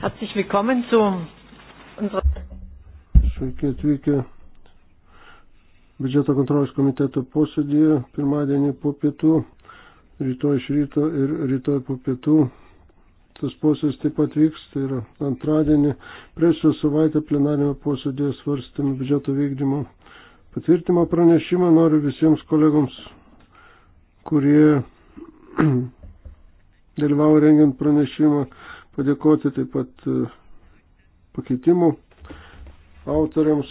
Herzlich willkommen zu unserer. Sveiki atvykę biudžeto kontrolės komiteto posėdėje pirmadienį po pietų, rytoj iš ryto ir rytoj po pietų. Tas posėdis taip pat vyks, tai yra antradienį. Priešą savaitę plenarinėme posėdėje svarstėme biudžeto vykdymo patvirtimo pranešimą. Noriu visiems kolegoms, kurie dalyvavo rengiant pranešimą, padėkoti taip pat e, pakeitimų autoriams.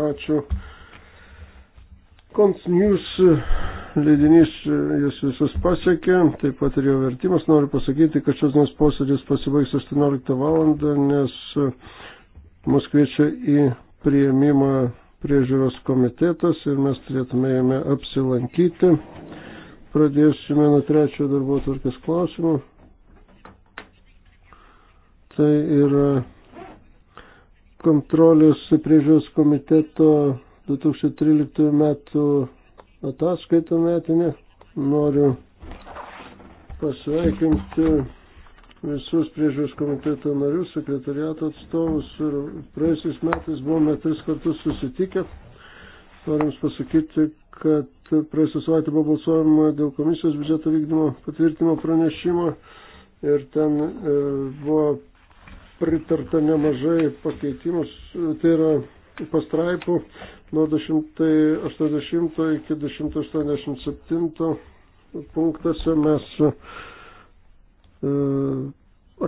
Ačiū. Kontsnews e, leidinys e, jis visus pasiekė, taip pat ir jo vertimas. Noriu pasakyti, kad šios dienos posėdis pasibaigs 18 val. nes mus kviečia į prieimimą priežiūros komitetas ir mes turėtume jame apsilankyti. Pradėsime nuo trečiojo darbo tvarkės klausimų tai yra kontrolės priežiūros komiteto 2013 metų ataskaitą metinę. Noriu pasveikinti visus priežiūros komiteto narius, sekretariato atstovus ir praėjusiais metais buvome tris kartus susitikę. Noriu Jums pasakyti, kad praėjusią savaitę buvo balsuojama dėl komisijos biudžeto vykdymo patvirtimo pranešimo ir ten e, buvo pritarta nemažai pakeitimus, tai yra pastraipų nuo 280 iki 287 punktuose mes e,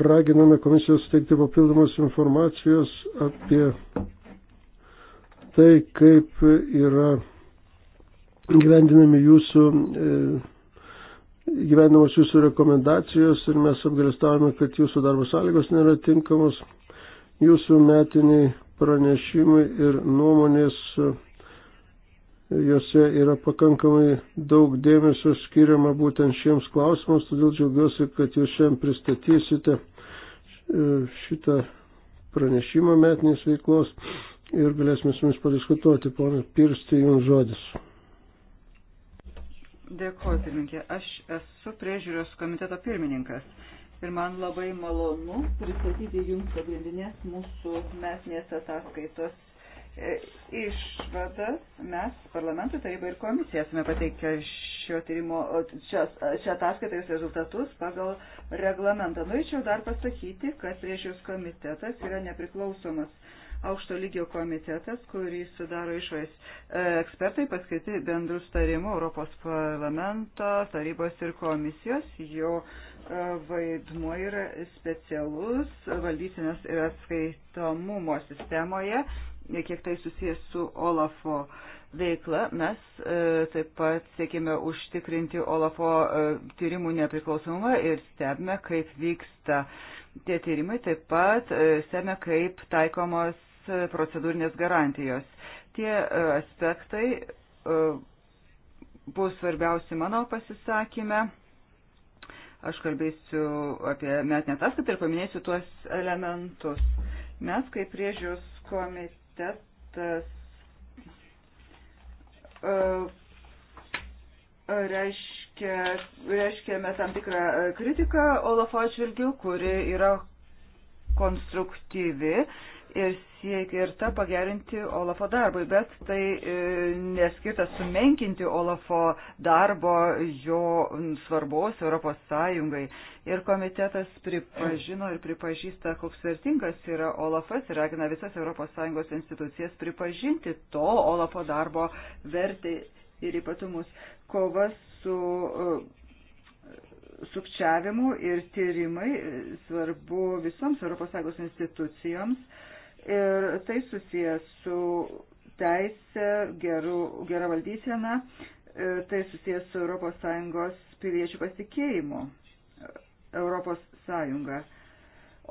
raginame komisiją suteikti papildomos informacijos apie tai, kaip yra gyvendinami jūsų e, gyvenimas jūsų rekomendacijos ir mes apgalėstavome, kad jūsų darbo sąlygos nėra tinkamos. Jūsų metiniai pranešimai ir nuomonės, juose yra pakankamai daug dėmesio skiriama būtent šiems klausimams, todėl džiaugiuosi, kad jūs šiandien pristatysite e, šitą pranešimą metinės veiklos ir galėsime su jumis padiskutuoti, ponai Pirsti, jums žodis. Dėkuoju, pirmininkė. Aš esu priežiūros komiteto pirmininkas ir man labai malonu pristatyti Jums pagrindinės mūsų metinės ataskaitos e, išvadas. Mes, parlamento taryba ir komisija, esame pateikę šio tyrimo, čia, čia ataskaitą jūs rezultatus pagal reglamentą. Norėčiau dar pasakyti, kad priežiūros komitetas yra nepriklausomas aukšto lygio komitetas, kurį sudaro išorės e, ekspertai paskirti bendrų starimų Europos parlamento, tarybos ir komisijos. Jo e, vaidmuo yra specialus valdytinės ir atskaitomumo sistemoje, kiek tai susijęs su Olafo veikla. Mes e, taip pat siekime užtikrinti Olafo tyrimų nepriklausomumą ir stebime, kaip vyksta tie tyrimai, taip pat stebime, kaip taikomos E, procedūrinės garantijos. Tie e, aspektai e, bus svarbiausi mano pasisakyme. Aš kalbėsiu apie metinę ataskaitą ir paminėsiu tuos elementus. Mes, kaip priežiūros komitetas, reiškia, reiškiame tam tikrą kritiką Olafo atžvilgių, kuri yra konstruktyvi ir siekirta pagerinti Olafo darbui, bet tai e, neskirta sumenkinti Olafo darbo, jo svarbos Europos Sąjungai. Ir komitetas pripažino ir pripažįsta, koks vertingas yra Olafas ir ragina visas Europos Sąjungos institucijas pripažinti to Olafo darbo vertį ir ypatumus. Kovas su e, sukčiavimu ir tyrimai e, svarbu visoms ES institucijoms ir tai susijęs su teisė, geru, gera valdysena, tai susijęs su ES piliečių pasitikėjimu. ES.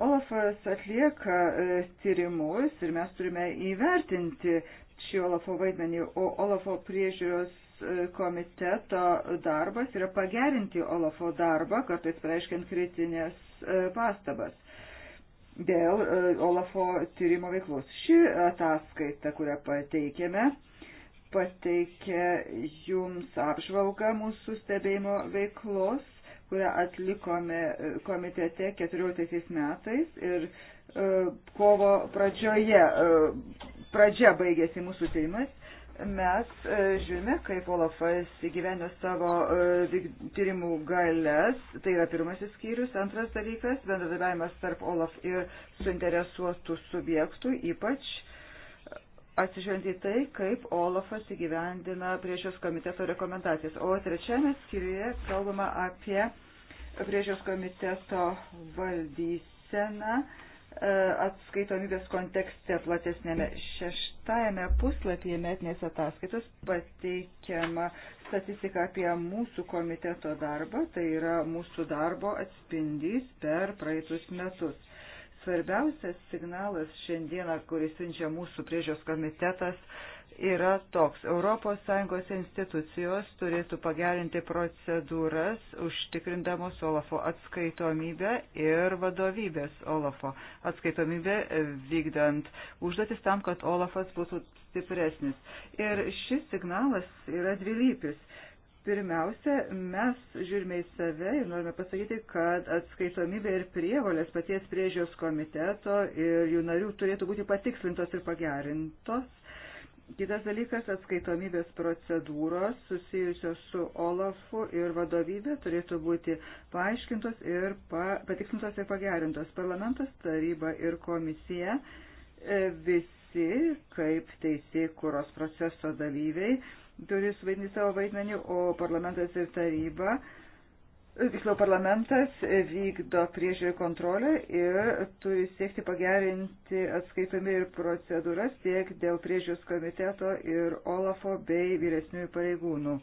Olafas atlieka e, tyrimus ir mes turime įvertinti šį Olafo vaidmenį, o Olafo priežiūros e, komiteto darbas yra pagerinti Olafo darbą, kartais pareiškiant kritinės e, pastabas dėl e, Olafo tyrimo veiklos. Ši ataskaita, kurią pateikėme, pateikė jums apžvalgą mūsų stebėjimo veiklos, kurią atlikome e, komitete 14 metais ir e, kovo pradžioje, pradžia baigėsi mūsų tyrimas mes e, žiūrime, kaip Olafas įgyvenio savo e, tyrimų galės. Tai yra pirmasis skyrius. Antras dalykas - bendradarbiavimas tarp Olaf ir suinteresuotų subjektų, ypač atsižvelgiant į tai, kaip Olafas įgyvendina priešios komiteto rekomendacijas. O trečiame skyriuje kalbama apie priešios komiteto valdyseną E, atskaitomybės kontekste platesnėme šeštajame puslapyje metinės ataskaitos pateikiama statistika apie mūsų komiteto darbą, tai yra mūsų darbo atspindys per praeitus metus. Svarbiausias signalas šiandieną, kuris siunčia mūsų priežios komitetas, yra toks. ES institucijos turėtų pagerinti procedūras, užtikrindamos Olafo atskaitomybę ir vadovybės Olafo atskaitomybę e, vykdant užduotis tam, kad Olafas būtų stipresnis. Ir šis signalas yra dvilypis. Pirmiausia, mes žiūrime į save ir norime pasakyti, kad atskaitomybė ir prievalės paties priežios komiteto ir jų narių turėtų būti patikslintos ir pagerintos Kitas dalykas - atskaitomybės procedūros susijusios su OLAFu ir vadovybė turėtų būti paaiškintos ir pa, patikslintos ir pagerintos. Parlamentas, taryba ir komisija e, visi kaip teisėkuros proceso dalyviai turi suvaidinti savo vaidmenį, o parlamentas ir taryba uh, tiksliau parlamentas vykdo priežiūrį kontrolę ir turi siekti pagerinti atskaitomį ir procedūras tiek dėl priežiūros komiteto ir OLAFO bei vyresniųjų pareigūnų.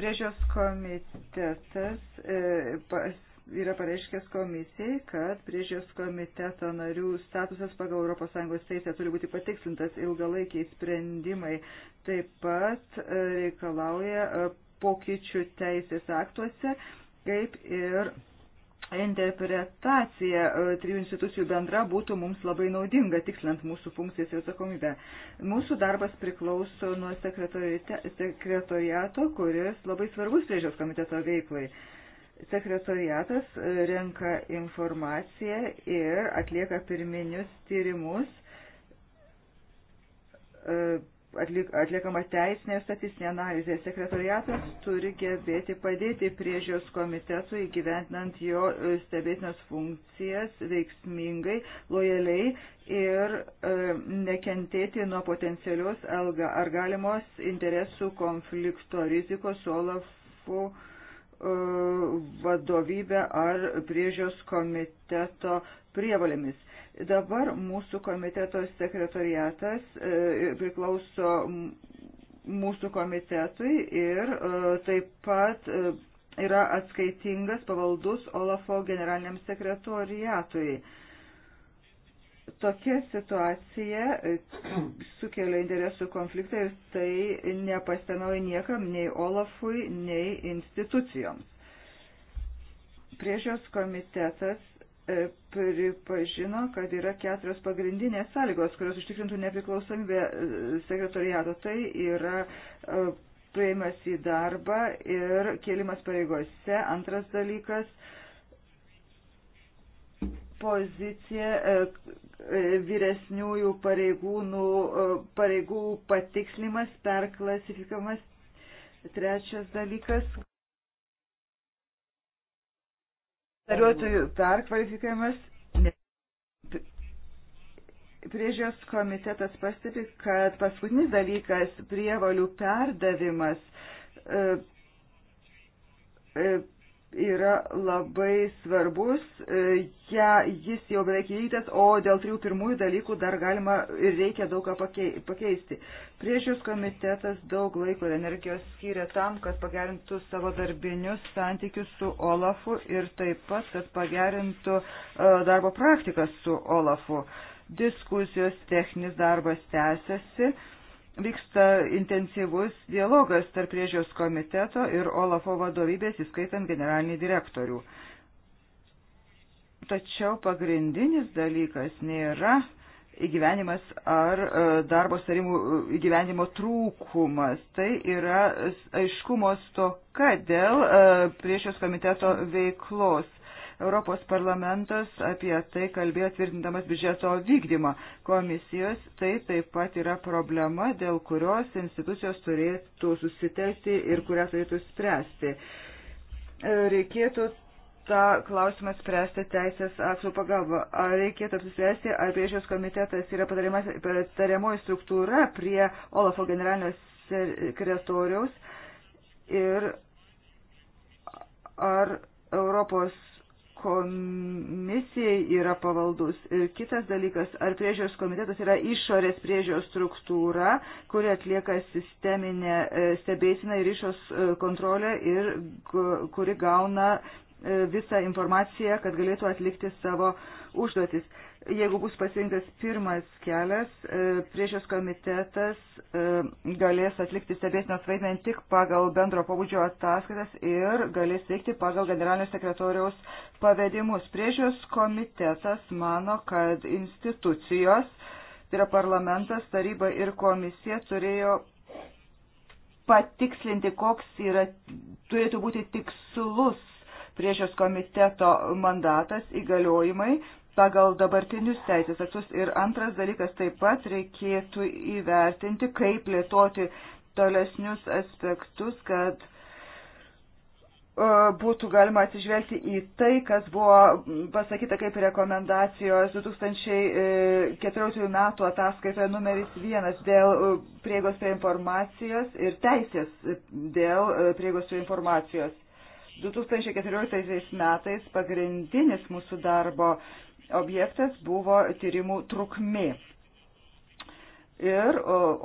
Priežiūros komitetas e, pas, yra pareiškęs komisijai, kad priežios komiteto narių statusas pagal ES teisę turi būti patikslintas ilgalaikiai sprendimai. Taip pat e, reikalauja e, pokyčių teisės aktuose, kaip ir interpretacija e, trijų institucijų bendra būtų mums labai naudinga, tikslant mūsų funkcijas ir atsakomybę. Mūsų darbas priklauso nuo sekretoriato, kuris labai svarbus priežios komiteto veiklai. Sekretoriatas e, renka informaciją ir atlieka pirminius tyrimus e, atliekama teisinė statistinė analizė. Sekretoriatas turi gebėti padėti priežios komitetui įgyventinant jo e, stebėtinas funkcijas veiksmingai, lojaliai ir e, nekentėti nuo potencialios alga ar galimos interesų konflikto rizikos su Olafu vadovybę ar priežios komiteto prievalėmis. Dabar mūsų komiteto sekretariatas e, priklauso mūsų komitetui ir e, taip pat e, yra atskaitingas pavaldus Olafo generaliniam sekretoriatui. Tokia situacija e, sukelia interesų konfliktą ir tai nepastarnauja niekam, nei Olafui, nei institucijoms. Priežios komitetas e, pripažino, kad yra keturios pagrindinės sąlygos, kurios užtikrintų nepriklausomybę e, sekretoriato. Tai yra prieimas į darbą ir kėlimas pareigose. Antras dalykas - pozicija E, vyresniųjų pareigūnų e, pareigų patikslimas, perklasifikamas. Trečias dalykas. Tariuotojų perkvalifikavimas. Priežios komitetas pastebi, kad paskutinis dalykas prievalių perdavimas e, yra labai svarbus, e, ja, jis jau beveik įvyktas, o dėl trijų pirmųjų dalykų dar galima ir reikia daug ką pakeisti. Priežiūros komitetas daug laiko ir energijos skiria tam, kad pagerintų savo darbinius santykius su Olafu ir taip pat, kad pagerintų e, darbo praktikas su Olafu. Diskusijos techninis darbas tęsiasi Vyksta intensyvus dialogas tarp priežios komiteto ir Olafo vadovybės, įskaitant generalinį direktorių. Tačiau pagrindinis dalykas nėra įgyvenimas ar e, darbo sarimų e, įgyvenimo trūkumas. Tai yra aiškumo stoka dėl e, priešios komiteto veiklos. Europos parlamentas apie tai kalbėjo tvirtindamas biudžeto vykdymą komisijos. Tai taip pat yra problema, dėl kurios institucijos turėtų susitelkti ir kurią turėtų spręsti. Reikėtų tą klausimą spręsti teisės aktų pagalba. Ar reikėtų apsispręsti, ar priežios komitetas yra patariamoji struktūra prie Olafo generalinio sekretoriaus ir ar Europos komisijai yra pavaldus. Ir kitas dalykas, ar priežiūros komitetas yra išorės priežiūros struktūra, kuri atlieka sisteminę e, stebėsiną ir išos e, kontrolę ir kuri gauna E, visą informaciją, kad galėtų atlikti savo užduotis. Jeigu bus pasirinktas pirmas kelias, e, priežios komitetas e, galės atlikti stebėsinos vaidmenį tik pagal bendro pobūdžio ataskaitas ir galės veikti pagal generalinio sekretoriaus pavedimus. Priežios komitetas mano, kad institucijos, tai yra parlamentas, taryba ir komisija turėjo patikslinti, koks yra, turėtų būti tikslus priešios komiteto mandatas, įgaliojimai pagal dabartinius teisės aktus. Ir antras dalykas taip pat reikėtų įvertinti, kaip plėtoti tolesnius aspektus, kad e, būtų galima atsižvelgti į tai, kas buvo pasakyta kaip rekomendacijos 2014 metų ataskaitoje numeris vienas dėl e, prieigos prie informacijos ir teisės dėl e, prieigos prie informacijos. 2014 metais pagrindinis mūsų darbo objektas buvo tyrimų trukmė. Ir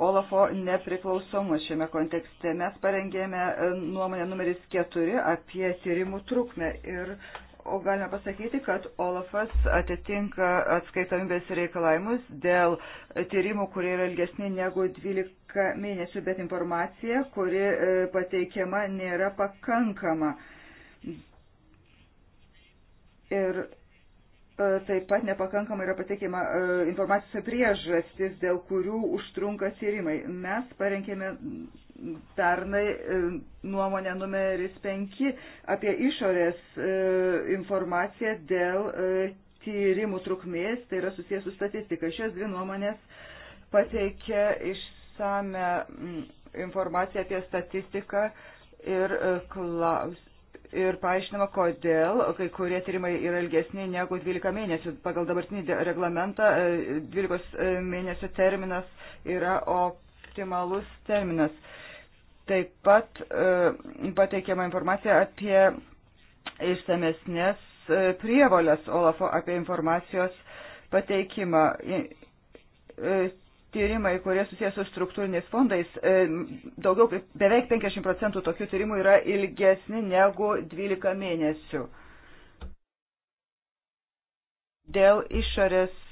Olafo nepriklausomus šiame kontekste mes parengėme e, nuomonę numeris 4 apie tyrimų trukmę. Ir o galime pasakyti, kad Olafas atitinka atskaitomybės reikalavimus dėl tyrimų, kurie yra ilgesni negu 12 mėnesių, bet informacija, kuri e, pateikiama, nėra pakankama. Ir e, taip pat nepakankamai yra pateikima e, informacijos priežastis, dėl kurių užtrunka tyrimai. Mes parengėme pernai e, nuomonę numeris 5 apie išorės informaciją dėl tyrimų trukmės, tai yra susijęs su statistika. Šios dvi nuomonės pateikia išsame informaciją apie statistiką ir klaus, ir paaiškinama, kodėl kai kurie tyrimai yra ilgesni negu 12 mėnesių. Pagal dabartinį reglamentą 12 e, e, mėnesių terminas yra optimalus terminas. Taip pat e, pateikiama informacija apie išsamesnės prievolės Olafo apie informacijos pateikimą tyrimai, kurie susijęs su struktūriniais fondais, e, daugiau kaip beveik 50 procentų tokių tyrimų yra ilgesni negu 12 mėnesių. Dėl išorės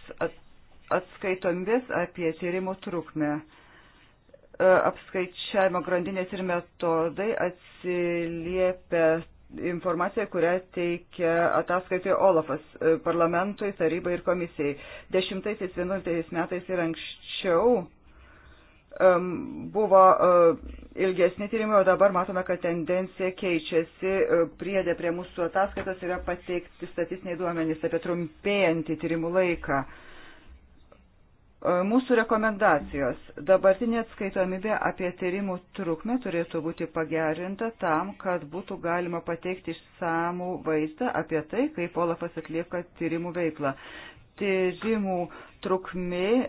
atskaitomės apie tyrimų trukmę. E, apskaičiavimo grandinės ir metodai atsiliepia informacija, kurią teikia ataskaitoje Olafas e, parlamentui, tarybai ir komisijai. 10-11 metais ir anksčiau um, buvo uh, ilgesni tyrimai, o dabar matome, kad tendencija keičiasi. E, priedė prie mūsų ataskaitos yra pateikti statistiniai duomenys apie trumpėjantį tyrimų laiką. Uh, E, mūsų rekomendacijos. Dabartinė atskaitomybė apie tyrimų trukmę turėtų būti pagerinta tam, kad būtų galima pateikti išsamų vaizdą apie tai, kaip Olafas atlieka tyrimų veiklą. Tyrimų trukmė e,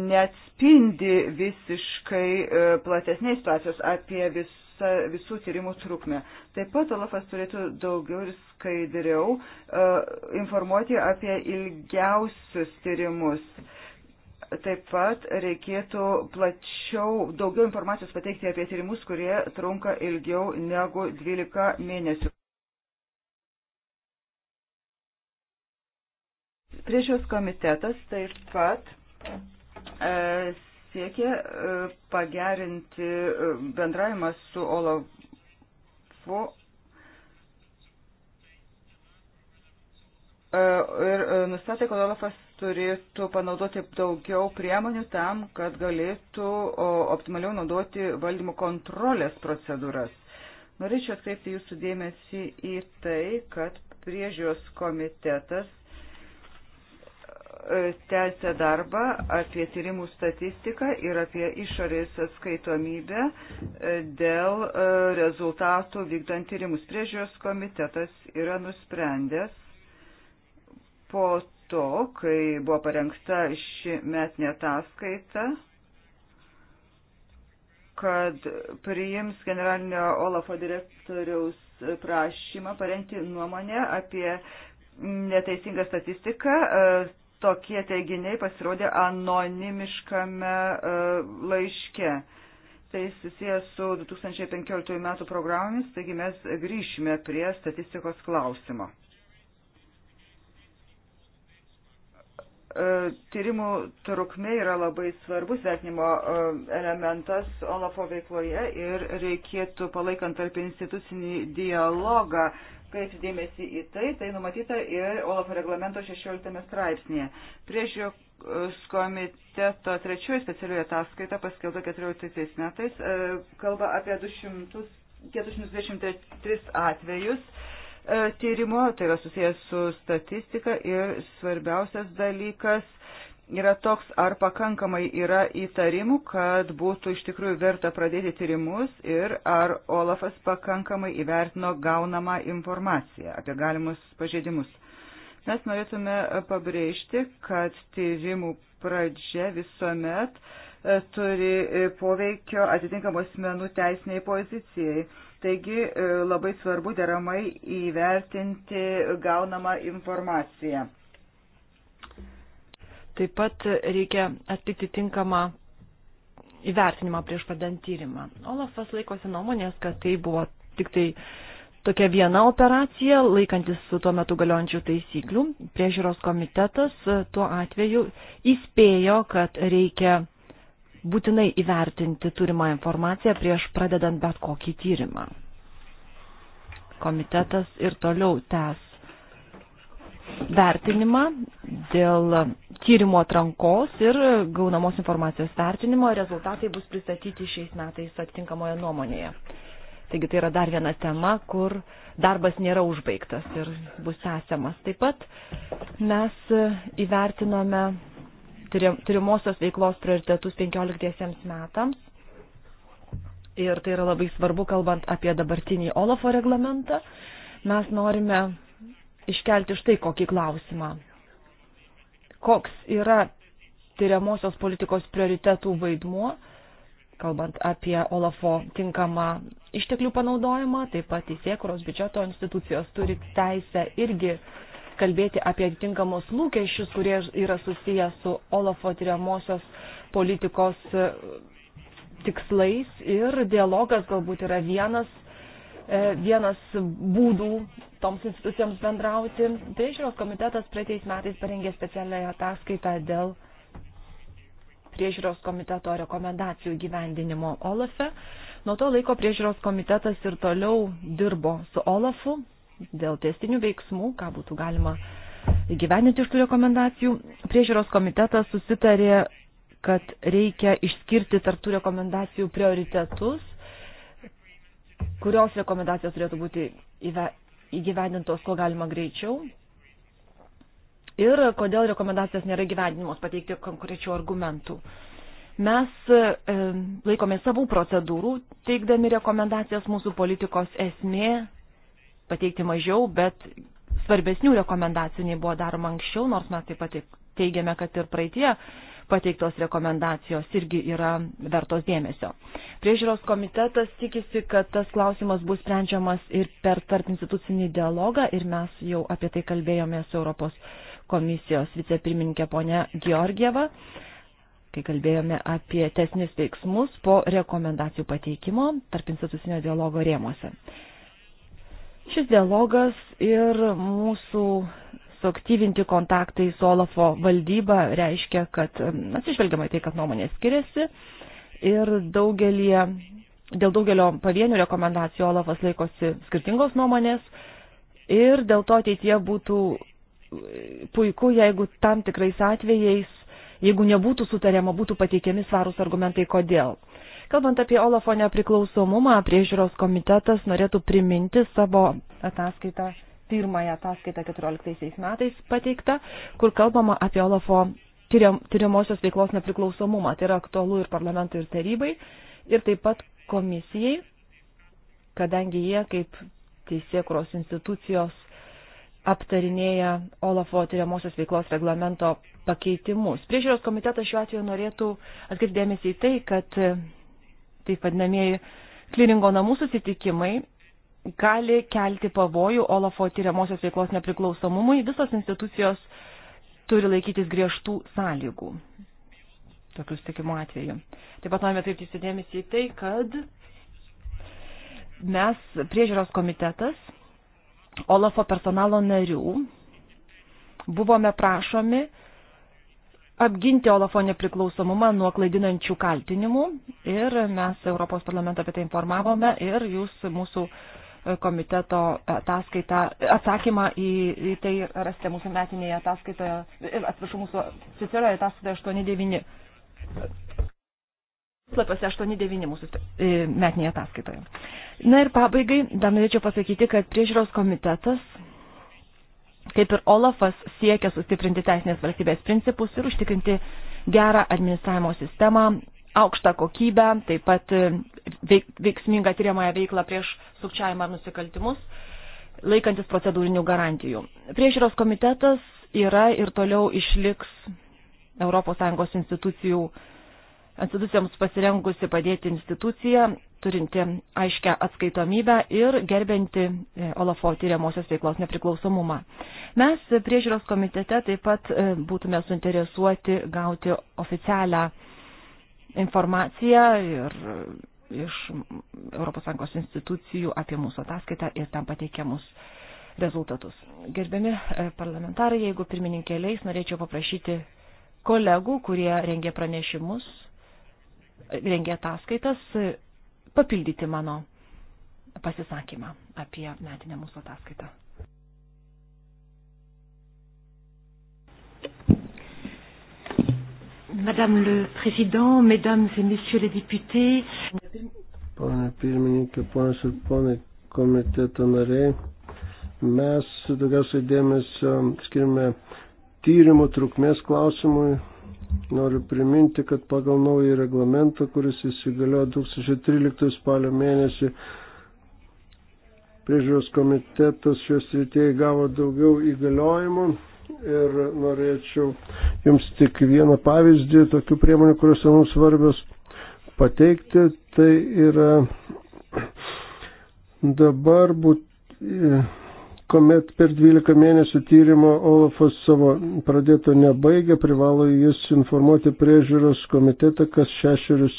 neatspindi visiškai e, platesnės situacijos apie visus visa, visų tyrimų trukmę. Taip pat Olafas turėtų daugiau ir skaidriau uh, informuoti apie ilgiausius tyrimus taip pat reikėtų plačiau, daugiau informacijos pateikti apie tyrimus, kurie trunka ilgiau negu 12 mėnesių. Priežiūros komitetas taip pat e, siekia e, pagerinti e, bendravimą su Olafu e, ir e, nustatė, kad Olafas turėtų panaudoti daugiau priemonių tam, kad galėtų optimaliau naudoti valdymo kontrolės procedūras. Norėčiau atkreipti jūsų dėmesį į tai, kad priežiūros komitetas e, tęsia darbą apie tyrimų statistiką ir apie išorės atskaitomybę e, dėl e, rezultatų vykdant tyrimus. Priežiūros komitetas yra nusprendęs po to, kai buvo parengta ši metinė ataskaita, kad priims generalinio Olafo direktoriaus prašymą parengti nuomonę apie neteisingą statistiką. Tokie teiginiai pasirodė anonimiškame e, laiške. Tai susijęs su 2015 metų programomis, taigi mes grįšime prie statistikos klausimo. E, tyrimų trukmė yra labai svarbus vertinimo e, elementas Olafo veikloje ir reikėtų palaikant tarp institucinį dialogą kreipti dėmesį į tai, tai numatyta ir Olafo reglamento 16 straipsnėje. Prieš jo e, komiteto trečioji specialioje ataskaita paskelbta 14 metais kalba apie 200, 423 atvejus E, tyrimo, tai yra susijęs su statistika ir svarbiausias dalykas yra toks, ar pakankamai yra įtarimų, kad būtų iš tikrųjų verta pradėti tyrimus ir ar Olafas pakankamai įvertino gaunamą informaciją apie galimus pažeidimus. Mes norėtume pabrėžti, kad tyrimų pradžia visuomet e, turi poveikio atitinkamos menų teisiniai pozicijai. Taigi e, labai svarbu deramai įvertinti gaunamą informaciją. Taip pat reikia atlikti tinkamą įvertinimą prieš pradant tyrimą. Olafas laikosi nuomonės, kad tai buvo tik tai tokia viena operacija, laikantis su tuo metu galiojančių taisyklių. Priežiūros komitetas e, tuo atveju įspėjo, kad reikia būtinai įvertinti turimą informaciją prieš pradedant bet kokį tyrimą. Komitetas ir toliau tęs vertinimą dėl tyrimo atrankos ir gaunamos informacijos vertinimo rezultatai bus pristatyti šiais metais atitinkamoje nuomonėje. Taigi tai yra dar viena tema, kur darbas nėra užbaigtas ir bus tęsiamas. Taip pat mes įvertinome tyrimosios veiklos prioritetus 15 metams. Ir tai yra labai svarbu, kalbant apie dabartinį Olafo reglamentą. Mes norime iškelti štai kokį klausimą. Koks yra tyriamosios politikos prioritetų vaidmuo, kalbant apie Olafo tinkamą išteklių panaudojimą, taip pat įsiekuros biudžeto institucijos turi teisę irgi uh, kalbėti apie atitinkamos lūkesčius, kurie yra susiję su Olafo tyriamosios politikos e, tikslais ir dialogas galbūt yra vienas, e, vienas būdų toms institucijoms bendrauti. Priežiūros komitetas praeitais metais parengė specialią ataskaitą dėl priežiūros komiteto rekomendacijų gyvendinimo Olafe. Nuo to laiko priežiūros komitetas ir toliau dirbo su Olafu, dėl testinių veiksmų, ką būtų galima įgyveninti iš tų rekomendacijų. Priežiūros komitetas susitarė, kad reikia išskirti tarptų rekomendacijų prioritetus, kurios rekomendacijos turėtų būti įgyvendintos kuo galima greičiau. Ir kodėl rekomendacijos nėra gyvendinimos, pateikti konkrečių argumentų. Mes e, laikomės savų procedūrų, teikdami rekomendacijas mūsų politikos esmė pateikti mažiau, bet svarbesnių rekomendacijų nei buvo daroma anksčiau, nors mes taip pat teigiame, kad ir praeitie pateiktos rekomendacijos irgi yra vertos dėmesio. Priežiūros komitetas tikisi, kad tas klausimas bus sprendžiamas ir per tarp institucinį dialogą ir mes jau apie tai kalbėjome su Europos komisijos vicepirmininkė ponia Georgieva, kai kalbėjome apie tesnius veiksmus po rekomendacijų pateikimo tarp institucinio dialogo rėmuose. Šis dialogas ir mūsų suaktyvinti kontaktai su Olafo valdyba reiškia, kad atsižvelgiama į tai, kad nuomonės skiriasi ir daugelį, dėl daugelio pavienių rekomendacijų Olafas laikosi skirtingos nuomonės ir dėl to ateitie būtų e, puiku, jeigu tam tikrais atvejais, jeigu nebūtų sutariama, būtų pateikiami svarūs argumentai, kodėl. Kalbant apie Olafo nepriklausomumą, priežiūros komitetas norėtų priminti savo ataskaitą, pirmąją ataskaitą 14 metais pateiktą, kur kalbama apie Olafo tyriam, tyriamosios veiklos nepriklausomumą. Tai yra aktualu ir parlamentui, ir tarybai, ir taip pat komisijai, kadangi jie kaip teisėkros institucijos aptarinėja Olafo tyriamosios veiklos reglamento pakeitimus. Priežiūros komitetas šiuo atveju norėtų atkreipdėmėsi į tai, kad taip vadinamieji kliringo namų susitikimai gali kelti pavojų Olafo tyriamosios veiklos nepriklausomumui, visos institucijos turi laikytis griežtų sąlygų. Tokius tikimo atveju. Taip pat norime atkreipti sudėmesį į tai, kad mes priežiūros komitetas Olafo personalo narių buvome prašomi apginti Olafo nepriklausomumą nuo klaidinančių kaltinimų ir mes Europos parlamentą apie tai informavome ir jūs mūsų komiteto ataskaitą, atsakymą į, į tai rasite mūsų metinėje ataskaitoje, atsiprašau, mūsų oficialioje ataskaitoje 89. Puslapiuose 89 mūsų e, metinėje ataskaitoje. Na ir pabaigai dar norėčiau pasakyti, kad priežiūros komitetas kaip ir Olafas siekia sustiprinti teisinės valstybės principus ir užtikrinti gerą administravimo sistemą, aukštą kokybę, taip pat e, veiksmingą tyriamąją veiklą prieš sukčiavimą ir nusikaltimus, laikantis procedūrinių garantijų. Priežiūros komitetas yra ir toliau išliks ES institucijų institucijoms pasirengusi padėti institucija, turinti aiškę atskaitomybę ir gerbinti e, Olafo tyriamosios veiklos nepriklausomumą. Mes priežiūros komitete taip pat e, būtume suinteresuoti gauti oficialią informaciją ir e, iš ES institucijų apie mūsų ataskaitą ir tam pateikiamus rezultatus. Gerbiami parlamentarai, jeigu pirmininkė leis, norėčiau paprašyti kolegų, kurie rengė pranešimus rengia ataskaitas, papildyti mano pasisakymą apie metinę mūsų ataskaitą. Madame le Président, Mesdames et Messieurs les députés. Pane pirmininkė, ponas ir ponai komiteto nariai, mes daugiausiai dėmesio skirime tyrimų trukmės klausimui, Noriu priminti, kad pagal naują reglamentą, kuris įsigaliojo 2013 spalio mėnesį, priežiūros komitetas šios rytėje gavo daugiau įgaliojimų ir norėčiau jums tik vieną pavyzdį tokių priemonių, kurios mums svarbios pateikti. Tai yra dabar būt, kuomet per 12 mėnesių tyrimo Olafas savo pradėto nebaigė, privalo jis informuoti priežiūros komitetą kas šešerius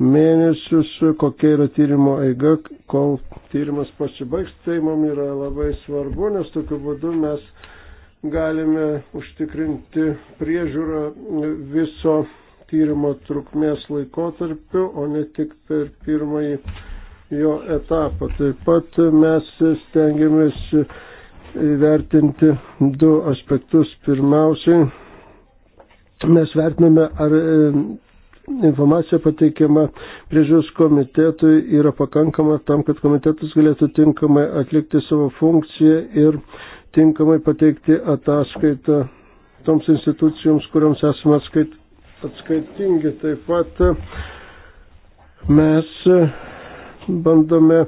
mėnesius, kokia yra tyrimo eiga, kol tyrimas pasibaigs. Tai mums yra labai svarbu, nes tokiu būdu mes galime užtikrinti priežiūrą viso tyrimo trukmės laikotarpiu, o ne tik per pirmąjį jo etapą. Taip pat mes stengiamės vertinti du aspektus. Pirmiausiai, mes vertiname, ar e, informacija pateikiama priežiūros komitetui yra pakankama tam, kad komitetas galėtų tinkamai atlikti savo funkciją ir tinkamai pateikti ataskaitą toms institucijoms, kuriams esame atskait, atskaitingi. Taip pat mes bandome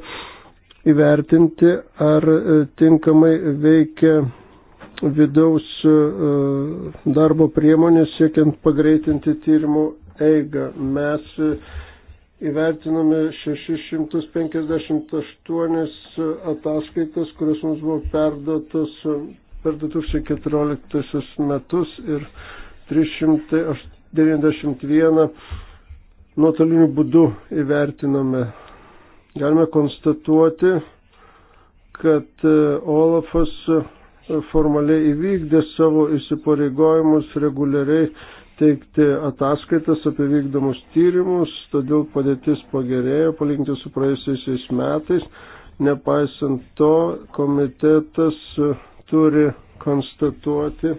įvertinti, ar e, tinkamai veikia vidaus e, darbo priemonės siekiant pagreitinti tyrimų eigą. Mes e, įvertinome 658 ataskaitas, kurios mums buvo perdotos per 2014 metus ir 391 nuotoliniu būdu įvertinome galime konstatuoti, kad e, Olafas e, formaliai įvykdė savo įsipareigojimus reguliariai teikti ataskaitas apie vykdomus tyrimus, todėl padėtis pagerėjo palinkinti su praėjusiais metais. Nepaisant to, komitetas e, turi konstatuoti,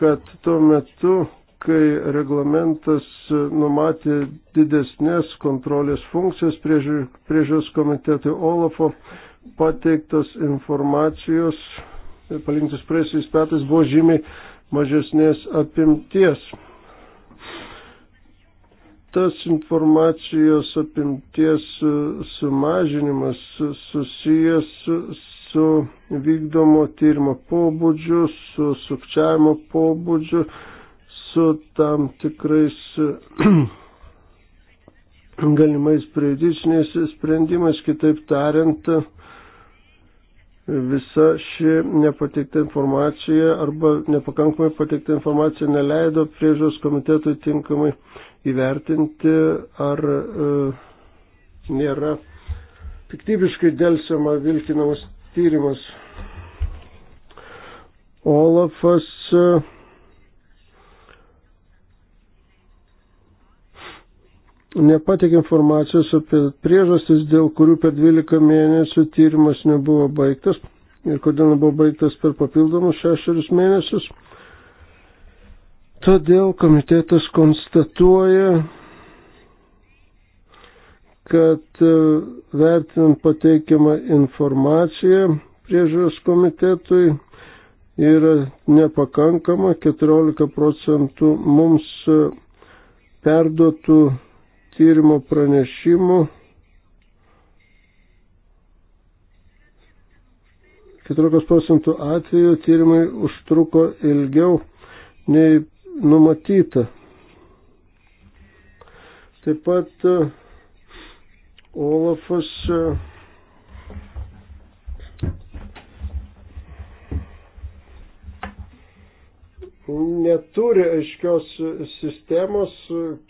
kad tuo metu, kai reglamentas numatė didesnės kontrolės funkcijas priežiūros komitetui Olafo, pateiktos informacijos, palinktis praėjusiais metais, buvo žymiai mažesnės apimties. Tas informacijos apimties sumažinimas susijęs su vykdomo tyrimo pobūdžiu, su sukčiavimo pobūdžiu, su tam tikrais galimais priediciniais sprendimais, kitaip tariant, visa ši nepateikta informacija arba nepakankamai pateikta informacija neleido priežiūros komitetui tinkamai įvertinti, ar e, nėra piktybiškai dėlsiama vilkinamas tyrimas. Olafas e, nepatikė informacijos apie priežastis, dėl kurių per 12 mėnesių tyrimas nebuvo baigtas ir kodėl nebuvo baigtas per papildomus šešerius mėnesius. Todėl komitetas konstatuoja, kad e, vertinant pateikiamą informaciją priežiūros komitetui yra nepakankama, 14 procentų mums e, perduotų tyrimo pranešimų. 14 procentų atveju tyrimai užtruko ilgiau nei numatyta. Taip pat e, Olafas e, neturi aiškios sistemos,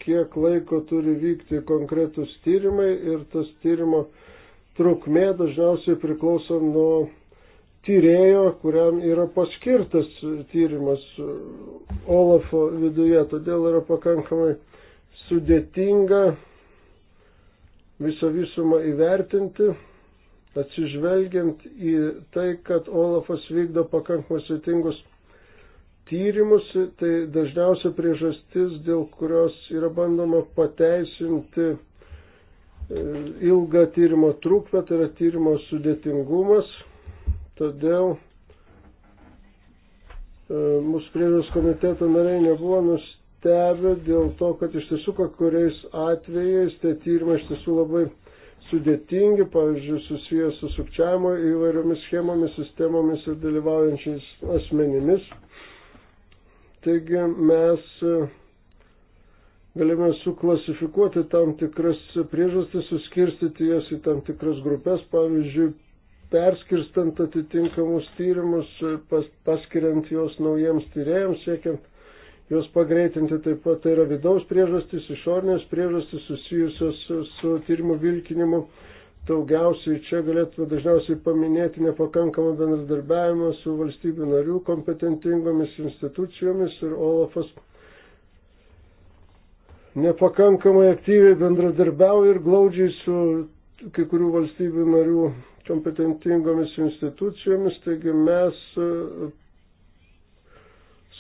kiek laiko turi vykti konkretus tyrimai ir tas tyrimo trukmė dažniausiai priklauso nuo tyrėjo, kuriam yra paskirtas tyrimas Olafo viduje, todėl yra pakankamai sudėtinga visą visumą įvertinti, atsižvelgiant į tai, kad Olafas vykdo pakankamai sudėtingus tyrimus, tai dažniausia priežastis, dėl kurios yra bandoma pateisinti e, ilgą tyrimo trukmę, tai yra tyrimo sudėtingumas. Todėl e, mūsų priežas komiteto nariai nebuvo nustebę dėl to, kad iš tiesų kai kuriais atvejais tie tyrimai iš tiesų labai sudėtingi, pavyzdžiui, susijęs su sukčiavimo įvairiomis schemomis, sistemomis ir dalyvaujančiais asmenimis. Taigi mes e, galime suklasifikuoti tam tikras priežastis, suskirstyti jas į tam tikras grupės, pavyzdžiui, perskirstant atitinkamus tyrimus, e, pas, paskiriant juos naujiems tyrėjams, siekiant juos pagreitinti taip pat tai yra vidaus priežastys, išorinės priežastys susijusios su, su tyrimų vilkinimu daugiausiai čia galėtume dažniausiai paminėti nepakankamą bendradarbiavimą su valstybių narių kompetentingomis institucijomis ir Olafas nepakankamai aktyviai bendradarbiauja ir glaudžiai su kai kurių valstybių narių kompetentingomis institucijomis, taigi mes e,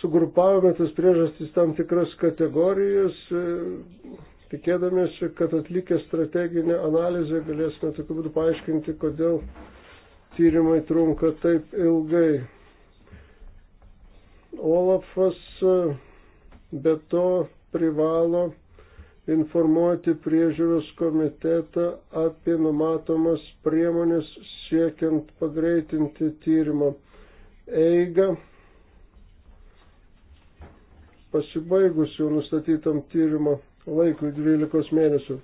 sugrupavome tas priežastis tam tikras kategorijas e, tikėdamėsi, kad atlikę strateginę analizę galėsime tokiu būdu paaiškinti, kodėl tyrimai trunka taip ilgai. Olafas e, be to privalo informuoti priežiūros komitetą apie numatomas priemonės siekiant pagreitinti tyrimo eigą. Pasibaigus jau nustatytam tyrimo laikui 12 mėnesių.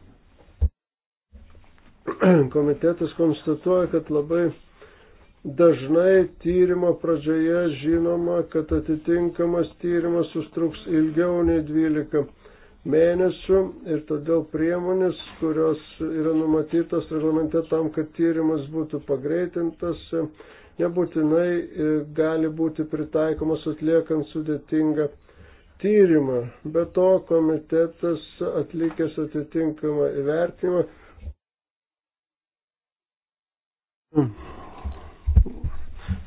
Komitetas konstatuoja, kad labai dažnai tyrimo pradžioje žinoma, kad atitinkamas tyrimas užtruks ilgiau nei 12 mėnesių ir todėl priemonės, kurios yra numatytos reglamente tam, kad tyrimas būtų pagreitintas, nebūtinai e, gali būti pritaikomas atliekant sudėtingą tyrimą. Be to komitetas atlikęs atitinkamą įvertinimą.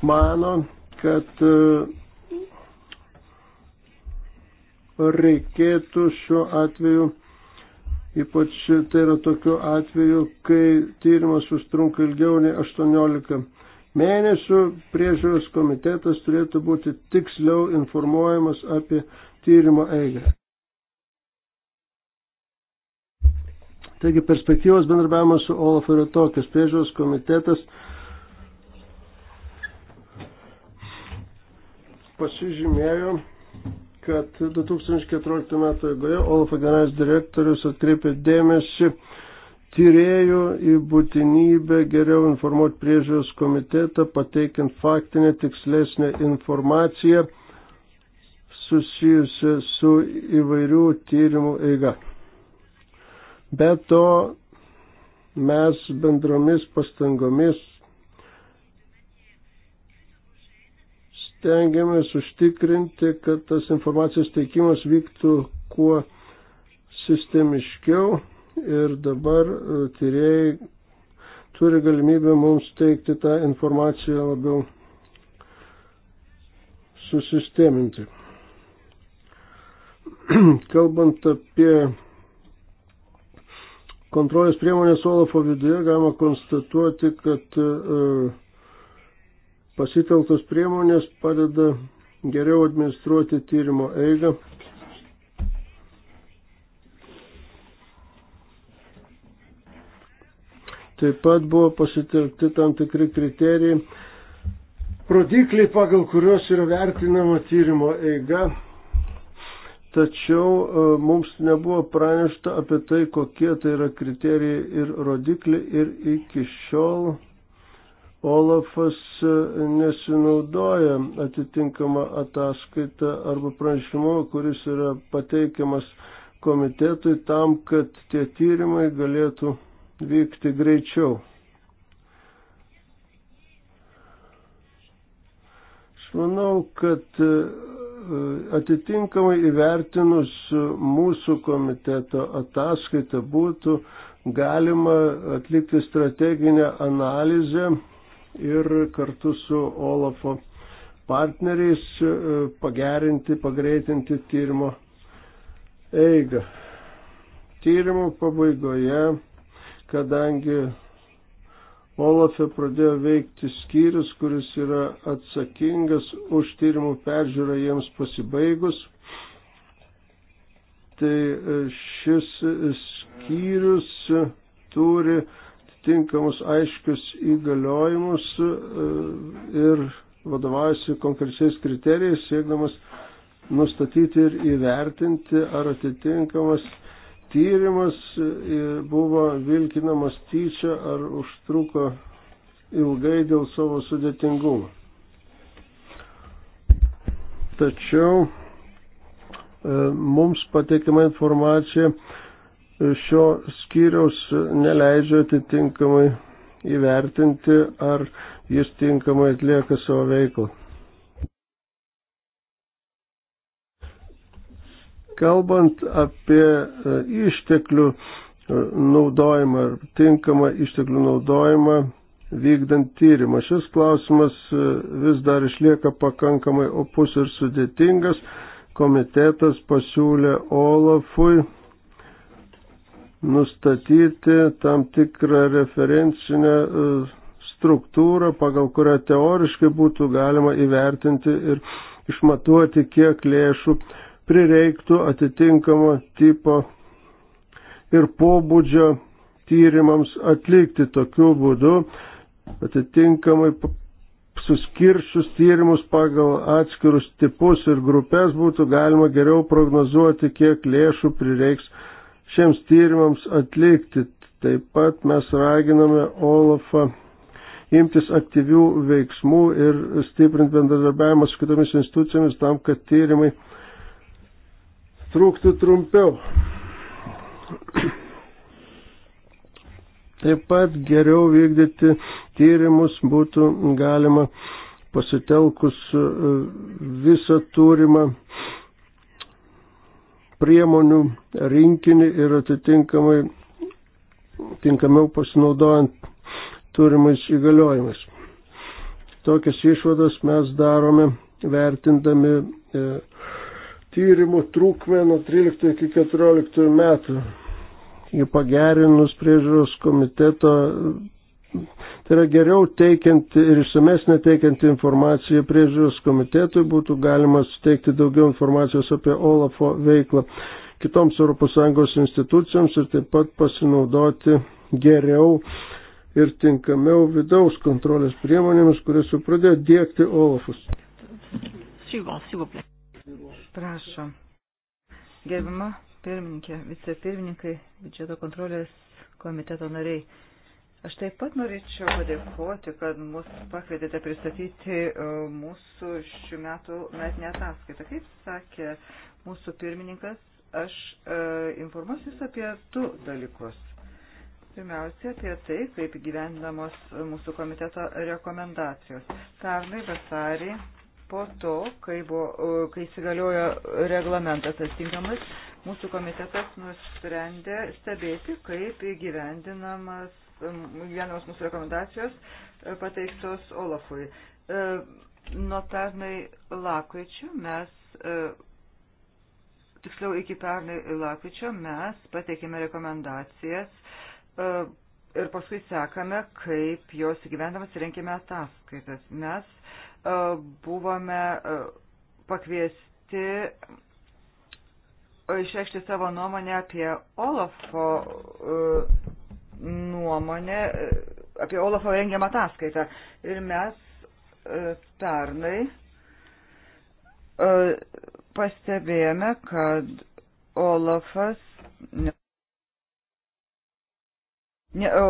Mano, kad e, reikėtų šiuo atveju, ypač tai yra tokiu atveju, kai tyrimas užtrunka ilgiau nei 18 mėnesių, priežiūros komitetas turėtų būti tiksliau informuojamas apie tyrimo eigą. Taigi perspektyvos bendrabiavimas su Olafu yra tokios. Priežiūros komitetas pasižymėjo, kad 2014 metų eigoje Olafo generalinis direktorius atkreipė dėmesį tyrėjų į būtinybę geriau informuoti priežiūros komitetą, pateikiant faktinę tikslesnę informaciją susijusi su įvairių tyrimų eiga. Be to, mes bendromis pastangomis stengiamės užtikrinti, kad tas informacijos teikimas vyktų kuo sistemiškiau ir dabar e, tyrėjai turi galimybę mums teikti tą informaciją labiau susisteminti. Kalbant apie kontrolės priemonės Olafo viduje, galima konstatuoti, kad e, pasiteltos priemonės padeda geriau administruoti tyrimo eigą. Taip pat buvo pasitelkti tam tikri kriterijai, rodikliai, pagal kuriuos yra vertinama tyrimo eiga tačiau e, mums nebuvo pranešta apie tai, kokie tai yra kriterijai ir rodikliai ir iki šiol Olafas e, nesinaudoja atitinkamą ataskaitą arba pranešimu, kuris yra pateikiamas komitetui tam, kad tie tyrimai galėtų vykti greičiau. Aš manau, kad e, Atitinkamai įvertinus mūsų komiteto ataskaitą būtų galima atlikti strateginę analizę ir kartu su Olafo partneriais e, pagerinti, pagreitinti tyrimo eigą. Tyrimo pabaigoje, kadangi Olafė pradėjo veikti skyrius, kuris yra atsakingas už tyrimų peržiūrą jiems pasibaigus. Tai e, šis skyrius turi atitinkamus aiškius įgaliojimus e, ir vadovaujasi konkrečiais kriterijais, siekdamas nustatyti ir įvertinti, ar atitinkamas tyrimas e, buvo vilkinamas tyčia ar užtruko ilgai dėl savo sudėtingumo. Tačiau e, mums pateikima informacija e, šio skyriaus neleidžia atitinkamai įvertinti, ar jis tinkamai atlieka savo veiklą. Kalbant apie e, išteklių e, naudojimą ir tinkamą išteklių naudojimą vykdant tyrimą, šis klausimas e, vis dar išlieka pakankamai opus ir sudėtingas. Komitetas pasiūlė Olafui nustatyti tam tikrą referencinę struktūrą, pagal kurią teoriškai būtų galima įvertinti ir išmatuoti, kiek lėšų prireiktų atitinkamo tipo ir pobūdžio tyrimams atlikti tokiu būdu, atitinkamai suskiršus tyrimus pagal atskirus tipus ir grupės būtų galima geriau prognozuoti, kiek lėšų prireiks šiems tyrimams atlikti. Taip pat mes raginame Olafą imtis aktyvių veiksmų ir stiprinti bendradarbiavimą su kitomis institucijomis tam, kad tyrimai trūktų trumpiau. Taip pat geriau vykdyti tyrimus būtų galima pasitelkus e, visą turimą priemonių rinkinį ir atitinkamai tinkamiau pasinaudojant turimais įgaliojimais. Tokias išvadas mes darome vertindami e, tyrimų trūkmę nuo 13 iki 14 metų. Jį pagerinus priežiūros komiteto, tai yra geriau teikiant ir išsamesnė teikiant informaciją priežiūros komitetui būtų galima suteikti daugiau informacijos apie Olafo veiklą kitoms ES institucijoms ir taip pat pasinaudoti geriau ir tinkamiau vidaus kontrolės priemonėmis, kurias jau pradėjo dėkti Olafus. Suivant, s'il vous plaît. Prašom. Gerbima pirmininkė, vicepirmininkai, biudžeto kontrolės komiteto nariai. Aš taip pat norėčiau padėkoti, kad mus pakvietėte pristatyti e, mūsų šių metų metinę ataskaitą. Kaip sakė mūsų pirmininkas, aš e, informuosiu jūs apie du dalykus. Pirmiausia, apie tai, kaip gyvendamos mūsų komiteto rekomendacijos. Pernai vasarį po to, kai, buvo, kai įsigaliojo reglamentas atitinkamas, mūsų komitetas nusprendė stebėti, kaip įgyvendinamas vienos mūsų rekomendacijos e, pateiktos Olafui. E, Nuo pernai lakvičių mes, e, tiksliau iki pernai lakvičio mes pateikėme rekomendacijas ir paskui sekame, kaip jos įgyvendamas renkime ataskaitas. Mes E, buvome e, pakviesti e, išreikšti savo nuomonę apie Olafo nuomonę, apie Olafo rengiamą ataskaitą. Ir mes pernai pastebėjome, kad Olafas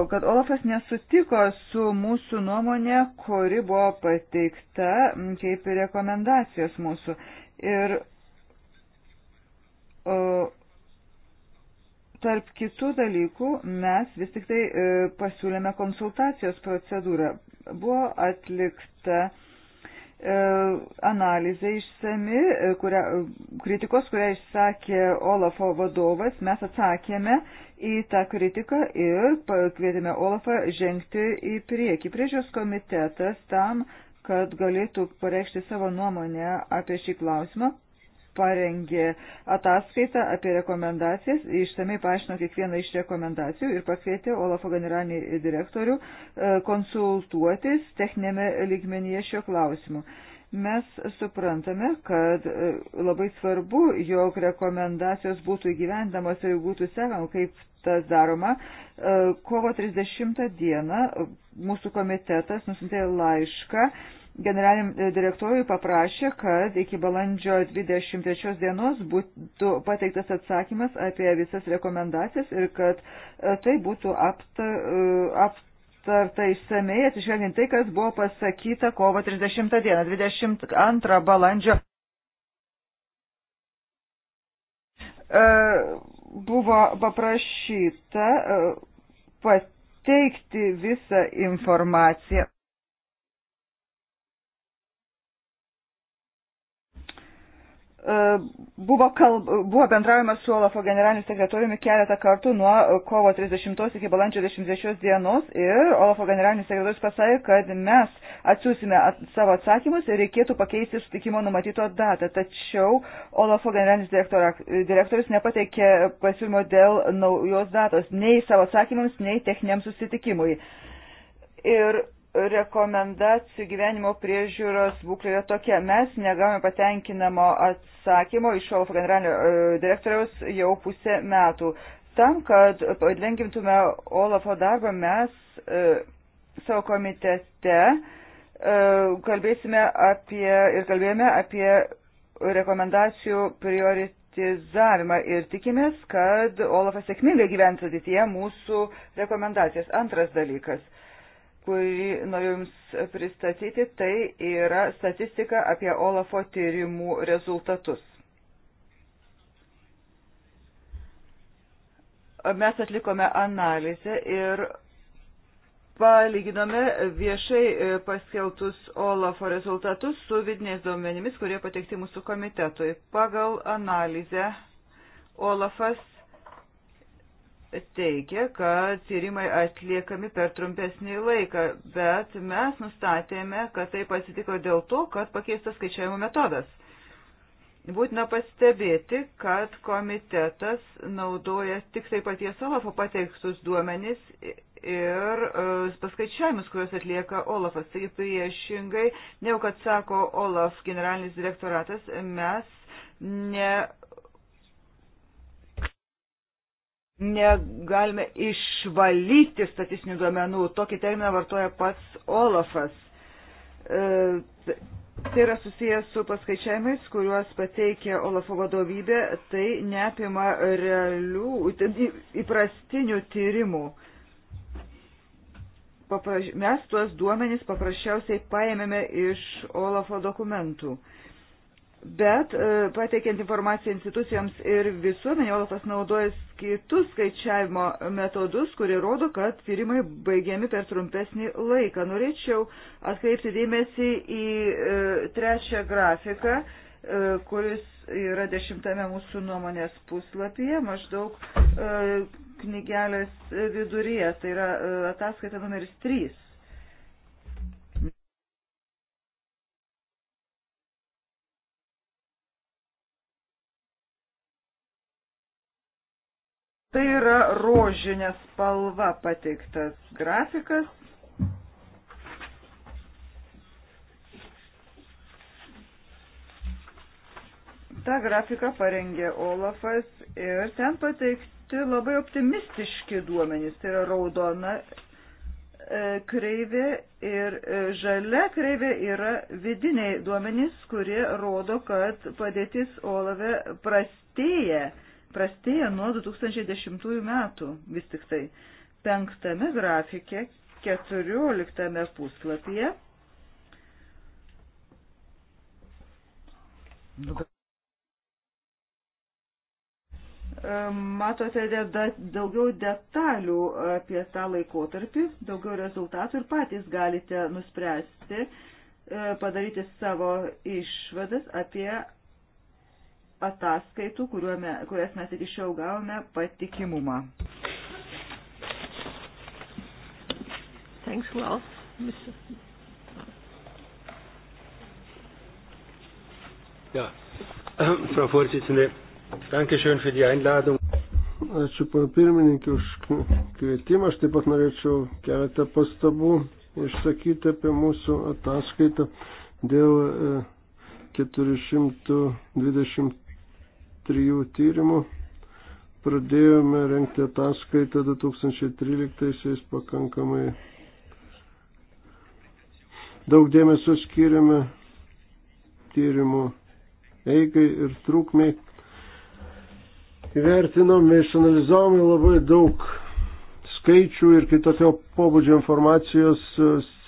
kad Olafas nesutiko su mūsų nuomonė, kuri buvo pateikta kaip ir rekomendacijos mūsų. Ir o, tarp kitų dalykų mes vis tik tai e, pasiūlėme konsultacijos procedūrą. Buvo atlikta e, analizė išsami, e, kurią, kritikos, kurią išsakė Olafo vadovas, mes atsakėme į tą kritiką ir pakvietėme Olafą žengti į priekį. Priežiūros komitetas tam, kad galėtų pareikšti savo nuomonę apie šį klausimą, parengė ataskaitą apie rekomendacijas, išsamei paaiškino kiekvieną iš rekomendacijų ir pakvietė Olafo generalinį direktorių e, konsultuotis techninėme lygmenyje šio klausimu. Mes suprantame, kad e, labai svarbu, jog rekomendacijos būtų įgyvendamos ir būtų sekama, kaip tas daroma. E, kovo 30 dieną e, mūsų komitetas nusintė laišką generaliniam direktoriui paprašė, kad iki balandžio 23 dienos būtų pateiktas atsakymas apie visas rekomendacijas ir kad tai būtų apt, apt, aptarta išsamei, atsižvelgiant tai, kas buvo pasakyta kovo 30 dieną, 22 balandžio. E, buvo paprašyta e, pateikti visą informaciją. E, buvo, kalb, buvo bendraujama su Olafo generaliniu sekretoriumi keletą kartų nuo kovo 30 iki balandžio 26 dienos ir Olafo generalinis sekretorius pasakė, kad mes atsiūsime at, savo atsakymus ir reikėtų pakeisti sutikimo numatyto datą. Tačiau Olafo generalinis direktorius nepateikė pasiūlymo dėl naujos datos nei savo atsakymams, nei techniniam susitikimui. Ir rekomendacijų gyvenimo priežiūros būklė yra tokia. Mes negavome patenkinamo atsakymo iš OLF generalinio e, direktoriaus jau pusę metų. Tam, kad lengvintume OLAFO darbą, mes e, savo komitete e, kalbėsime apie ir kalbėjome apie rekomendacijų prioritizavimą ir tikimės, kad OLAFas sėkmingai gyvens ateityje mūsų rekomendacijas. Antras dalykas – kurį noriu Jums pristatyti, tai yra statistika apie Olafo tyrimų rezultatus. Mes atlikome analizę ir palyginome viešai paskeltus Olafo rezultatus su vidiniais duomenimis, kurie pateikti mūsų komitetui. Pagal analizę Olafas teigia, kad tyrimai atliekami per trumpesnį laiką, bet mes nustatėme, kad tai pasitiko dėl to, kad pakeistas skaičiavimo metodas. Būtina pastebėti, kad komitetas naudoja tik tai paties Olafo pateiktus duomenys ir e, paskaičiavimus, kuriuos atlieka Olafas. Taigi priešingai, ne jau kad sako Olaf generalinis direktoratas, mes ne negalime išvalyti statistinių duomenų. Tokį terminą vartoja pats Olafas. E, tai yra susijęs su paskaičiavimais, kuriuos pateikė Olafo vadovybė, tai neapima realių, įprastinių tyrimų. Papraž... Mes tuos duomenys paprasčiausiai paėmėme iš Olafo dokumentų. E, Bet e, pateikiant informaciją institucijoms ir visuomenė, Olafas naudoja kitus skaičiavimo metodus, kurie rodo, kad tyrimai baigiami per trumpesnį laiką. Norėčiau atkreipti dėmesį į e, trečią grafiką, e, kuris yra dešimtame mūsų nuomonės puslapyje, maždaug knygelės viduryje, tai yra ataskaita numeris 3. Tai yra rožinė spalva pateiktas grafikas. Ta grafika parengė Olafas ir ten pateikti labai optimistiški duomenys. Tai yra raudona e, kreivė ir e, žalia kreivė yra vidiniai duomenys, kurie rodo, kad padėtis Olave prastėja prastėja nuo 2010 metų vis tik tai. Penktame grafikė, 14 puslapyje. E, matote daugiau detalių apie tą laikotarpį, daugiau rezultatų ir patys galite nuspręsti, e, padaryti savo išvadas apie ataskaitų, kuriuome, kurias mes iki šiol gavome, patikimumą. Thanks, well, Mr. Ja, Frau Vorsitzende, danke schön für die Einladung. Ačiū pirmininkė už kvietimą. Aš taip pat norėčiau keletą pastabų išsakyti apie mūsų ataskaitą dėl 420 e, trijų tyrimų. Pradėjome renkti ataskaitą 2013-aisiais pakankamai daug dėmesio skiriame tyrimų eigai ir trukmiai. Įvertinome, išanalizavome labai daug skaičių ir kitokio pobūdžio informacijos,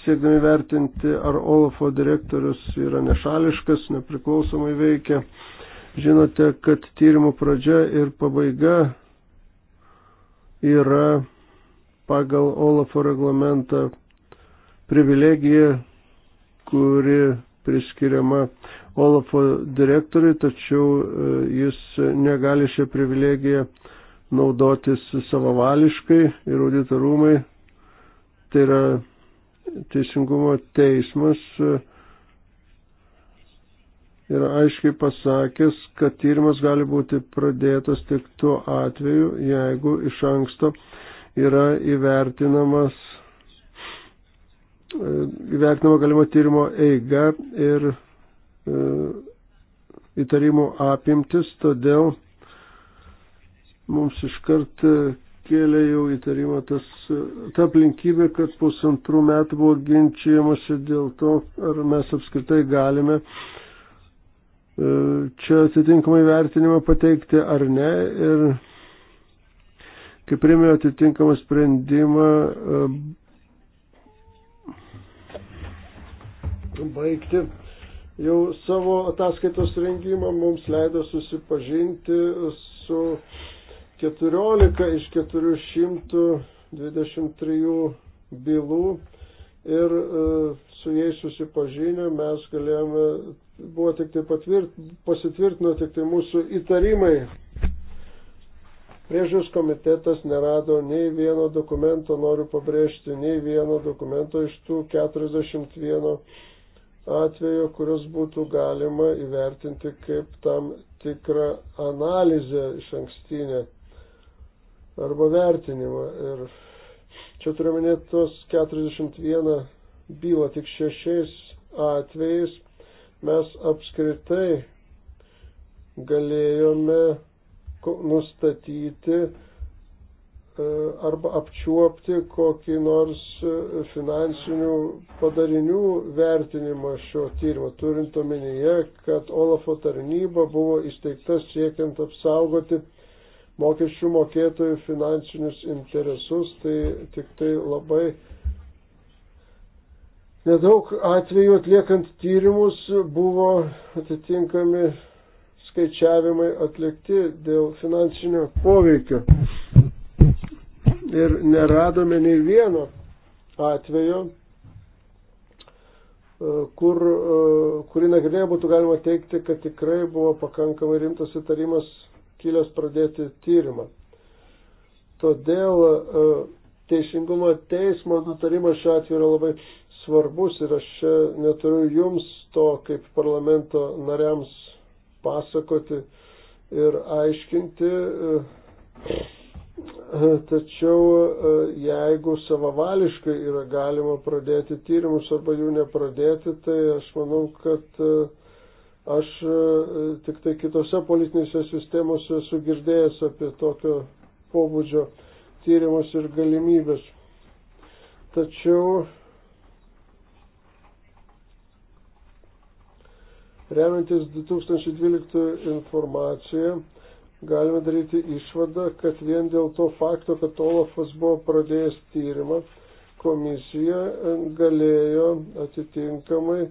siekdami vertinti, ar Olafo direktorius yra nešališkas, nepriklausomai veikia, Žinote, kad tyrimų pradžia ir pabaiga yra pagal Olafo reglamentą privilegija, kuri priskiriama Olafo direktoriui, tačiau e, jis negali šią privilegiją naudotis savavališkai ir auditorumai, tai yra teisingumo teismas e, yra aiškiai pasakęs, kad tyrimas gali būti pradėtas tik tuo atveju, jeigu iš anksto yra įvertinamas e, įvertinama galima tyrimo eiga ir e, įtarimų apimtis, todėl mums iškart e, kėlė jau įtarimą tas, e, ta aplinkybė, kad pusantrų metų buvo ginčiamasi dėl to, ar mes apskritai galime e, E, čia atitinkamai vertinimą pateikti ar ne. Ir kai priėmė atitinkamą sprendimą e, baigti jau savo ataskaitos rengimą, mums leido susipažinti su 14 iš 423 bylų ir e, su jais susipažinę mes galėjome buvo tik tai patvirt, pasitvirtino tik tai mūsų įtarimai. Priežiūros komitetas nerado nei vieno dokumento, noriu pabrėžti, nei vieno dokumento iš tų 41 atvejo, kurios būtų galima įvertinti kaip tam tikrą analizę iš ankstinę arba vertinimą. Ir čia turiu minėti tos 41 bylą tik šešiais atvejais mes apskritai galėjome nustatyti e, arba apčiuopti kokį nors e, finansinių padarinių vertinimą šio tyrimo, turint omenyje, kad Olafo tarnyba buvo įsteigta siekiant apsaugoti mokesčių mokėtojų finansinius interesus, tai tik tai labai Nedaug atvejų atliekant tyrimus buvo atitinkami skaičiavimai atlikti dėl finansinio poveikio. Ir neradome nei vieno atvejo, e, kur, e, kurį nagrinėje būtų galima teikti, kad tikrai buvo pakankamai rimtas įtarimas kilęs pradėti tyrimą. Todėl e, teisingumo teismo nutarimas šiuo atveju yra labai svarbus ir aš čia neturiu jums to kaip parlamento nariams pasakoti ir aiškinti. Tačiau jeigu savavališkai yra galima pradėti tyrimus arba jų nepradėti, tai aš manau, kad aš tik tai kitose politinėse sistemose esu girdėjęs apie tokio pobūdžio tyrimus ir galimybės. Tačiau Remiantis 2012 informaciją, galime daryti išvadą, kad vien dėl to fakto, kad Olafas buvo pradėjęs tyrimą, komisija e, galėjo atitinkamai,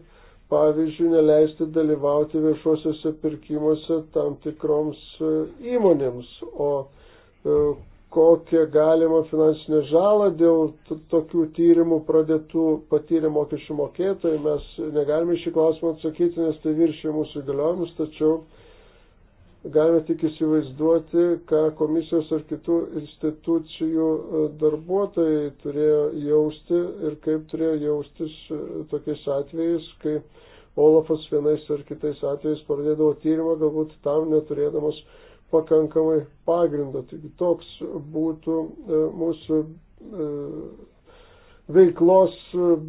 pavyzdžiui, neleisti dalyvauti viešuosiuose pirkimuose tam tikroms e, įmonėms, o e, kokią galimą finansinę žalą dėl tokių tyrimų pradėtų patyrę mokesčių mokėtojai. Mes negalime šį klausimą atsakyti, nes tai viršė mūsų įgaliojimus, tačiau galime tik įsivaizduoti, ką komisijos ar kitų institucijų e, darbuotojai turėjo jausti ir kaip turėjo jaustis e, tokiais atvejais, kai Olafas vienais ar kitais atvejais pradėdavo tyrimą, galbūt tam neturėdamas pakankamai pagrindo. Taigi toks būtų e, mūsų e, veiklos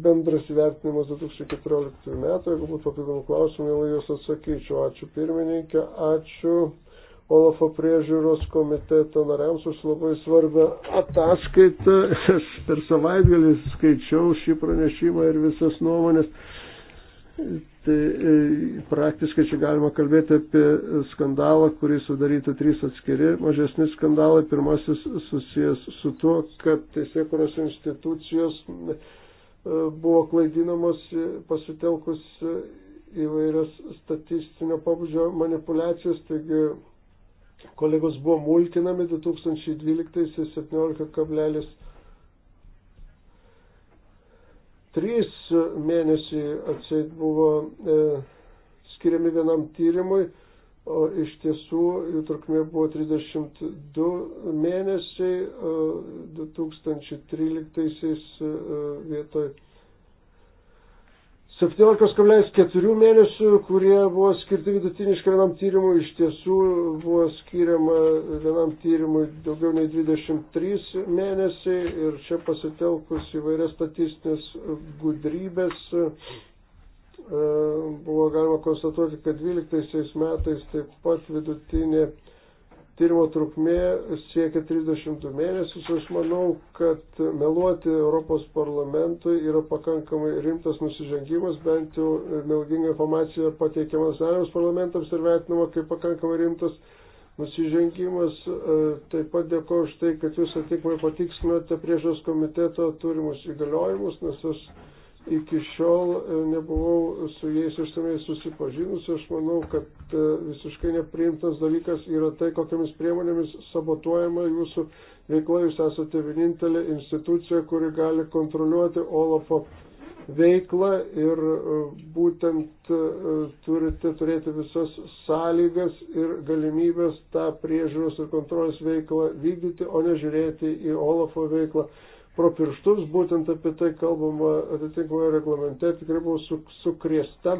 bendras įvertinimas 2014 metų. Jeigu būtų papildomų klausimų, jau jūs atsakyčiau. Ačiū pirmininkė, ačiū Olafo priežiūros komiteto nariams už labai svarbę ataskaitą. Aš per savaitgalį skaičiau šį pranešimą ir visas nuomonės. Tai e, praktiškai čia galima kalbėti apie skandalą, kurį sudarytų trys atskiri mažesni skandalai. Pirmasis susijęs su tuo, kad teisėkuros institucijos e, buvo klaidinamos e, pasitelkus įvairias statistinio pabudžio manipulacijas, taigi kolegos buvo multinami 2012 17,5 Trys mėnesiai atseit buvo e, skiriami vienam tyrimui, o iš tiesų jų trukmė buvo 32 mėnesiai, e, 2013 e, vietoj 17,4 mėnesių, kurie buvo skirti vidutiniškai vienam tyrimui, iš tiesų buvo skiriama vienam tyrimui daugiau nei 23 mėnesiai ir čia pasitelkus įvairias statistinės gudrybės e, buvo galima konstatuoti, kad 12 metais taip pat vidutinė Tyrimo trukmė siekia 32 mėnesius. Aš manau, kad meluoti Europos parlamentui yra pakankamai rimtas nusižengimas, bent jau melginga informacija pateikiama nacionaliniams parlamentams ir vertinama kaip pakankamai rimtas nusižengimas. Taip pat dėkoju už tai, kad jūs atitinkamai patiksinote priežos komiteto turimus įgaliojimus, nes aš iki šiol e, nebuvau su jais išsamei susipažinus. Aš manau, kad e, visiškai nepriimtas dalykas yra tai, kokiamis priemonėmis sabotuojama jūsų veikla. Jūs esate vienintelė institucija, kuri gali kontroliuoti Olafo veiklą ir e, būtent turite turėti visas sąlygas ir galimybės tą priežiūros ir kontrolės veiklą vykdyti, o ne žiūrėti į Olafo veiklą pro pirštus, būtent apie tai kalbama atitinkamoje reglamente, tikrai buvau su, sukriesta,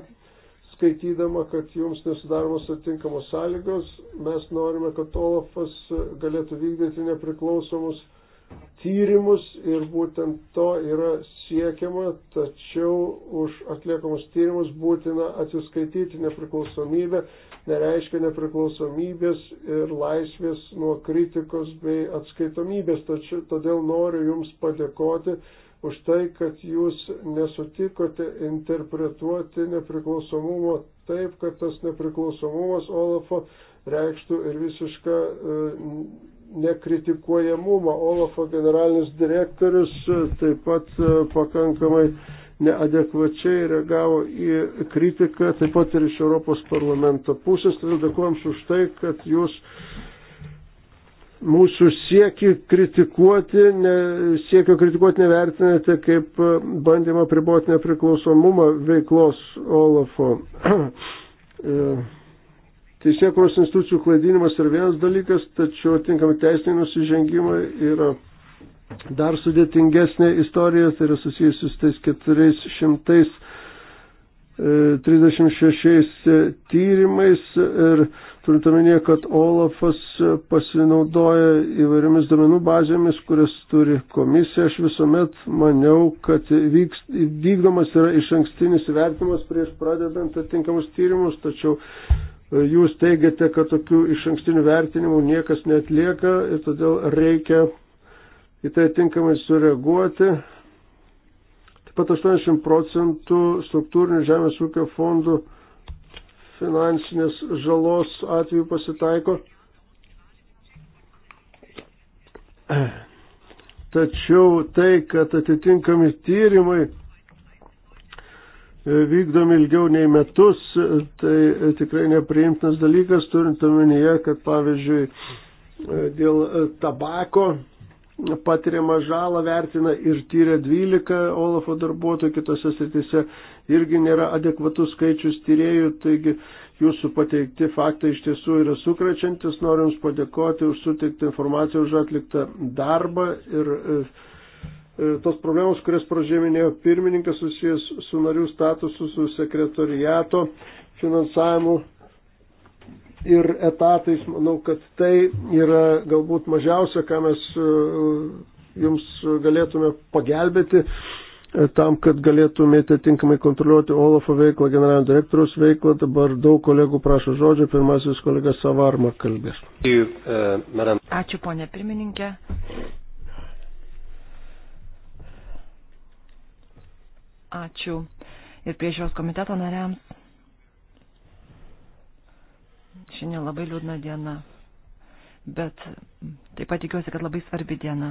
skaitydama, kad jums nesudaromos atitinkamos sąlygos, mes norime, kad Olafas galėtų vykdyti nepriklausomus tyrimus ir būtent to yra siekiama, tačiau už atliekamus tyrimus būtina atsiskaityti nepriklausomybę, nereiškia nepriklausomybės ir laisvės nuo kritikos bei atskaitomybės, tačiau todėl noriu Jums padėkoti už tai, kad jūs nesutikote interpretuoti nepriklausomumo taip, kad tas nepriklausomumas Olafo reikštų ir visišką e, nekritikuojamumą. Olafo generalinis direktorius e, taip pat e, pakankamai neadekvačiai reagavo į kritiką, taip pat ir iš Europos parlamento pusės. Todėl dėkojom už tai, kad jūs mūsų siekį kritikuoti, ne, siekio kritikuoti nevertinate kaip e, bandymą priboti nepriklausomumą veiklos Olafo. Teisėkuros institucijų klaidinimas yra vienas dalykas, tačiau tinkami teisiniai nusižengimai yra dar sudėtingesnė istorija, tai yra susijusi su tais 436 e, e, tyrimais ir turint omenyje, kad Olafas pasinaudoja įvairiomis domenų bazėmis, kurias turi komisija, aš visuomet maniau, kad vyks, vykdomas yra iš ankstinis vertimas prieš pradedant atitinkamus tyrimus, tačiau Jūs teigiate, kad tokių iš ankstinių vertinimų niekas netlieka ir todėl reikia į tai tinkamai sureaguoti. Taip pat 80 procentų struktūrinių žemės ūkio fondų finansinės žalos atveju pasitaiko. Tačiau tai, kad atitinkami tyrimai E, vykdomi ilgiau nei metus, e, tai e, tikrai nepriimtinas dalykas, turint omenyje, kad pavyzdžiui dėl tabako patiriamą žalą vertina ir tyria 12 Olafo darbuotojų, kitose sritise irgi nėra adekvatus skaičius tyriejų, taigi jūsų pateikti faktai iš tiesų yra sukrečiantis, noriu Jums padėkoti už suteiktą informaciją, už atliktą darbą ir e, E, tos problemos, kurias pražėminėjo pirmininkas susijęs su narių statusu, su sekretoriato finansavimu ir etatais, manau, kad tai yra galbūt mažiausia, ką mes e, jums galėtume pagelbėti e, tam, kad galėtumėte tinkamai kontroliuoti Olafo veiklą, generalinio direktoriaus veiklą. Dabar daug kolegų prašo žodžio. Pirmasis kolega Savarma kalbės. Uh, Ačiū, ponė pirmininkė. Ačiū ir priežiūros komiteto nariams. Šiandien labai liūdna diena, bet taip pat tikiuosi, kad labai svarbi diena.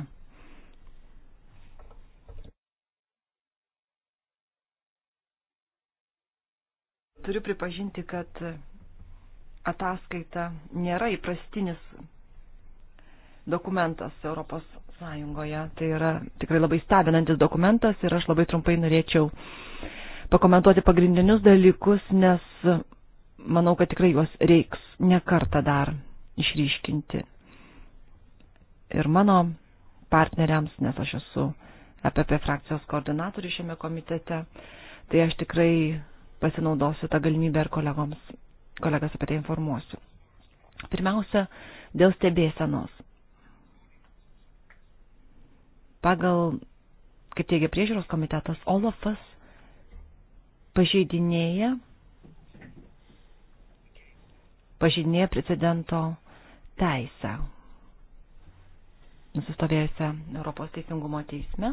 Turiu pripažinti, kad ataskaita nėra įprastinis dokumentas Europos Sąjungoje. Tai yra tikrai labai stebinantis dokumentas ir aš labai trumpai norėčiau pakomentuoti pagrindinius dalykus, nes manau, kad tikrai juos reiks ne kartą dar išryškinti. Ir mano partneriams, nes aš esu EPP frakcijos koordinatorius šiame komitete, tai aš tikrai pasinaudosiu tą galimybę ir kolegoms, kolegas apie tai informuosiu. Pirmiausia, dėl stebėsenos. Pagal, kaip teigia priežiūros komitetas, Olafas pažeidinėja, pažeidinėja precedento teisę nusistovėjusią Europos teisingumo teisme,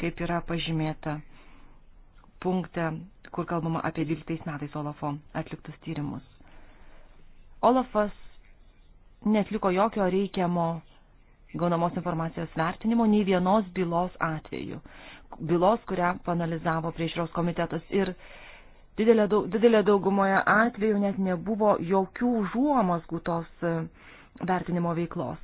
kaip yra pažymėta punkte, kur kalbama apie 12 metais Olafo atliktus tyrimus. Olafas netliko jokio reikiamo gaunamos informacijos vertinimo nei vienos bylos atveju. Bylos, kurią panalizavo priežiūros komitetas. Ir didelė, daug, didelė daugumoje atveju net nebuvo jokių žuomos gūtos e, vertinimo veiklos.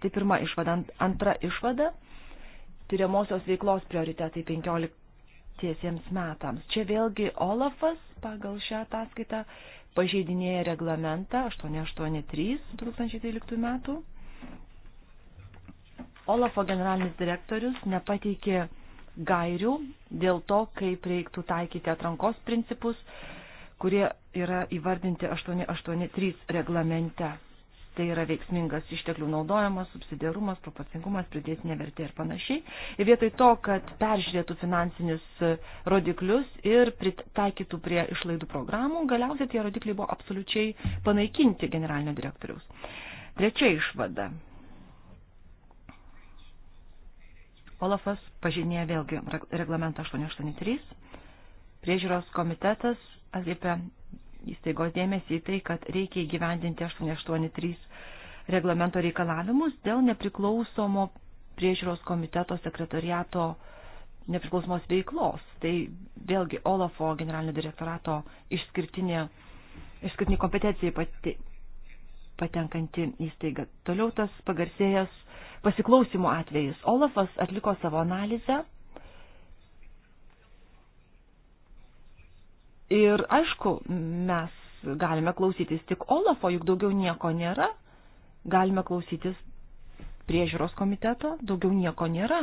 Tai pirma išvada. Antra išvada - tyriamosios veiklos prioritetai 15 metams. Čia vėlgi Olafas pagal šią ataskaitą pažeidinėja reglamentą 883 2013 metų Olafo generalinis direktorius nepateikė gairių dėl to, kaip reiktų taikyti atrankos principus, kurie yra įvardinti 883 reglamente. Tai yra veiksmingas išteklių naudojimas, subsidiarumas, proporcingumas, pridėtinė vertė ir panašiai. Ir vietoj to, kad peržiūrėtų finansinius rodiklius ir pritaikytų prie išlaidų programų, galiausiai tie rodikliai buvo absoliučiai panaikinti generalinio direktoriaus. Trečia išvada Olafas pažinėja vėlgi reglamentą 883. Priežiūros komitetas atlipia įstaigos dėmesį į tai, kad reikia įgyvendinti 883 reglamento reikalavimus dėl nepriklausomo priežiūros komiteto sekretariato nepriklausomos veiklos. Tai vėlgi Olafo generalinio direktorato išskirtinė, išskirtinė kompetencija pati, patenkanti įstaiga. Toliau tas pagarsėjęs pasiklausimo atvejis. Olafas atliko savo analizę. Ir aišku, mes galime klausytis tik Olafo, juk daugiau nieko nėra. Galime klausytis priežiūros komiteto, daugiau nieko nėra.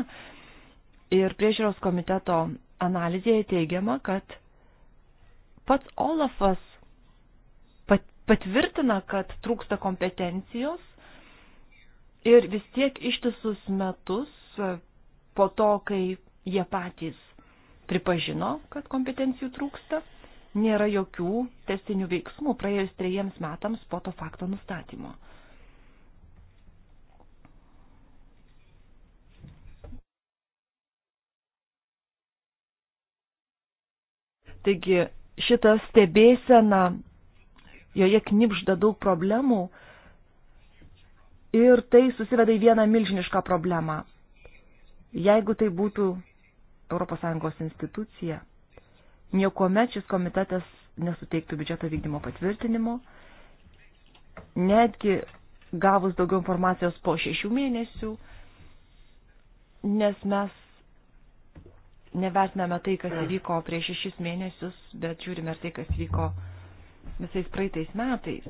Ir priežiūros komiteto analizėje teigiama, kad pats Olafas patvirtina, kad trūksta kompetencijos ir vis tiek ištisus metus po to, kai jie patys pripažino, kad kompetencijų trūksta, nėra jokių testinių veiksmų praėjus trejiems metams po to fakto nustatymo. Taigi šita stebėsena joje knipžda daug problemų ir tai susiveda į vieną milžinišką problemą. Jeigu tai būtų ES institucija, niekuomet šis komitetas nesuteiktų biudžeto vykdymo patvirtinimo, netgi gavus daugiau informacijos po šešių mėnesių, nes mes nevertiname tai, kas įvyko prieš šešis mėnesius, bet žiūrime ir tai, kas vyko visais praeitais metais.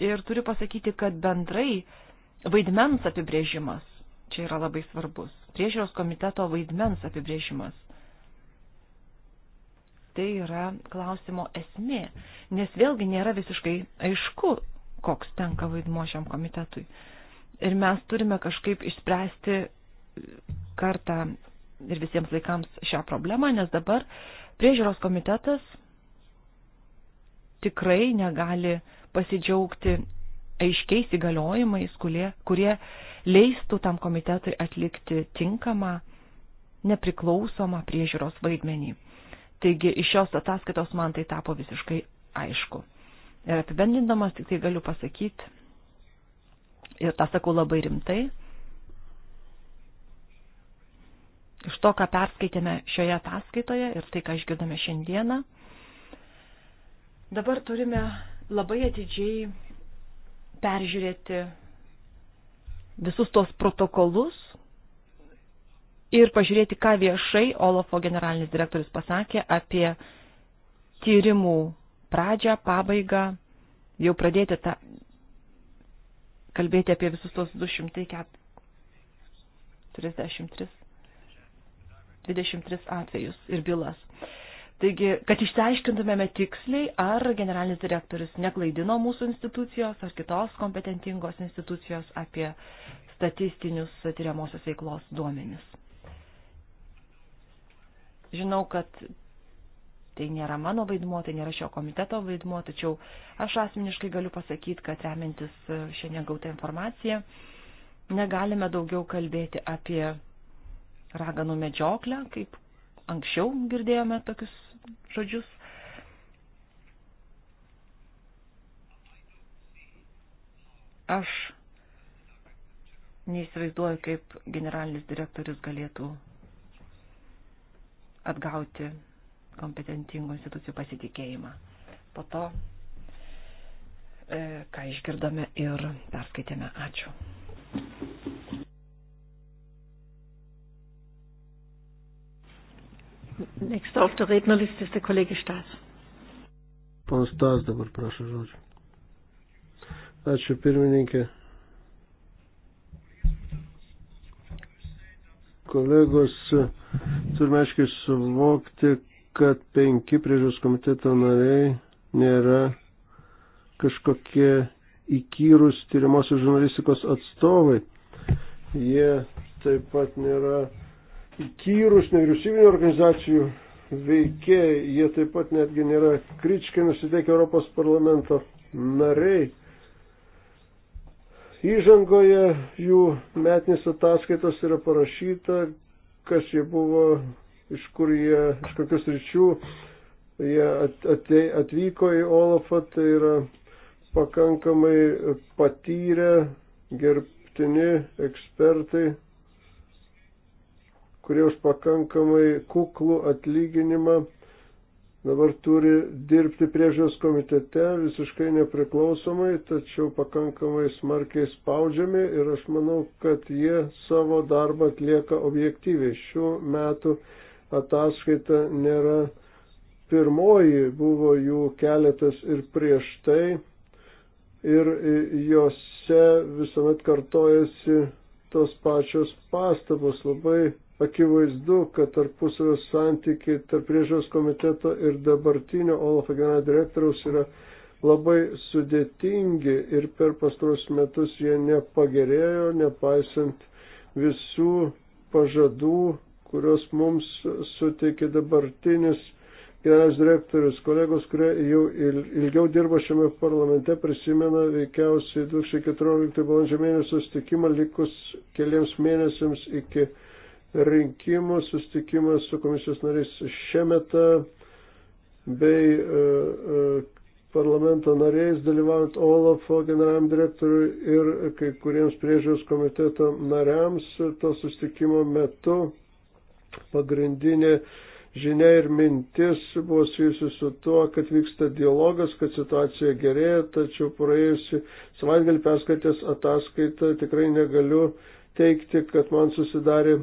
Ir turiu pasakyti, kad bendrai vaidmens apibrėžimas čia yra labai svarbus. Priežiūros komiteto vaidmens apibrėžimas. Tai yra klausimo esmė, nes vėlgi nėra visiškai aišku, koks tenka vaidmuo šiam komitetui. Ir mes turime kažkaip išspręsti kartą ir visiems laikams šią problemą, nes dabar Priežiūros komitetas tikrai negali pasidžiaugti aiškiais įgaliojimais, kurie, kurie leistų tam komitetui atlikti tinkamą, nepriklausomą priežiūros vaidmenį. Taigi iš šios ataskaitos man tai tapo visiškai aišku. Ir apibendindamas tik tai galiu pasakyti, ir tą sakau labai rimtai, iš to, ką perskaitėme šioje ataskaitoje ir tai, ką išgirdome šiandieną, dabar turime labai atidžiai peržiūrėti visus tos protokolus ir pažiūrėti, ką viešai Olofo generalinis direktorius pasakė apie tyrimų pradžią, pabaigą, jau pradėti tą, kalbėti apie visus tos 233 23 atvejus ir bylas. Taigi, kad išsiaiškintumėme tiksliai, ar generalinis direktorius neklaidino mūsų institucijos ar kitos kompetentingos institucijos apie statistinius tyriamosios veiklos duomenis. Žinau, kad tai nėra mano vaidmuo, tai nėra šio komiteto vaidmuo, tačiau aš asmeniškai galiu pasakyti, kad remiantis šiandien gautą informaciją, negalime daugiau kalbėti apie raganų medžioklę, kaip anksčiau girdėjome tokius žodžius. Aš neįsivaizduoju, kaip generalinis direktorius galėtų atgauti kompetentingų institucijų pasitikėjimą. Po to, e, ką išgirdome ir perskaitėme. Ačiū. Nächster auf der Rednerliste ist der Kollege Stas. Ponas Stas dabar prašo žodžio. Ačiū pirmininkė. Kolegos, turime aiškiai suvokti, kad penki priežiūros komiteto nariai nėra kažkokie įkyrus tyriamosios žurnalistikos atstovai. Jie taip pat nėra įkyrus nevyriausybinio organizacijų veikėjai, jie taip pat netgi nėra kritiškai nusiteikę Europos parlamento nariai. Įžangoje jų metinės ataskaitos yra parašyta, kas jie buvo, iš kur jie, iš kokius ryčių jie atė, atvyko į Olafą, tai yra pakankamai patyrę, gerbtini ekspertai, kurie už pakankamai kuklų atlyginimą dabar turi dirbti priežiūros komitete visiškai nepriklausomai, tačiau pakankamai smarkiai spaudžiami ir aš manau, kad jie savo darbą atlieka objektyviai. Šių metų ataskaita nėra pirmoji, buvo jų keletas ir prieš tai ir jose visuomet kartojasi tos pačios pastabos labai akivaizdu, kad tarpusavio santykiai tarp priežiūros komiteto ir dabartinio Olafo generalinio direktoriaus yra labai sudėtingi ir per pastarus metus jie nepagerėjo, nepaisant visų pažadų, kurios mums suteikė dabartinis generalinis direktorius. Kolegos, kurie jau ilgiau dirba šiame parlamente, prisimena veikiausiai 2014 balandžio mėnesio sustikimą likus keliams mėnesiams iki rinkimų, sustikimas su komisijos nariais šiemeta bei e, e, parlamento nariais, dalyvaujant Olafo generaliniam direktoriui ir kai kuriems priežiūros komiteto nariams to sustikimo metu pagrindinė žinia ir mintis buvo susijusi su tuo, kad vyksta dialogas, kad situacija gerėja, tačiau praėjusi savaitgalį perskaitęs ataskaitą tikrai negaliu teikti, kad man susidarė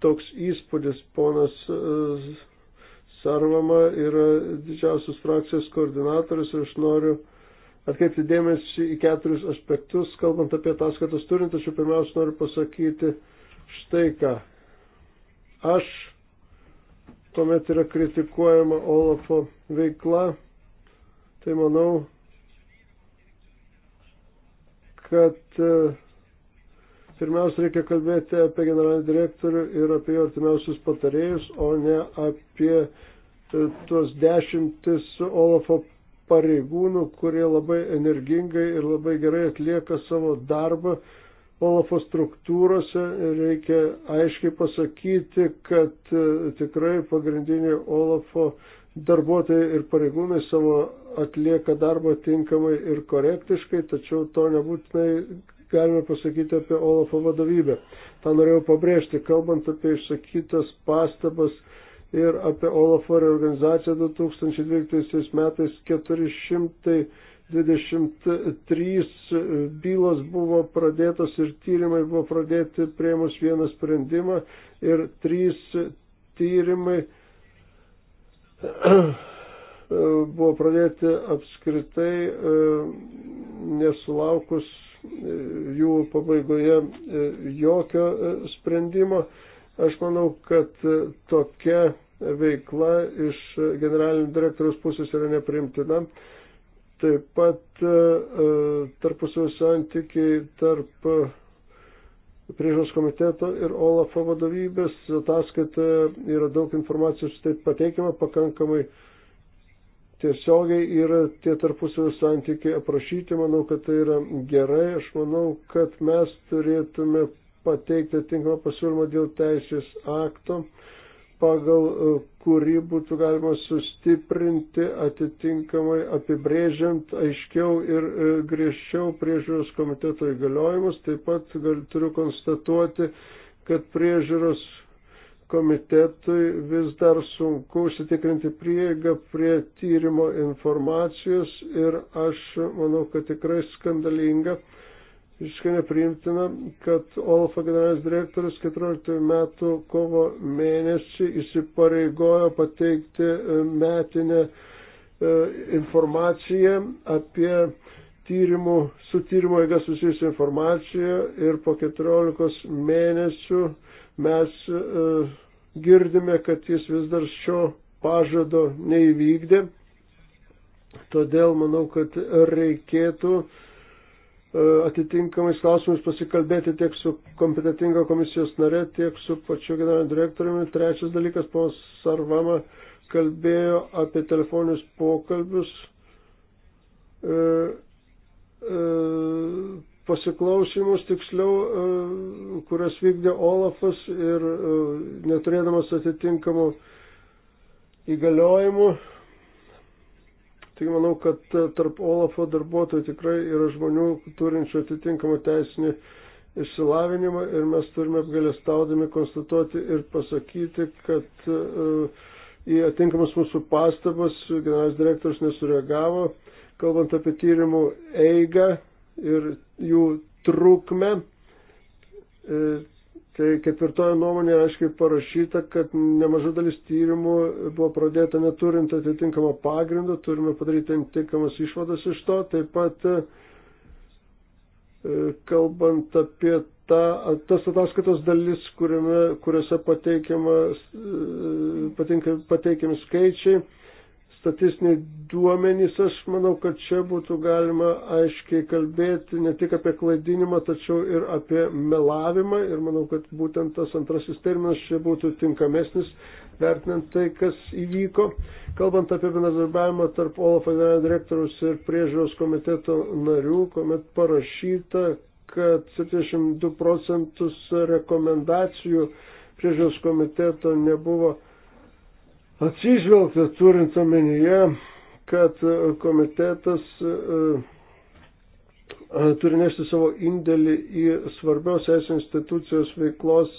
toks įspūdis, ponas e, Sarvama yra didžiausios frakcijos koordinatorius ir aš noriu atkreipti dėmesį į keturis aspektus, kalbant apie ataskaitas turint, tačiau pirmiausia noriu pasakyti štai ką. Aš tuomet yra kritikuojama Olafo veikla, tai manau, kad uh, Pirmiausia, reikia kalbėti apie generalinį direktorių ir apie jo artimiausius patarėjus, o ne apie e, tuos dešimtis Olafo pareigūnų, kurie labai energingai ir labai gerai atlieka savo darbą. Olafo struktūrose reikia aiškiai pasakyti, kad e, tikrai pagrindiniai Olafo darbuotojai ir pareigūnai savo atlieka darbą tinkamai ir korektiškai, tačiau to nebūtinai galime pasakyti apie Olafo vadovybę. Ta norėjau pabrėžti, kalbant apie išsakytas pastabas ir apie Olafo reorganizaciją 2012 metais 423 bylos buvo pradėtos ir tyrimai buvo pradėti prieimus vieną sprendimą ir trys tyrimai buvo pradėti apskritai e, nesulaukus jų pabaigoje e, jokio e, sprendimo. Aš manau, kad e, tokia veikla iš generalinio direktoriaus pusės yra neprimtina. Taip pat tarpusavio santykiai tarp priežos komiteto ir Olafo vadovybės ataskaitoje yra daug informacijos, taip pateikiama pakankamai uh, tiesiogiai yra tie tarpusavio santykiai aprašyti, manau, kad tai yra gerai, aš manau, kad mes turėtume pateikti tinkamą pasiūlymą dėl teisės akto, pagal e, kurį būtų galima sustiprinti atitinkamai apibrėžiant aiškiau ir e, griežčiau priežiūros komiteto įgaliojimus. Taip pat gal, turiu konstatuoti, kad priežiūros komitetui vis dar sunku užsitikrinti prieigą prie tyrimo informacijos ir aš manau, kad tikrai skandalinga, visiškai nepriimtina, kad Olafo generalinis direktorius 14 metų kovo mėnesį įsipareigojo pateikti e, metinę e, informaciją apie tyrimų, su tyrimo eiga susijusią informaciją ir po 14 mėnesių Mes e, girdime, kad jis vis dar šio pažado neįvykdė. Todėl manau, kad reikėtų e, atitinkamais klausimais pasikalbėti tiek su kompetitinga komisijos nare, tiek su pačiu generaliniu direktoriumi. Trečias dalykas, ponas Sarvama kalbėjo apie telefoninius pokalbius. E, e, pasiklausimus tiksliau, e, kurias vykdė Olafas ir e, neturėdamas atitinkamų įgaliojimų. Tik manau, kad e, tarp Olafo darbuotojų tikrai yra žmonių turinčių atitinkamą teisinį išsilavinimą ir mes turime apgalėstaudami konstatuoti ir pasakyti, kad į atinkamas mūsų pastabas generalinis direktorius nesureagavo. Kalbant apie tyrimų eigą, ir jų trukmę. E, tai ketvirtoje nuomonėje aiškiai parašyta, kad nemaža dalis tyrimų buvo pradėta neturint atitinkamo pagrindo, turime padaryti atitinkamas išvadas iš to. Taip pat e, kalbant apie ta, tas ataskaitos dalis, kuriame, kuriuose e, pateikiami pateikiam skaičiai, statistiniai duomenys, aš manau, kad čia būtų galima aiškiai kalbėti ne tik apie klaidinimą, tačiau ir apie melavimą. Ir manau, kad būtent tas antrasis terminas čia būtų tinkamesnis, vertinant tai, kas įvyko. Kalbant apie bendradarbiavimą tarp OLAF generalinio direktoriaus ir priežiūros komiteto narių, kuomet parašyta, kad 72 procentus rekomendacijų priežiūros komiteto nebuvo atsižvelgta turint omenyje, kad e, komitetas e, e, turi nešti savo indėlį į svarbios es institucijos veiklos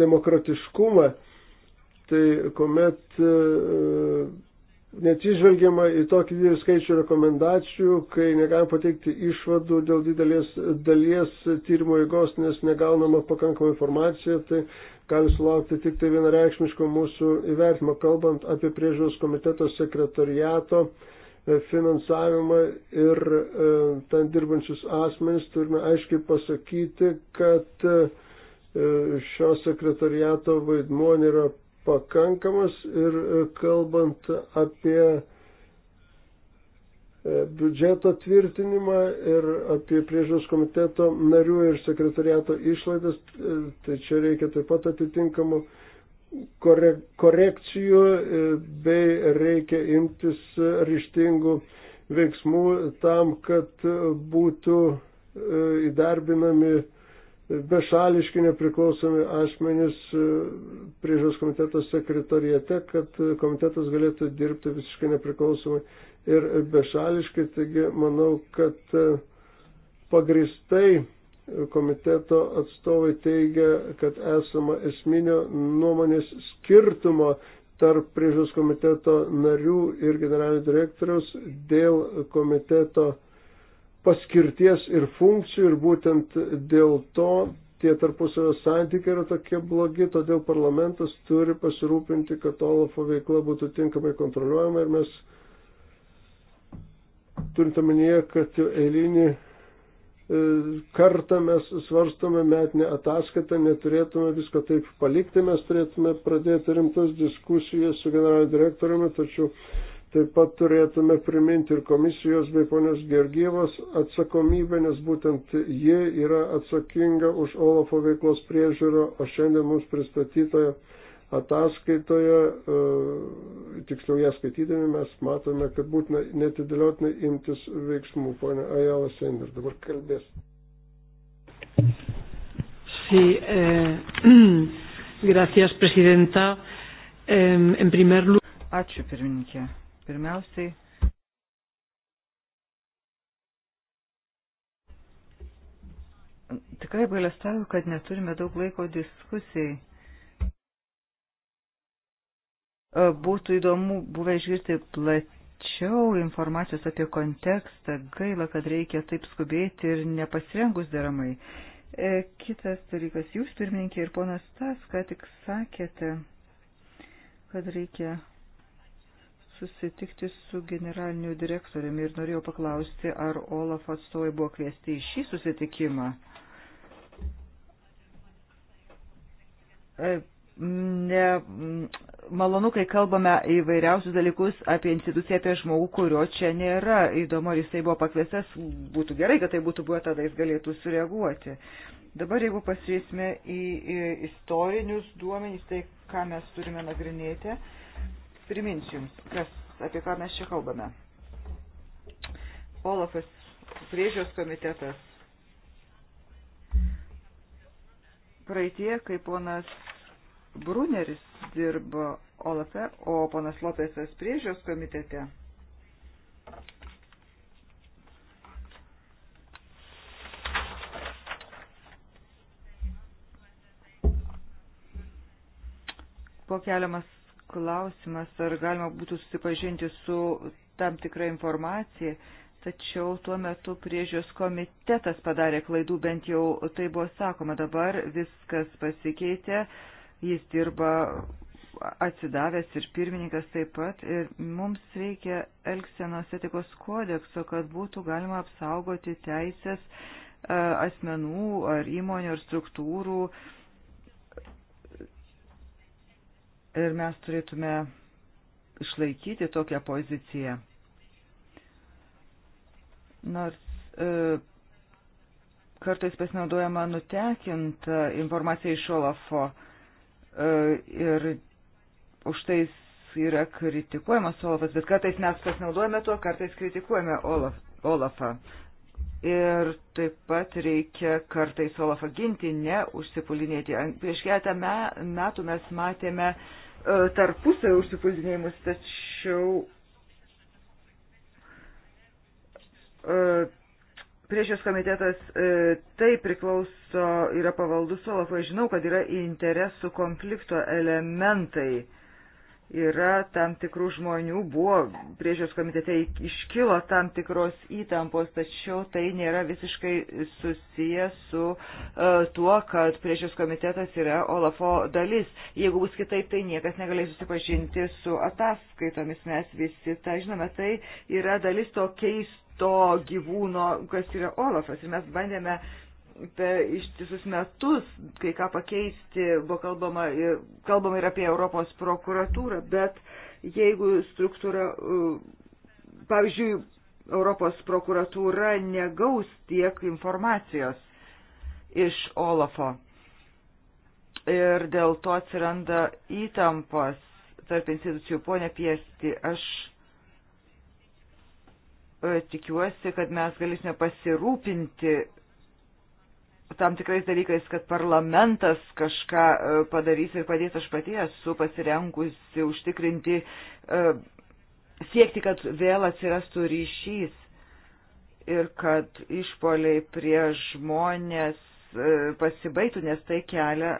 demokratiškumą, tai kuomet neatsižvelgiama į tokį didelį skaičių rekomendacijų, kai negalima pateikti išvadų dėl didelės dalies tyrimo eigos, nes negaunama pakankama informacija, tai galim sulaukti tik tai vienareikšmiško mūsų įvertimo, kalbant apie priežiūros komiteto sekretariato e, finansavimą ir e, ten dirbančius asmenys, turime aiškiai pasakyti, kad e, šio sekretariato vaidmuo nėra pakankamas ir kalbant apie E, biudžeto tvirtinimą ir apie priežiūros komiteto narių ir sekretariato išlaidas, e, tai čia reikia taip pat atitinkamų korekcijų e, bei reikia imtis ryštingų veiksmų tam, kad būtų įdarbinami bešališki nepriklausomi asmenys priežiūros komiteto sekretariate, kad komitetas galėtų dirbti visiškai nepriklausomai ir bešališkai. Taigi manau, kad e, pagristai komiteto atstovai teigia, kad esama esminio nuomonės skirtumo tarp priežos komiteto narių ir generalinio direktoriaus dėl komiteto paskirties ir funkcijų ir būtent dėl to tie tarpusavio santykiai yra tokie blogi, todėl parlamentas turi pasirūpinti, kad Olafo veikla būtų tinkamai kontroliuojama ir mes turint omenyje, kad eilinį e, kartą mes svarstome metinę ataskaitą, neturėtume visko taip palikti, mes turėtume pradėti rimtas diskusijas su generaliniu direktoriumi, tačiau taip pat turėtume priminti ir komisijos bei ponios Gergyvos atsakomybę, nes būtent ji yra atsakinga už Olafo veiklos priežiūrą, o šiandien mums pristatytoje ataskaitoje, e, tiksliau ją skaitydami, mes matome, kad būtina netidėliotinai imtis veiksmų. Pone Ajala Sender dabar kalbės. Sí, eh, gracias, presidenta. Eh, en primer lugar. Ačiū, pirmininkė. Pirmiausiai. Tikrai galėstau, kad neturime daug laiko diskusijai E, būtų įdomu buvę išgirsti plačiau informacijos apie kontekstą. Gaila, kad reikia taip skubėti ir nepasirengus deramai. E, kitas dalykas, jūs pirmininkė ir ponas Tas, ką tik sakėte, kad reikia susitikti su generaliniu direktoriumi ir norėjau paklausti, ar Olaf atstovai buvo kviesti į šį susitikimą. E, ne, malonu, kai kalbame įvairiausius dalykus apie instituciją, apie žmogų, kurio čia nėra. Įdomu, ar jisai buvo pakviestas, būtų gerai, kad tai būtų buvę, tada jis galėtų sureaguoti. Dabar, jeigu pasižiūrėsime į, į istorinius duomenys, tai ką mes turime nagrinėti, priminsiu jums, kas, apie ką mes čia kalbame. Olafas priežios komitetas. Praeitie, kai ponas Bruneris dirbo Olafe, o ponas Lopesas priežios komitete. Buvo keliamas klausimas, ar galima būtų susipažinti su tam tikra informacija, tačiau tuo metu priežios komitetas padarė klaidų, bent jau tai buvo sakoma, dabar viskas pasikeitė, uh, jis dirba atsidavęs ir pirmininkas taip pat, ir mums reikia Elksenos etikos kodekso, kad būtų galima apsaugoti teisės e, asmenų ar įmonių ar struktūrų. Ir mes turėtume išlaikyti tokią poziciją. Nors e, kartais pasinaudojama nutekinta e, informacija iš Olafo, e, E, ir už tai yra kritikuojamas Olafas, bet kartais mes pasinaudojame tuo, kartais kritikuojame Olaf, Olafą. Ir taip pat reikia kartais Olafą ginti, ne užsipulinėti. Prieš keletą metų mes matėme e, tarpusavio užsipulinėjimus, tačiau e, Priešios komitetas e, tai priklauso, yra pavaldus Olafui. Žinau, kad yra interesų konflikto elementai. Yra tam tikrų žmonių, buvo priežios komitete iškilo tam tikros įtampos, tačiau tai nėra visiškai susiję su uh, tuo, kad priežios komitetas yra Olafo dalis. Jeigu bus kitaip, tai niekas negalės susipažinti su ataskaitomis, mes visi tą tai, žinome, tai yra dalis to keisto to gyvūno, kas yra Olafas. Ir mes bandėme per ištisus metus kai ką pakeisti, buvo kalbama, kalbama ir apie Europos prokuratūrą, bet jeigu struktūra, pavyzdžiui, Europos prokuratūra negaus tiek informacijos iš Olafo. Ir dėl to atsiranda įtampos tarp institucijų. Pone Piesti, aš E, tikiuosi, kad mes galėsime pasirūpinti tam tikrais dalykais, kad parlamentas kažką e, padarys ir padės. Aš pati esu pasirengusi užtikrinti, e, siekti, kad vėl atsirastų ryšys ir kad išpoliai prie žmonės pasibaigtų, nes tai kelia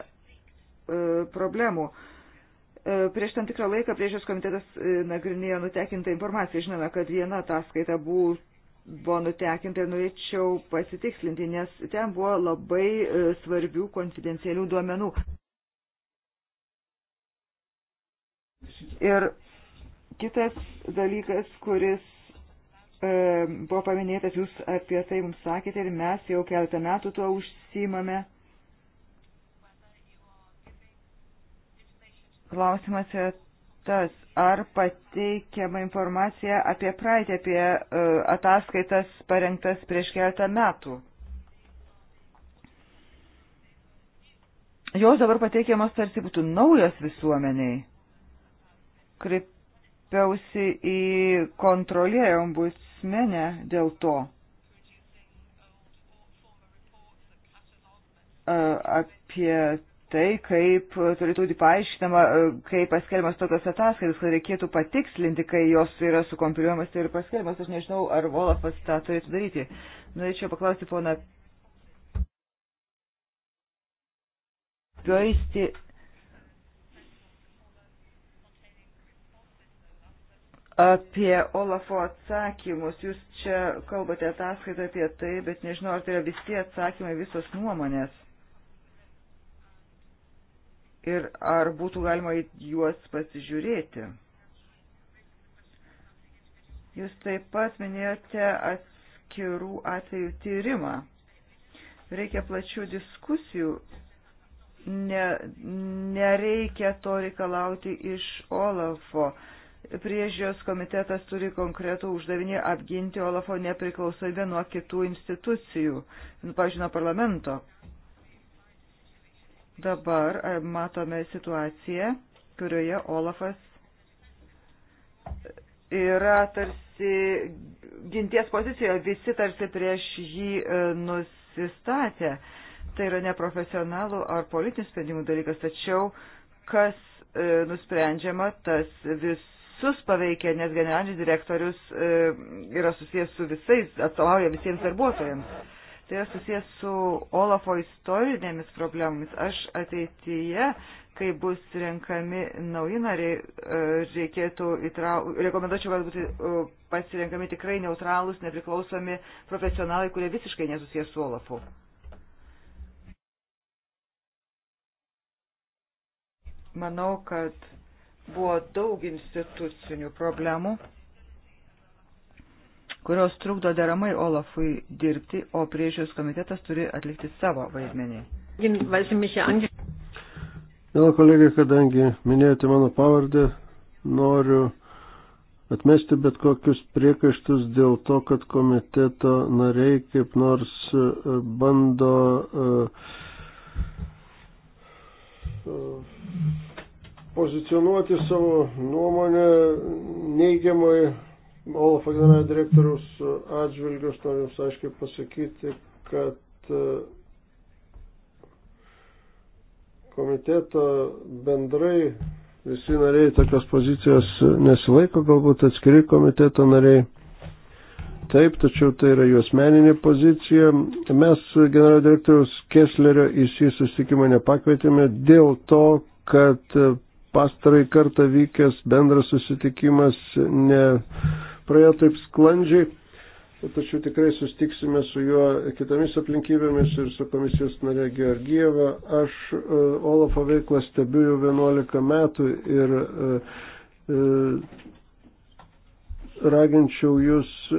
problemų. E, prieš tam tikrą laiką priežios komitetas e, nagrinėjo nutekintą informaciją. Žinome, kad viena ataskaita buvo buvo nutekinta ir norėčiau pasitikslinti, nes ten buvo labai e, svarbių konfidencialių duomenų. Ir kitas dalykas, kuris e, buvo paminėtas, jūs apie tai mums sakėte ir mes jau keletą metų tuo užsimame. Klausimas yra tas, ar pateikiama informacija apie praeitį, apie uh, ataskaitas parengtas prieš keletą metų. Jos dabar pateikiamos tarsi būtų naujos visuomeniai. Kreipiausi į kontrolėją ombudsmenę dėl to. Uh, apie tai, kaip turėtų būti paaiškinama, e, kaip paskelbiamas tokios ataskaitos, kad reikėtų patikslinti, kai jos yra sukompiliuojamas tai ir paskelbiamas. Aš nežinau, ar Volafas tą turėtų daryti. Norėčiau paklausti poną Pioisti. Apie Olafo atsakymus. Jūs čia kalbate ataskaitą apie tai, bet nežinau, ar tai yra visi atsakymai, visos nuomonės ir ar būtų galima į juos pasižiūrėti. Jūs taip pat minėjote atskirų atvejų tyrimą. Reikia plačių diskusijų. Ne, nereikia to reikalauti iš Olafo. Priežios komitetas turi konkretų uždavinį apginti Olafo nepriklausomybę nuo kitų institucijų, nu, pavyzdžiui, nuo parlamento Dabar e, matome situaciją, kurioje Olafas yra tarsi ginties pozicijoje, visi tarsi prieš jį e, nusistatę. Tai yra neprofesionalų ar politinių sprendimų dalykas, tačiau kas e, nusprendžiama, tas visus paveikia, nes generalinis direktorius yra susijęs su visais, atstovauja visiems darbuotojams tai yra susijęs su Olafo istorinėmis problemomis. Aš ateityje, kai bus renkami nauji nariai, e, reikėtų įtrau... rekomenduočiau, kad būtų e, pasirenkami tikrai neutralūs, nepriklausomi profesionalai, kurie visiškai nesusijęs su Olafu. Manau, kad buvo daug institucinių problemų kurios trukdo deramai Olafui dirbti, o priežiūros komitetas turi atlikti savo vaidmenį. Mėla kolegė, kadangi minėjote mano pavardę, noriu atmesti bet kokius priekaištus dėl to, kad komiteto nariai kaip nors e, bando e, e, pozicionuoti savo nuomonę neigiamai Olafo generalinio direktoriaus e, atžvilgiu aš noriu Jums aiškiai pasakyti, kad e, komiteto bendrai visi nariai tokios pozicijos nesilaiko, galbūt atskiri komiteto nariai. Taip, tačiau tai yra jos meninė pozicija. Mes generalinio direktoriaus Kesslerio į šį susitikimą nepakvietėme dėl to, kad pastarai kartą vykęs bendras susitikimas ne praėjo taip sklandžiai, tačiau tikrai sustiksime su juo kitomis aplinkybėmis ir su komisijos nare Georgieva. Aš e, Olafo veiklą stebiu jau 11 metų ir e, e, raginčiau Jūs e,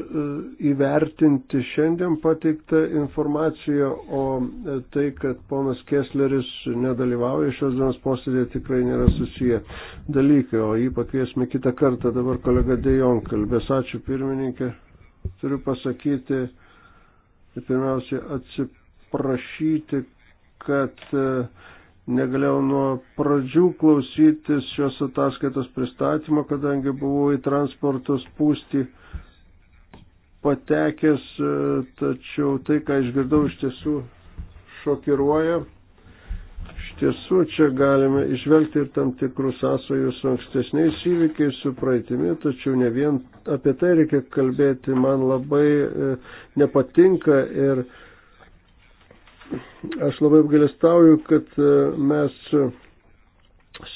įvertinti šiandien pateiktą informaciją, o e, tai, kad ponas Kessleris nedalyvauja šios dienos posėdėje, tikrai nėra susiję dalykai, o jį pakviesime kitą kartą. Dabar kolega Dejon kalbės. Ačiū pirmininkė. Turiu pasakyti, pirmiausia, atsiprašyti, kad uh, Negalėjau nuo pradžių klausytis šios ataskaitos pristatymo, kadangi buvau į transporto spūstį patekęs, e, tačiau tai, ką išgirdau, iš tiesų šokiruoja. Iš tiesų čia galime išvelgti ir tam tikrų sąsojų su ankstesniais įvykiais, su praeitimi, tačiau ne vien apie tai reikia kalbėti, man labai e, nepatinka ir Aš labai apgalėstauju, kad e, mes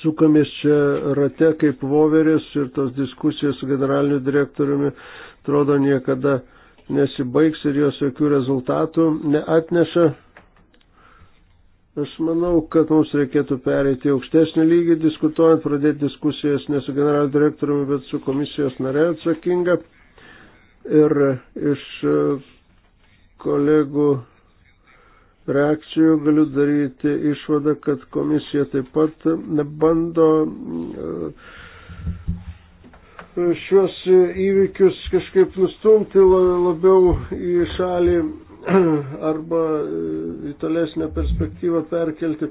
sukamės čia rate kaip voveris ir tos diskusijos su generaliniu direktoriumi atrodo niekada nesibaigs ir jos jokių rezultatų neatneša. Aš manau, kad mums reikėtų pereiti aukštesnį lygį, diskutuojant, pradėti diskusijas ne su generaliniu direktoriumi, bet su komisijos nare atsakinga. Ir iš e, kolegų reakcijų galiu daryti išvadą, kad komisija taip pat bando e, šios įvykius kažkaip nustumti labiau į šalį arba e, į tolesnę perspektyvą perkelti.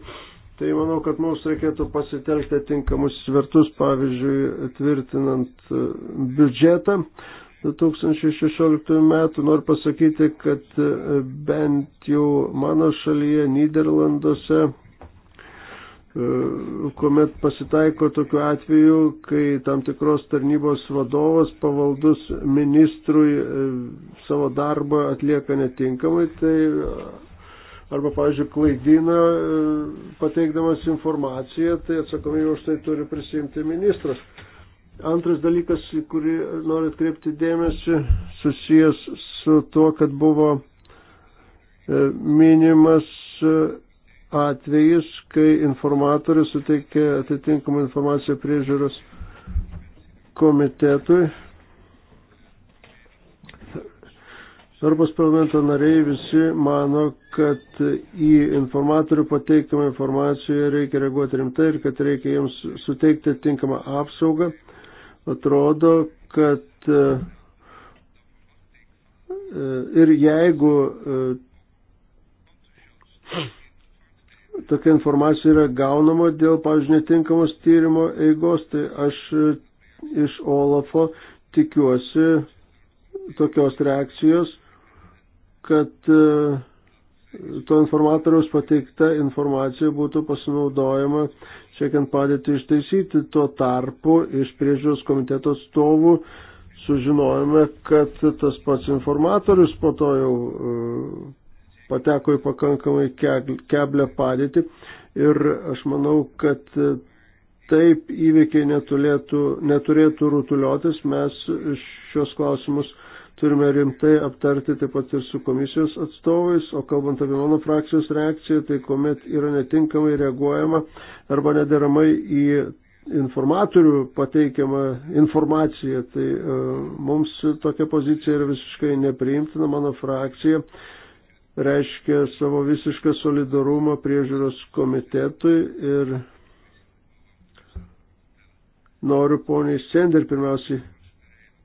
Tai manau, kad mums reikėtų pasitelkti tinkamus svertus, pavyzdžiui, tvirtinant e, biudžetą. 2016 metų. Noriu pasakyti, kad e, bent jau mano šalyje, Niderlanduose, e, kuomet pasitaiko tokiu atveju, kai tam tikros tarnybos vadovas pavaldus ministrui e, savo darbą atlieka netinkamai, tai arba, pavyzdžiui, klaidina pateikdamas informaciją, tai atsakomybę už tai turi prisimti ministras. Antras dalykas, į kurį noriu atkreipti dėmesį, susijęs su tuo, kad buvo e, minimas e, atvejis, kai informatorius suteikė atitinkamą informaciją priežiūros komitetui. Europos parlamento nariai visi mano, kad į informatorių pateikiamą informaciją reikia reaguoti rimtai ir kad reikia jiems suteikti tinkamą apsaugą. Atrodo, kad e, e, ir jeigu e, tokia informacija yra gaunama dėl, pavyzdžiui, netinkamos tyrimo eigos, tai aš iš Olafo tikiuosi tokios reakcijos, kad to informatoriaus pateikta informacija būtų pasinaudojama siekiant padėti ištaisyti. Tuo tarpu iš priežiūros komiteto atstovų sužinojome, kad tas pats informatorius po to jau e, pateko į pakankamai keblę padėtį ir aš manau, kad taip įvykiai netulėtų, neturėtų rutuliotis, mes šios klausimus turime rimtai aptarti taip pat ir su komisijos atstovais, o kalbant apie mano frakcijos reakciją, tai kuomet yra netinkamai reaguojama arba nederamai į informatorių pateikiamą informaciją, tai e, mums tokia pozicija yra visiškai nepriimtina, mano frakcija reiškia savo visišką solidarumą priežiūros komitetui ir noriu poniai Sender pirmiausiai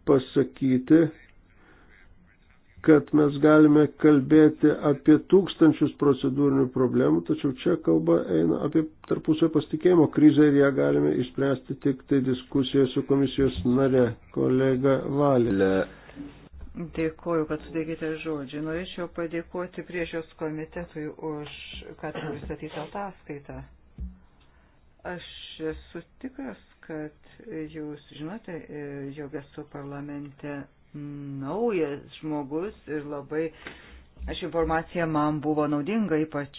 pasakyti, kad mes galime kalbėti apie tūkstančius procedūrinių problemų, tačiau čia kalba eina apie tarpusio pasitikėjimo krizę ir ją galime išspręsti tik tai diskusijoje su komisijos nare, kolega Valilė. Dėkuoju, kad sudėkite žodžiai. Norėčiau padėkoti priešios komitetui už, kad pristatytą ataskaitą. Aš esu tikras, kad jūs žinote, e, jog esu parlamente naujas žmogus ir labai aš informacija man buvo naudinga, ypač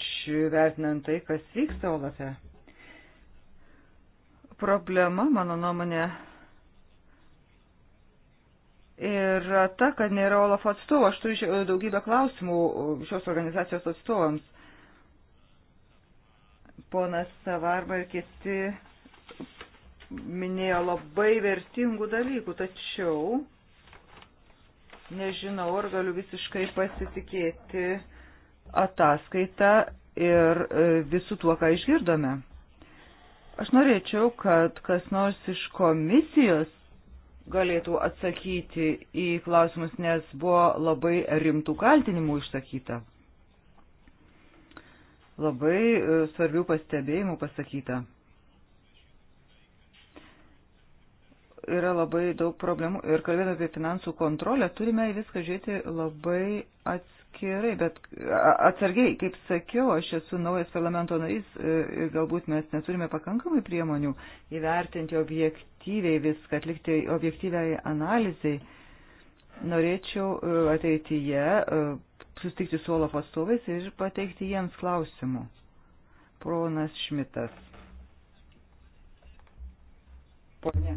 vertinant tai, kas vyksta Olafe. Problema, mano nuomonė, yra ta, kad nėra Olafo atstovo. Aš turiu daugybę klausimų šios organizacijos atstovams. Ponas Savarba ir kiti minėjo labai vertingų dalykų, tačiau Nežinau, ar galiu visiškai pasitikėti ataskaitą ir e, visų tuo, ką išgirdome. Aš norėčiau, kad kas nors iš komisijos galėtų atsakyti į klausimus, nes buvo labai rimtų kaltinimų išsakyta. Labai e, svarbių pastebėjimų pasakyta. yra labai daug problemų ir kalbėdami apie finansų kontrolę turime į viską žiūrėti labai atskirai, bet atsargiai, kaip sakiau, aš esu naujas parlamento narys ir e, e, galbūt mes neturime pakankamai priemonių įvertinti objektyviai viską, atlikti objektyviai analizai. Norėčiau e, ateityje sustikti su Olaf atstovais ir pateikti jiems klausimų. Pronas Šmitas. Ponė.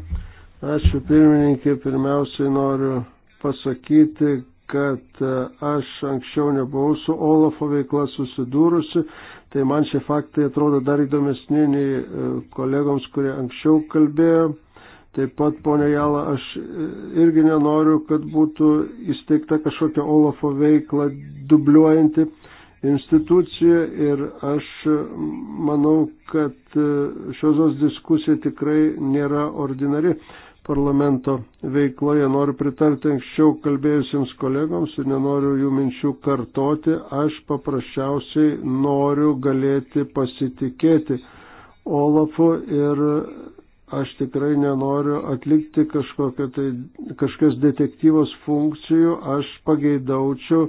Ačiū pirmininkė, pirmiausiai noriu pasakyti, kad e, aš anksčiau nebuvau su Olafo veikla susidūrusi, tai man šie faktai atrodo dar įdomesni nei e, kolegoms, kurie anksčiau kalbėjo. Taip pat, ponia Jala, aš e, irgi nenoriu, kad būtų įsteigta kažkokia Olafo veikla dubliuojanti institucija ir aš manau, kad šios diskusija tikrai nėra ordinari parlamento veikloje. Noriu pritarti anksčiau kalbėjusiems kolegoms ir nenoriu jų minčių kartoti. Aš paprasčiausiai noriu galėti pasitikėti Olafu ir aš tikrai nenoriu atlikti kažkokio tai kažkokios detektyvos funkcijų. Aš pageidaučiau,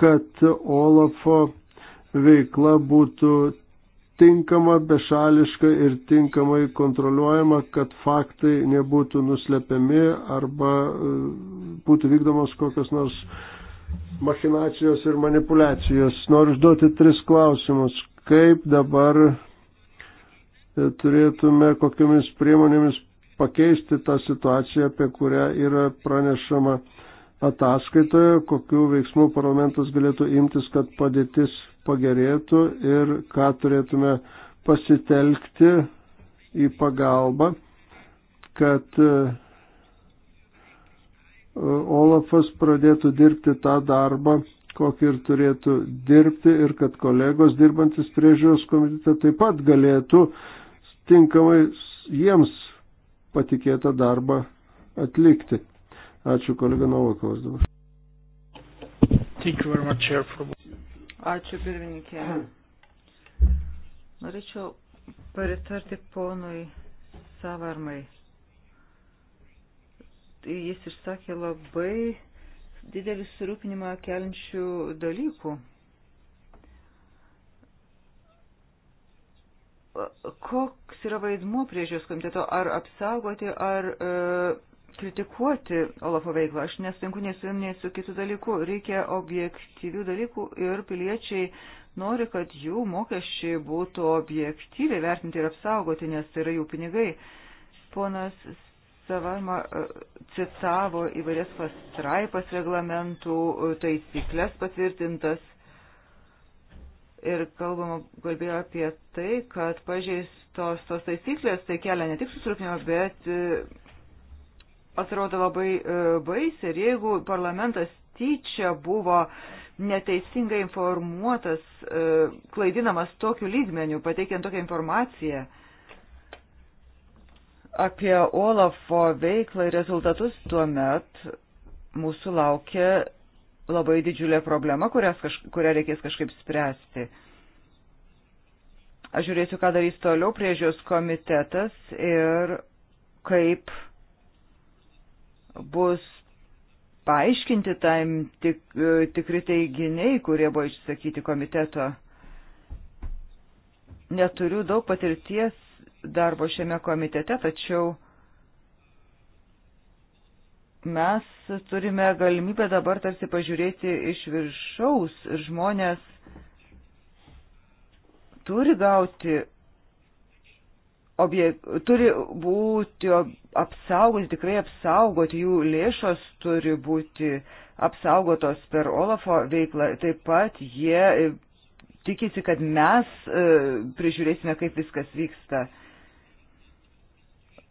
kad Olafo veikla būtų tinkama, bešališka ir tinkamai kontroliuojama, kad faktai nebūtų nuslepiami arba e, būtų vykdomos kokios nors machinacijos ir manipulacijos. Noriu užduoti tris klausimus. Kaip dabar e, turėtume kokiamis priemonėmis pakeisti tą situaciją, apie kurią yra pranešama ataskaitoje, kokiu veiksmu parlamentas galėtų imtis, kad padėtis pagerėtų ir ką turėtume pasitelkti į pagalbą, kad e, Olafas pradėtų dirbti tą darbą, kokį ir turėtų dirbti ir kad kolegos dirbantis priežiūros komitete taip pat galėtų tinkamai jiems patikėtą darbą atlikti. Ačiū kolega Novakovas dabar. Ačiū pirmininkė. Norėčiau paritarti ponui Savarmai. Jis išsakė labai didelį surūpinimą kelinčių dalykų. Koks yra vaidmuo priežiūros komiteto? Ar apsaugoti, ar e, kritikuoti Olafo veiklą. Aš nesutinku nei su jum, nei su kitų dalykų. Reikia objektyvių dalykų ir piliečiai nori, kad jų mokesčiai būtų objektyviai vertinti ir apsaugoti, nes tai yra jų pinigai. Ponas Savama e, citavo įvairias pastraipas reglamentų, e, taisyklės patvirtintas ir kalbama, kalbėjo apie tai, kad pažeistos tos taisyklės, tai kelia ne tik susirūpinimą, bet e, pasirodo labai e, baisi ir jeigu parlamentas tyčia buvo neteisingai informuotas, e, klaidinamas tokiu lygmeniu, pateikiant tokią informaciją apie Olafo veiklą ir rezultatus, tuomet mūsų laukia labai didžiulė problema, kaž, kurią reikės kažkaip spręsti. Aš žiūrėsiu, ką darys toliau priežios komitetas ir kaip bus paaiškinti tam tik, e, tikri teiginiai, kurie buvo išsakyti komiteto. Neturiu daug patirties darbo šiame komitete, tačiau mes turime galimybę dabar tarsi pažiūrėti iš viršaus ir žmonės turi gauti objek, turi būti apsaugoti, tikrai apsaugoti, jų lėšos turi būti apsaugotos per Olafo veiklą. Taip pat jie e, tikisi, kad mes e, prižiūrėsime, kaip viskas vyksta.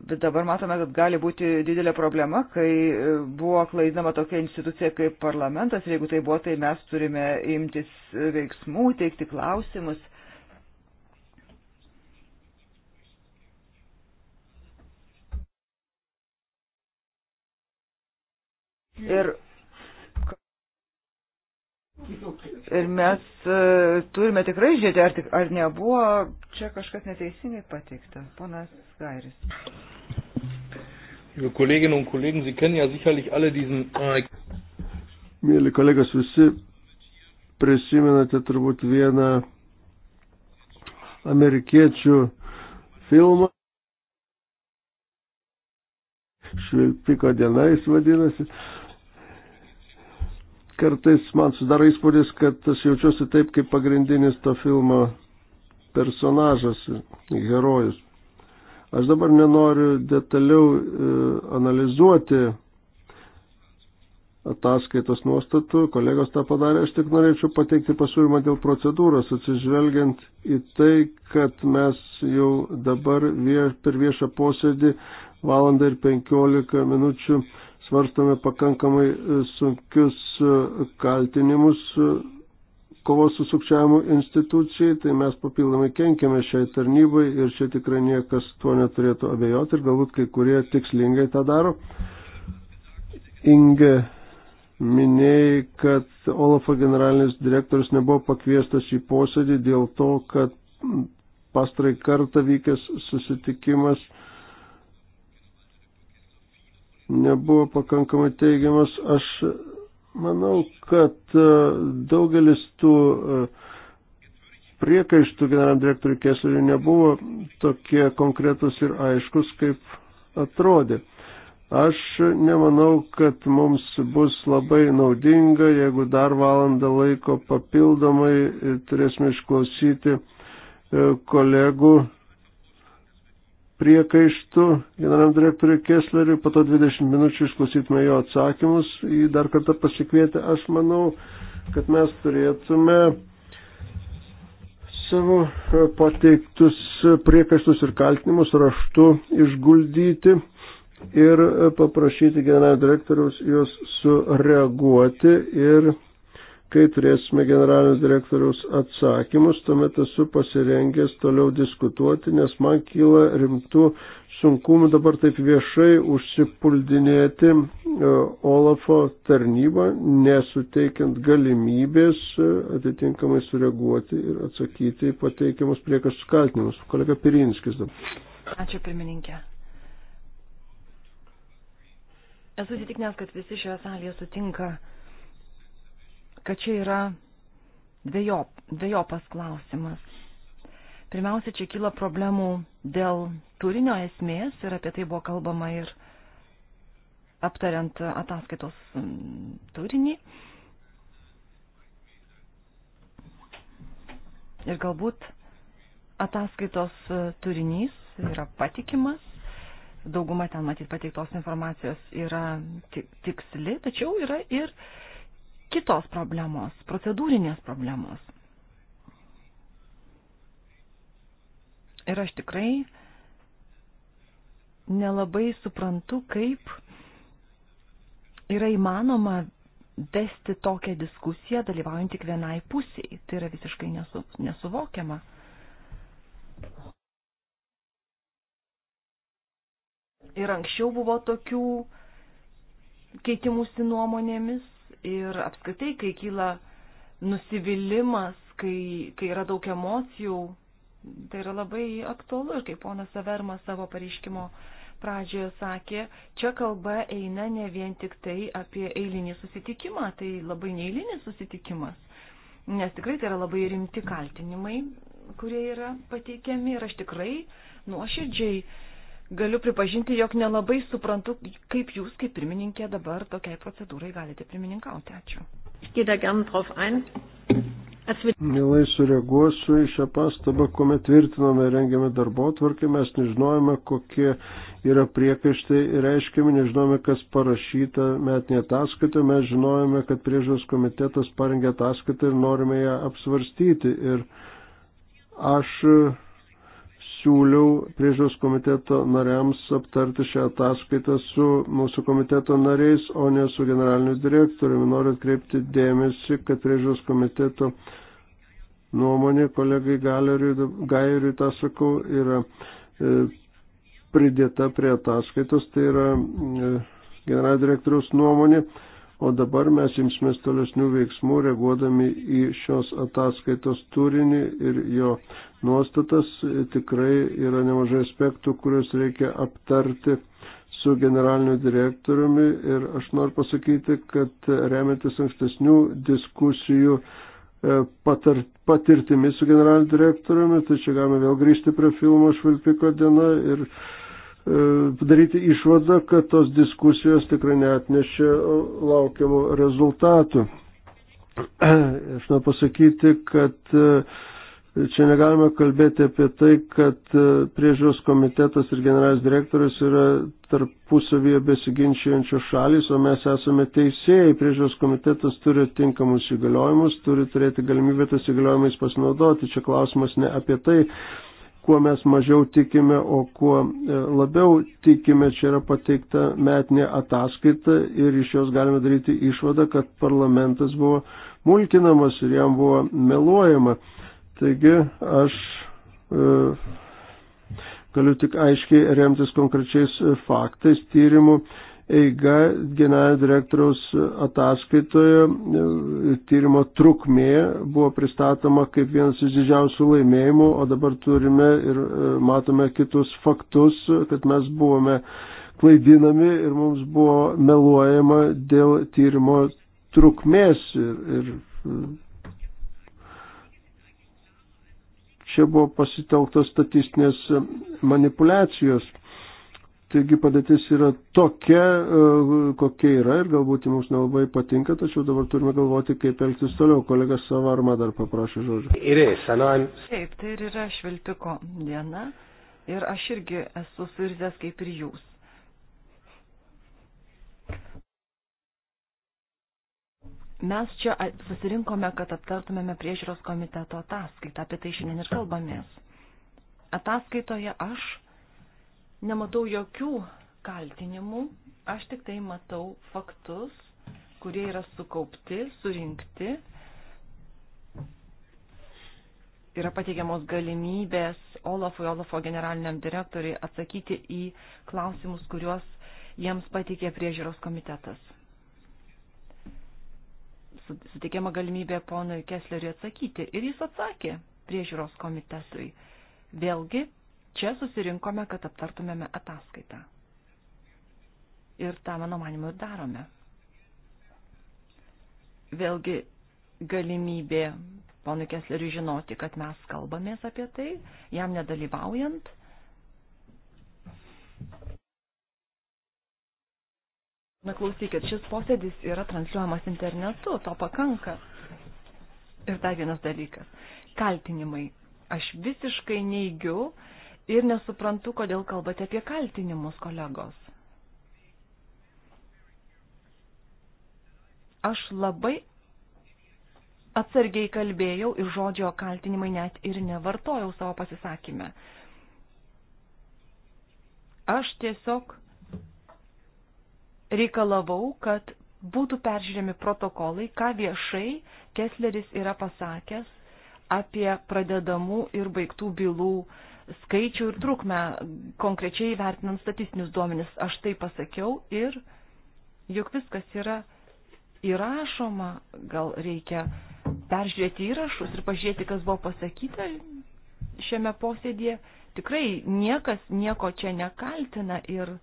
Bet dabar matome, kad gali būti didelė problema, kai e, buvo klaidama tokia institucija kaip parlamentas ir jeigu tai buvo, tai mes turime imtis veiksmų, teikti klausimus. Ir, ir mes e, turime tikrai žiūrėti, ar, tik, ar nebuvo čia kažkas neteisingai pateikta. Ponas Gairis. Liebe Kolleginnen und Kollegen, Sie kennen ja sicherlich alle diesen. Äh Mėly kolegos, visi prisimenate turbūt vieną amerikiečių filmą. Švilpiko diena jis vadinasi. Uh, kartais man sudaro įspūdis, kad aš jaučiuosi taip, kaip pagrindinis to filmo personažas, herojus. Aš dabar nenoriu detaliau e, analizuoti ataskaitos nuostatų, kolegos tą padarė, aš tik norėčiau pateikti pasiūlymą dėl procedūros, atsižvelgiant į tai, kad mes jau dabar vieš, per viešą posėdį valandą ir penkiolika minučių svarstome pakankamai e, sunkius e, kaltinimus e, kovos su sukčiavimu institucijai, tai mes papildomai kenkiame šiai tarnybai ir čia tikrai niekas tuo neturėtų abejoti ir galbūt kai kurie tikslingai tą daro. Inge minėjai, kad Olafo generalinis direktorius nebuvo pakviestas į posėdį dėl to, kad pastrai kartą vykęs susitikimas nebuvo pakankamai teigiamas. Aš manau, kad e, daugelis tų e, priekaištų generaliniam direktoriui Kesariui nebuvo tokie konkretus ir aiškus, kaip atrodė. Aš nemanau, kad mums bus labai naudinga, jeigu dar valandą laiko papildomai turėsime išklausyti e, kolegų priekaištų generaliniam direktoriui Kessleriui, po to 20 minučių išklausytume jo atsakymus, jį dar kartą pasikvietę, aš manau, kad mes turėtume savo pateiktus priekaištus ir kaltinimus raštu išguldyti ir paprašyti generalinio direktoriaus juos sureaguoti ir Kai turėsime generalinės direktoriaus atsakymus, tuomet esu pasirengęs toliau diskutuoti, nes man kyla rimtų sunkumų dabar taip viešai užsipuldinėti e, Olafo tarnybą, nesuteikiant galimybės e, atitinkamai sureaguoti ir atsakyti į pateikiamus priekaštus kaltinimus. Kolega Pirinskis dabar. Ačiū pirmininkė. Esu įsitikinęs, kad visi šioje salėje sutinka kad čia yra dviejop, dviejopas klausimas. Pirmiausia, čia kyla problemų dėl turinio esmės ir apie tai buvo kalbama ir aptariant ataskaitos turinį. Ir galbūt ataskaitos e, turinys yra patikimas, dauguma ten matyt pateiktos informacijos yra tiksli, tačiau yra ir kitos problemos, procedūrinės problemos. Ir aš tikrai nelabai suprantu, kaip yra įmanoma vesti tokią diskusiją, dalyvaujant tik vienai pusiai. Tai yra visiškai nesu, nesuvokiama. Ir anksčiau buvo tokių keitimusi nuomonėmis ir apskritai, kai kyla nusivylimas, kai, kai yra daug emocijų, tai yra labai aktualu ir kaip ponas Savermas savo pareiškimo pradžioje sakė, čia kalba eina ne vien tik tai apie eilinį susitikimą, tai labai neeilinis susitikimas, nes tikrai tai yra labai rimti kaltinimai, kurie yra pateikiami ir aš tikrai nuoširdžiai galiu pripažinti, jog nelabai suprantu, kaip jūs, kaip pirmininkė, dabar tokiai procedūrai galite pirmininkauti. Ačiū. Mielai sureaguosiu į šią pastabą, kuomet tvirtinome ir rengėme darbo tvarkį, mes nežinojame, kokie yra priekaištai ir reiškiami, nežinojame, kas parašyta metinė ataskaita, mes žinojame, kad priežiūros komitetas parengė ataskaitą ir norime ją apsvarstyti. Ir aš siūliau priežiūros komiteto nariams aptarti šią ataskaitą su mūsų komiteto nariais, o ne su generaliniu direktoriumi. Noriu atkreipti dėmesį, kad priežiūros komiteto nuomonė kolegai Gairiui, tą sakau, yra e, pridėta prie ataskaitos, tai yra e, generalinio direktoriaus nuomonė. O dabar mes imsimės tolesnių veiksmų, reaguodami į šios ataskaitos turinį ir jo nuostatas. Tikrai yra nemažai aspektų, kuriuos reikia aptarti su generaliniu direktoriumi. Ir aš noriu pasakyti, kad remiantis ankstesnių diskusijų e, patart, patirtimi su generaliniu direktoriumi, tai čia galime vėl grįžti prie filmo Švilpiko diena. Ir E, padaryti išvadą, kad tos diskusijos tikrai neatnešė laukiamų rezultatų. Aš noriu pasakyti, kad e, čia negalime kalbėti apie tai, kad e, priežiūros komitetas ir generalinis direktorius yra tarpusavyje besiginčiančios šalis, o mes esame teisėjai. Priežiūros komitetas turi tinkamus įgaliojimus, turi turėti galimybę tas įgaliojimais pasinaudoti. Čia klausimas ne apie tai, kuo mes mažiau tikime, o kuo e, labiau tikime, čia yra pateikta metinė ataskaita ir iš jos galime daryti išvadą, kad parlamentas buvo mulkinamas ir jam buvo meluojama. Taigi aš e, galiu tik aiškiai remtis konkrečiais e, faktais tyrimų eiga generalinio direktoriaus ataskaitoje e, tyrimo trukmė buvo pristatoma kaip vienas iš didžiausių laimėjimų, o dabar turime ir e, matome kitus faktus, kad mes buvome klaidinami ir mums buvo meluojama dėl tyrimo trukmės. Ir, ir e, čia buvo pasitelktos statistinės manipulacijos. Taigi padėtis yra tokia, e, kokia yra ir galbūt mums nelabai patinka, tačiau dabar turime galvoti, kaip elgtis toliau. Kolega Savarma dar paprašė žodžio. Ir senon. Taip, tai ir yra švilpiko diena ir aš irgi esu suirzęs kaip ir jūs. Mes čia susirinkome, kad aptartumėme priežiūros komiteto ataskaitą, apie tai šiandien ir kalbamės. Ataskaitoje aš Nematau jokių kaltinimų, aš tik tai matau faktus, kurie yra sukaupti, surinkti. Yra pateikiamos galimybės Olafui, Olafo generaliniam direktoriui atsakyti į klausimus, kuriuos jiems pateikė priežiūros komitetas. Suteikiama galimybė ponui Kessleriui atsakyti ir jis atsakė priežiūros komitetui. Vėlgi, čia susirinkome, kad aptartumėme ataskaitą. Ir tą, mano manimu, ir darome. Vėlgi galimybė ponui Kesleriui žinoti, kad mes kalbamės apie tai, jam nedalyvaujant. Na klausykit, šis posėdis yra transliuojamas internetu, to pakanka. Ir dar vienas dalykas. Kaltinimai. Aš visiškai neigiu uh, ir nesuprantu, kodėl kalbate apie kaltinimus, kolegos. Aš labai atsargiai kalbėjau ir žodžio kaltinimai net ir nevartojau savo pasisakymę. Aš tiesiog reikalavau, kad būtų peržiūrėmi protokolai, ką viešai Kessleris yra pasakęs apie pradedamų ir baigtų bylų uh, skaičių ir trukmę, konkrečiai vertinant statistinius duomenis. Aš tai pasakiau ir juk viskas yra įrašoma, gal reikia peržiūrėti įrašus ir pažiūrėti, kas buvo pasakyta šiame posėdėje. Tikrai niekas nieko čia nekaltina ir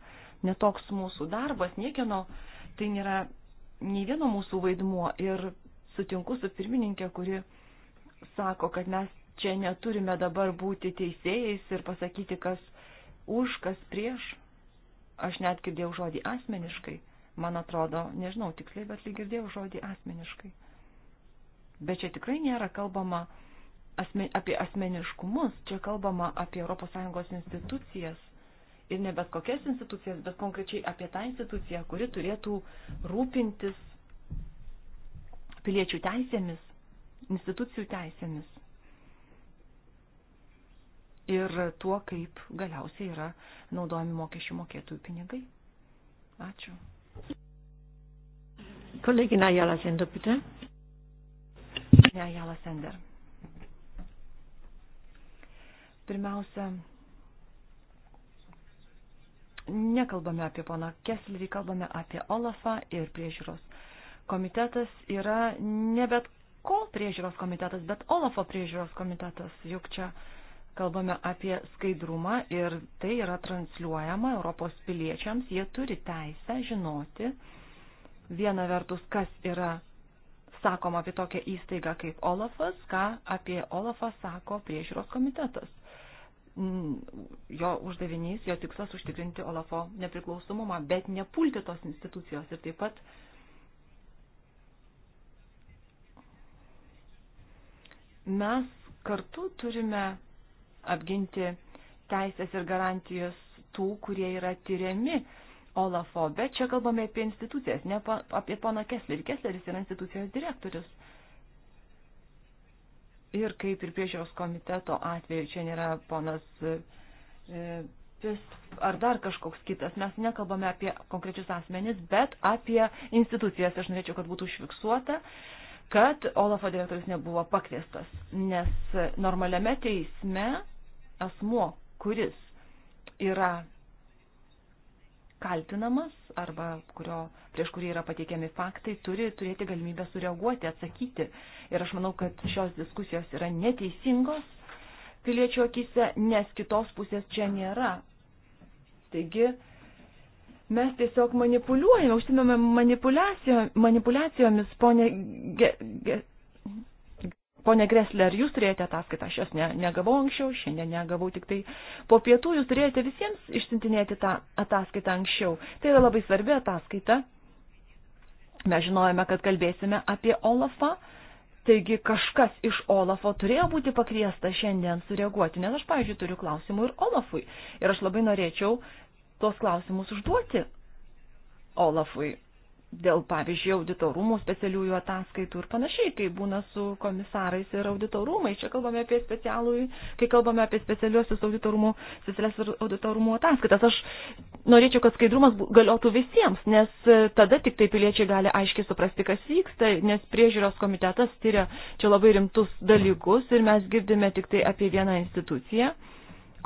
netoks mūsų darbas, niekieno, tai nėra nei vieno mūsų vaidmuo. Ir sutinku su pirmininkė, kuri sako, kad mes čia neturime dabar būti teisėjais ir pasakyti, kas už, kas prieš. Aš net girdėjau žodį asmeniškai. Man atrodo, nežinau tiksliai, bet lyg girdėjau žodį asmeniškai. Bet čia tikrai nėra kalbama asme, apie asmeniškumus, čia kalbama apie ES institucijas. Ir ne bet kokias institucijas, bet konkrečiai apie tą instituciją, kuri turėtų rūpintis piliečių teisėmis, institucijų teisėmis ir tuo, kaip galiausiai yra naudojami mokesčių mokėtojų pinigai. Ačiū. Kolegina Jala Sender, bitte. Ne, Jala Sender. Pirmiausia, nekalbame apie poną Keslerį, kalbame apie Olafą ir priežiūros. Komitetas yra ne bet ko priežiūros komitetas, bet Olafo priežiūros komitetas. Juk čia uh, kalbame apie skaidrumą ir tai yra transliuojama Europos piliečiams. Jie turi teisę žinoti viena vertus, kas yra sakoma apie tokią įstaigą kaip Olafas, ką apie Olafą sako priežiūros komitetas. Mm, jo uždavinys, jo tikslas užtikrinti Olafo nepriklausomumą, bet nepulti tos institucijos ir taip pat mes kartu turime apginti teisės ir garantijos tų, kurie yra tyriami Olafo. Bet čia kalbame apie institucijas, ne apie poną Kesslerį. Kessleris yra institucijos direktorius. Ir kaip ir priežiūros komiteto atveju, čia nėra ponas e, ar dar kažkoks kitas. Mes nekalbame apie konkrečius asmenis, bet apie institucijas. Aš norėčiau, kad būtų užfiksuota kad Olafo direktorius nebuvo pakviestas, nes normaliame teisme asmuo, kuris yra kaltinamas arba kurio, prieš kurį yra pateikiami faktai, turi turėti galimybę sureaguoti, atsakyti. Ir aš manau, kad šios diskusijos yra neteisingos piliečių akise, nes kitos pusės čia nėra. Taigi mes tiesiog manipuliuojame, užsimame manipulacijomis, ponė Ge, Ge, Pone Gresler, jūs turėjote ataskaitą, aš jos ne, negavau anksčiau, šiandien negavau tik tai po pietų, jūs turėjote visiems išsintinėti tą ataskaitą anksčiau. Tai yra labai svarbi ataskaita. Mes žinojame, kad kalbėsime apie Olafą, taigi kažkas iš Olafo turėjo būti pakviesta šiandien sureaguoti, nes aš, pavyzdžiui, turiu klausimų ir Olafui. Ir aš labai norėčiau tuos klausimus užduoti Olafui dėl, pavyzdžiui, auditorumų specialiųjų ataskaitų ir panašiai, kai būna su komisarais ir auditorumais. Čia kalbame apie specialų, kai kalbame apie specialiuosius auditorumų, specialias auditorumų ataskaitas. Aš norėčiau, kad skaidrumas galiotų visiems, nes e, tada tik tai piliečiai gali aiškiai suprasti, kas vyksta, nes priežiūros komitetas tyria čia labai rimtus dalykus ir mes girdime tik tai apie vieną instituciją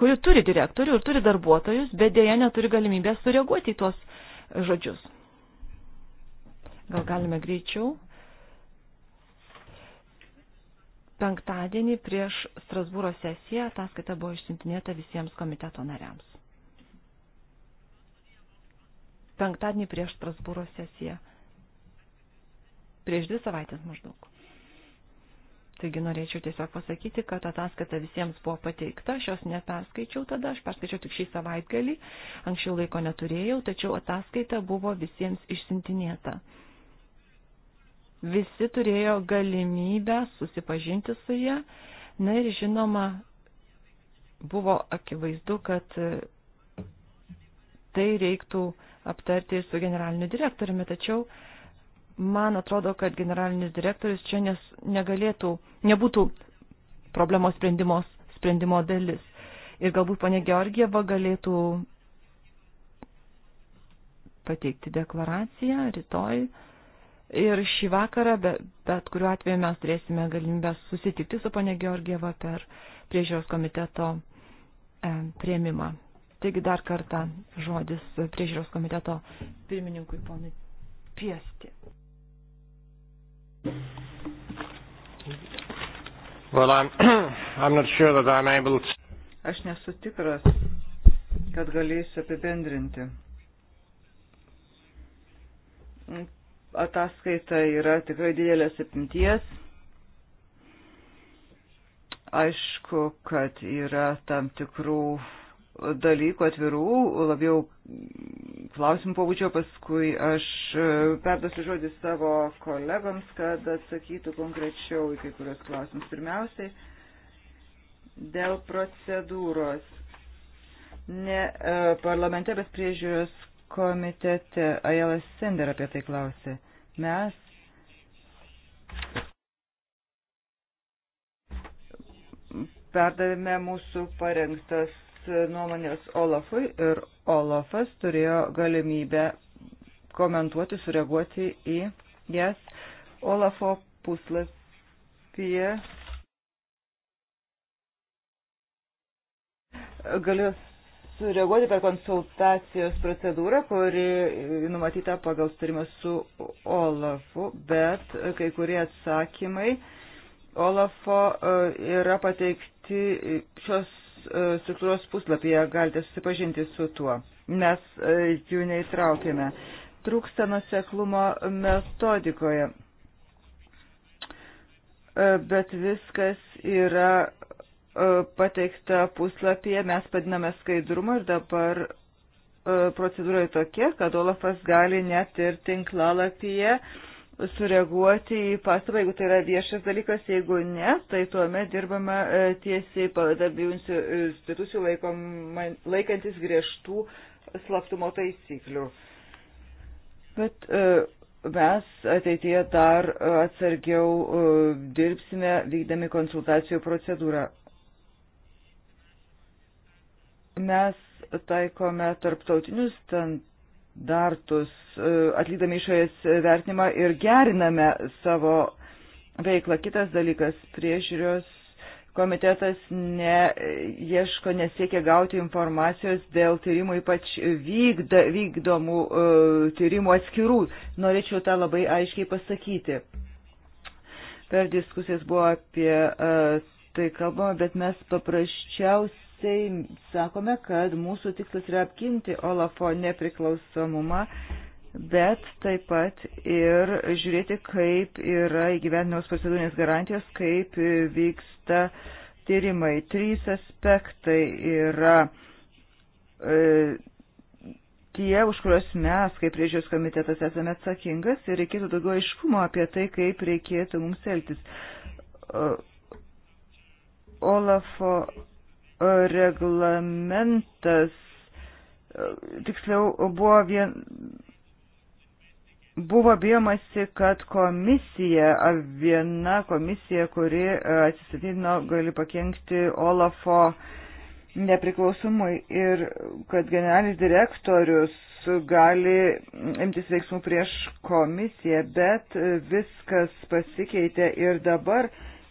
kuri turi direktorių ir turi darbuotojus, bet dėja neturi galimybės sureaguoti į tuos žodžius. Gal galime greičiau? Penktadienį prieš Strasbūro sesiją ataskaita buvo išsintinėta visiems komiteto nariams. Penktadienį prieš Strasbūro sesiją. Prieš dvi savaitės maždaug. Taigi norėčiau tiesiog pasakyti, kad ataskaita visiems buvo pateikta, aš jos neperskaičiau tada, aš perskaičiau tik šį savaitgalį, anksčiau laiko neturėjau, tačiau ataskaita buvo visiems išsintinėta visi turėjo galimybę susipažinti su ją. Na ir žinoma, buvo akivaizdu, kad tai reiktų aptarti su generaliniu direktoriumi, tačiau man atrodo, kad generalinis direktorius čia nes, negalėtų, nebūtų problemos sprendimos, sprendimo dalis. Ir galbūt ponė Georgieva galėtų pateikti deklaraciją rytoj. Uh, Ir šį vakarą, bet, bet kuriuo atveju mes turėsime galimybę susitikti su ponė Georgieva per priežiūros komiteto e, prieimimą. Taigi dar kartą žodis priežiūros komiteto pirmininkui ponui Piesti. Well, I'm, I'm not sure that I'm able to... Aš nesu tikras, kad galėsiu apibendrinti ataskaita yra tikrai didelės apimties. Aišku, kad yra tam tikrų dalykų atvirų, labiau klausimų pabučio, paskui aš e, perdosiu žodį savo kolegams, kad atsakytų konkrečiau į kai kurios klausimus. Pirmiausiai, dėl procedūros. Ne e, parlamente, bet priežiūros komitete Ajelas Sender apie tai klausė. Mes perdavėme mūsų parengtas nuomonės Olafui ir Olafas turėjo galimybę komentuoti, sureaguoti į jas. Olafo puslapyje galiu sureaguoti per konsultacijos procedūrą, kuri numatyta pagal sutarimą su Olafu, bet kai kurie atsakymai Olafo e, yra pateikti šios e, struktūros puslapyje, galite susipažinti su tuo. Mes e, jų neįtraukėme. Trūksta nuseklumo metodikoje, bet viskas yra E, pateikta puslapyje, mes padiname skaidrumą ir dabar e, procedūra tokia, kad Olafas gali net ir tinklalapyje sureaguoti į pastabą, jeigu tai yra viešas dalykas, jeigu ne, tai tuomet dirbame tiesiai padabių institucijų laikom, laikantis griežtų slaptumo taisyklių. Bet e, mes ateityje dar atsargiau dirbsime vykdami konsultacijų procedūrą. Mes taikome tarptautinius standartus, e, atlikdami išorės vertinimą ir geriname savo veiklą. Kitas dalykas - priežiūros komitetas neieško, nesiekia gauti informacijos dėl tyrimų, ypač vykda, vykdomų uh, tyrimų atskirų. Norėčiau tą labai aiškiai pasakyti. Per diskusijas buvo apie uh, tai kalbama, bet mes paprasčiausiai Galiausiai sakome, kad mūsų tikslas yra apginti Olafo nepriklausomumą, bet taip pat ir žiūrėti, kaip yra įgyvendinamos procedūrinės garantijos, kaip vyksta tyrimai. Trys aspektai yra. E, tie, už kuriuos mes, kaip priežiūros komitetas, esame atsakingas ir reikėtų daugiau aiškumo apie tai, kaip reikėtų mums elgtis. Olafo reglamentas, e, tiksliau, buvo vien. Buvo bijomasi, kad komisija, viena komisija, kuri e, atsistatydino, gali pakengti Olafo nepriklausomui ir kad generalinis direktorius gali imtis veiksmų prieš komisiją, bet viskas pasikeitė ir dabar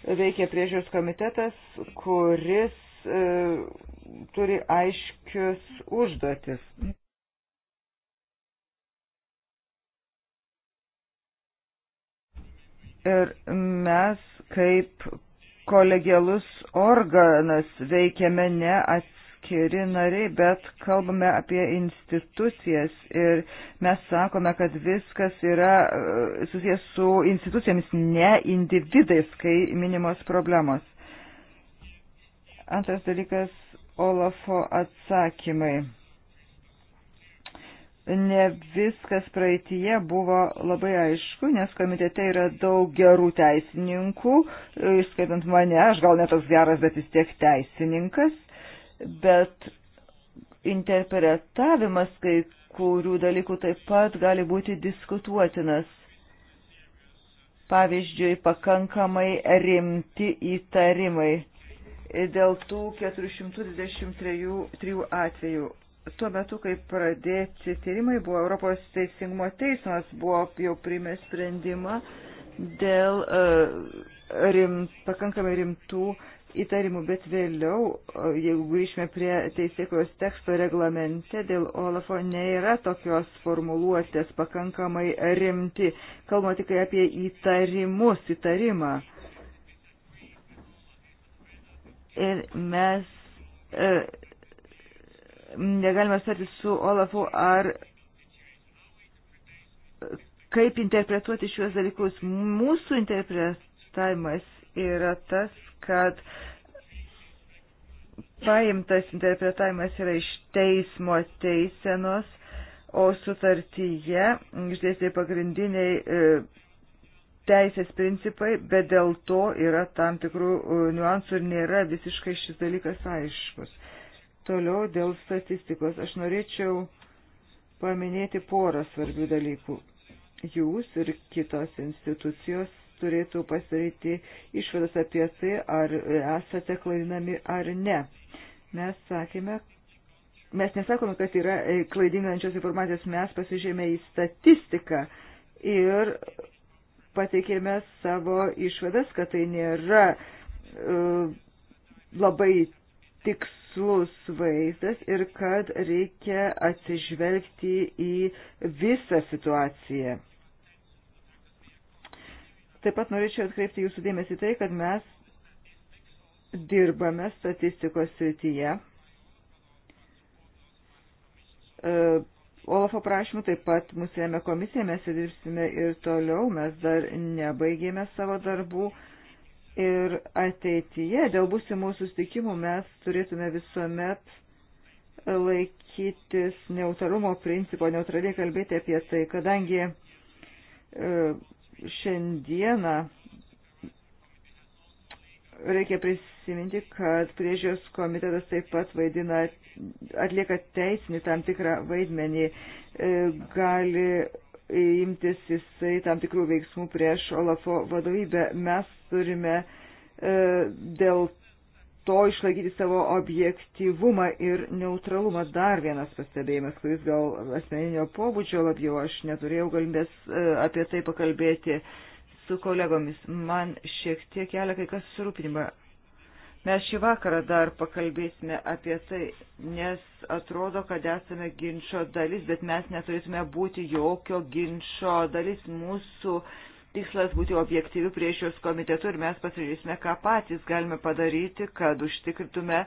veikia priežiūros komitetas, kuris e, turi aiškius užduotis. Ir mes kaip kolegialus organas veikiame ne atskiri nariai, bet kalbame apie institucijas ir mes sakome, kad viskas yra e, susijęs su institucijomis, ne individais, kai minimos problemos. Antras dalykas - Olafo atsakymai. Ne viskas praeitie buvo labai aišku, nes komitete yra daug gerų teisininkų, išskaitant mane, aš gal netoks geras, bet vis tiek teisininkas, bet interpretavimas kai kurių dalykų taip pat gali būti diskutuotinas pavyzdžiui, pakankamai rimti įtarimai. E, dėl tų 423 atvejų. Tuo metu, kai pradėti tyrimai buvo, Europos teisingumo teismas buvo jau primė sprendimą dėl e, rim, pakankamai rimtų įtarimų, bet vėliau, e, jeigu grįžtume prie teisėkojos teksto reglamente, dėl Olafo nėra tokios formuluotės pakankamai rimti, kalbama tik apie įtarimus, įtarimą. Ir mes e, negalime stati su Olafu ar kaip interpretuoti šiuos dalykus. Mūsų interpretavimas yra tas, kad paimtas interpretavimas yra iš teismo teisenos, o sutartyje išdėstė pagrindiniai e, teisės principai, bet dėl to yra tam tikrų e, niuansų ir nėra visiškai šis dalykas aiškus. Toliau dėl statistikos. Aš norėčiau paminėti porą svarbių dalykų. Jūs ir kitos institucijos turėtų pasidaryti išvadas apie tai, ar esate klaidinami ar ne. Mes sakėme, mes nesakome, kad yra klaidinančios informacijos, mes pasižymė į statistiką ir pateikėme savo išvadas, kad tai nėra e, labai tikslus vaizdas ir kad reikia atsižvelgti į visą situaciją. Taip pat norėčiau atkreipti jūsų dėmesį tai, kad mes dirbame statistikos srityje. E, Olafo prašymų taip pat mūsų ėmė komisija, mes dirbsime ir toliau, mes dar nebaigėme savo darbų ir ateityje dėl būsimų sustikimų mes turėtume visuomet laikytis neutralumo principo, neutraliai kalbėti apie tai, kadangi e, šiandieną Reikia prisiminti, kad priežiūros komitetas taip pat vaidina, atlieka teisinį tam tikrą vaidmenį, e, gali imtis jisai tam tikrų veiksmų prieš Olafo vadovybę. Mes turime e, dėl to išlaikyti savo objektivumą ir neutralumą. Dar vienas pastebėjimas, kuris gal asmeninio pobūdžio labiau aš neturėjau galimybės e, apie tai pakalbėti su kolegomis. Man šiek tiek kelia kai kas surūpinimą. Mes šį vakarą dar pakalbėsime apie tai, nes atrodo, kad esame ginčio dalis, bet mes neturėtume būti jokio ginčio dalis. Mūsų tikslas būti objektyvių priešios komitetų ir mes pasižiūrėsime, ką patys galime padaryti, kad užtikrintume,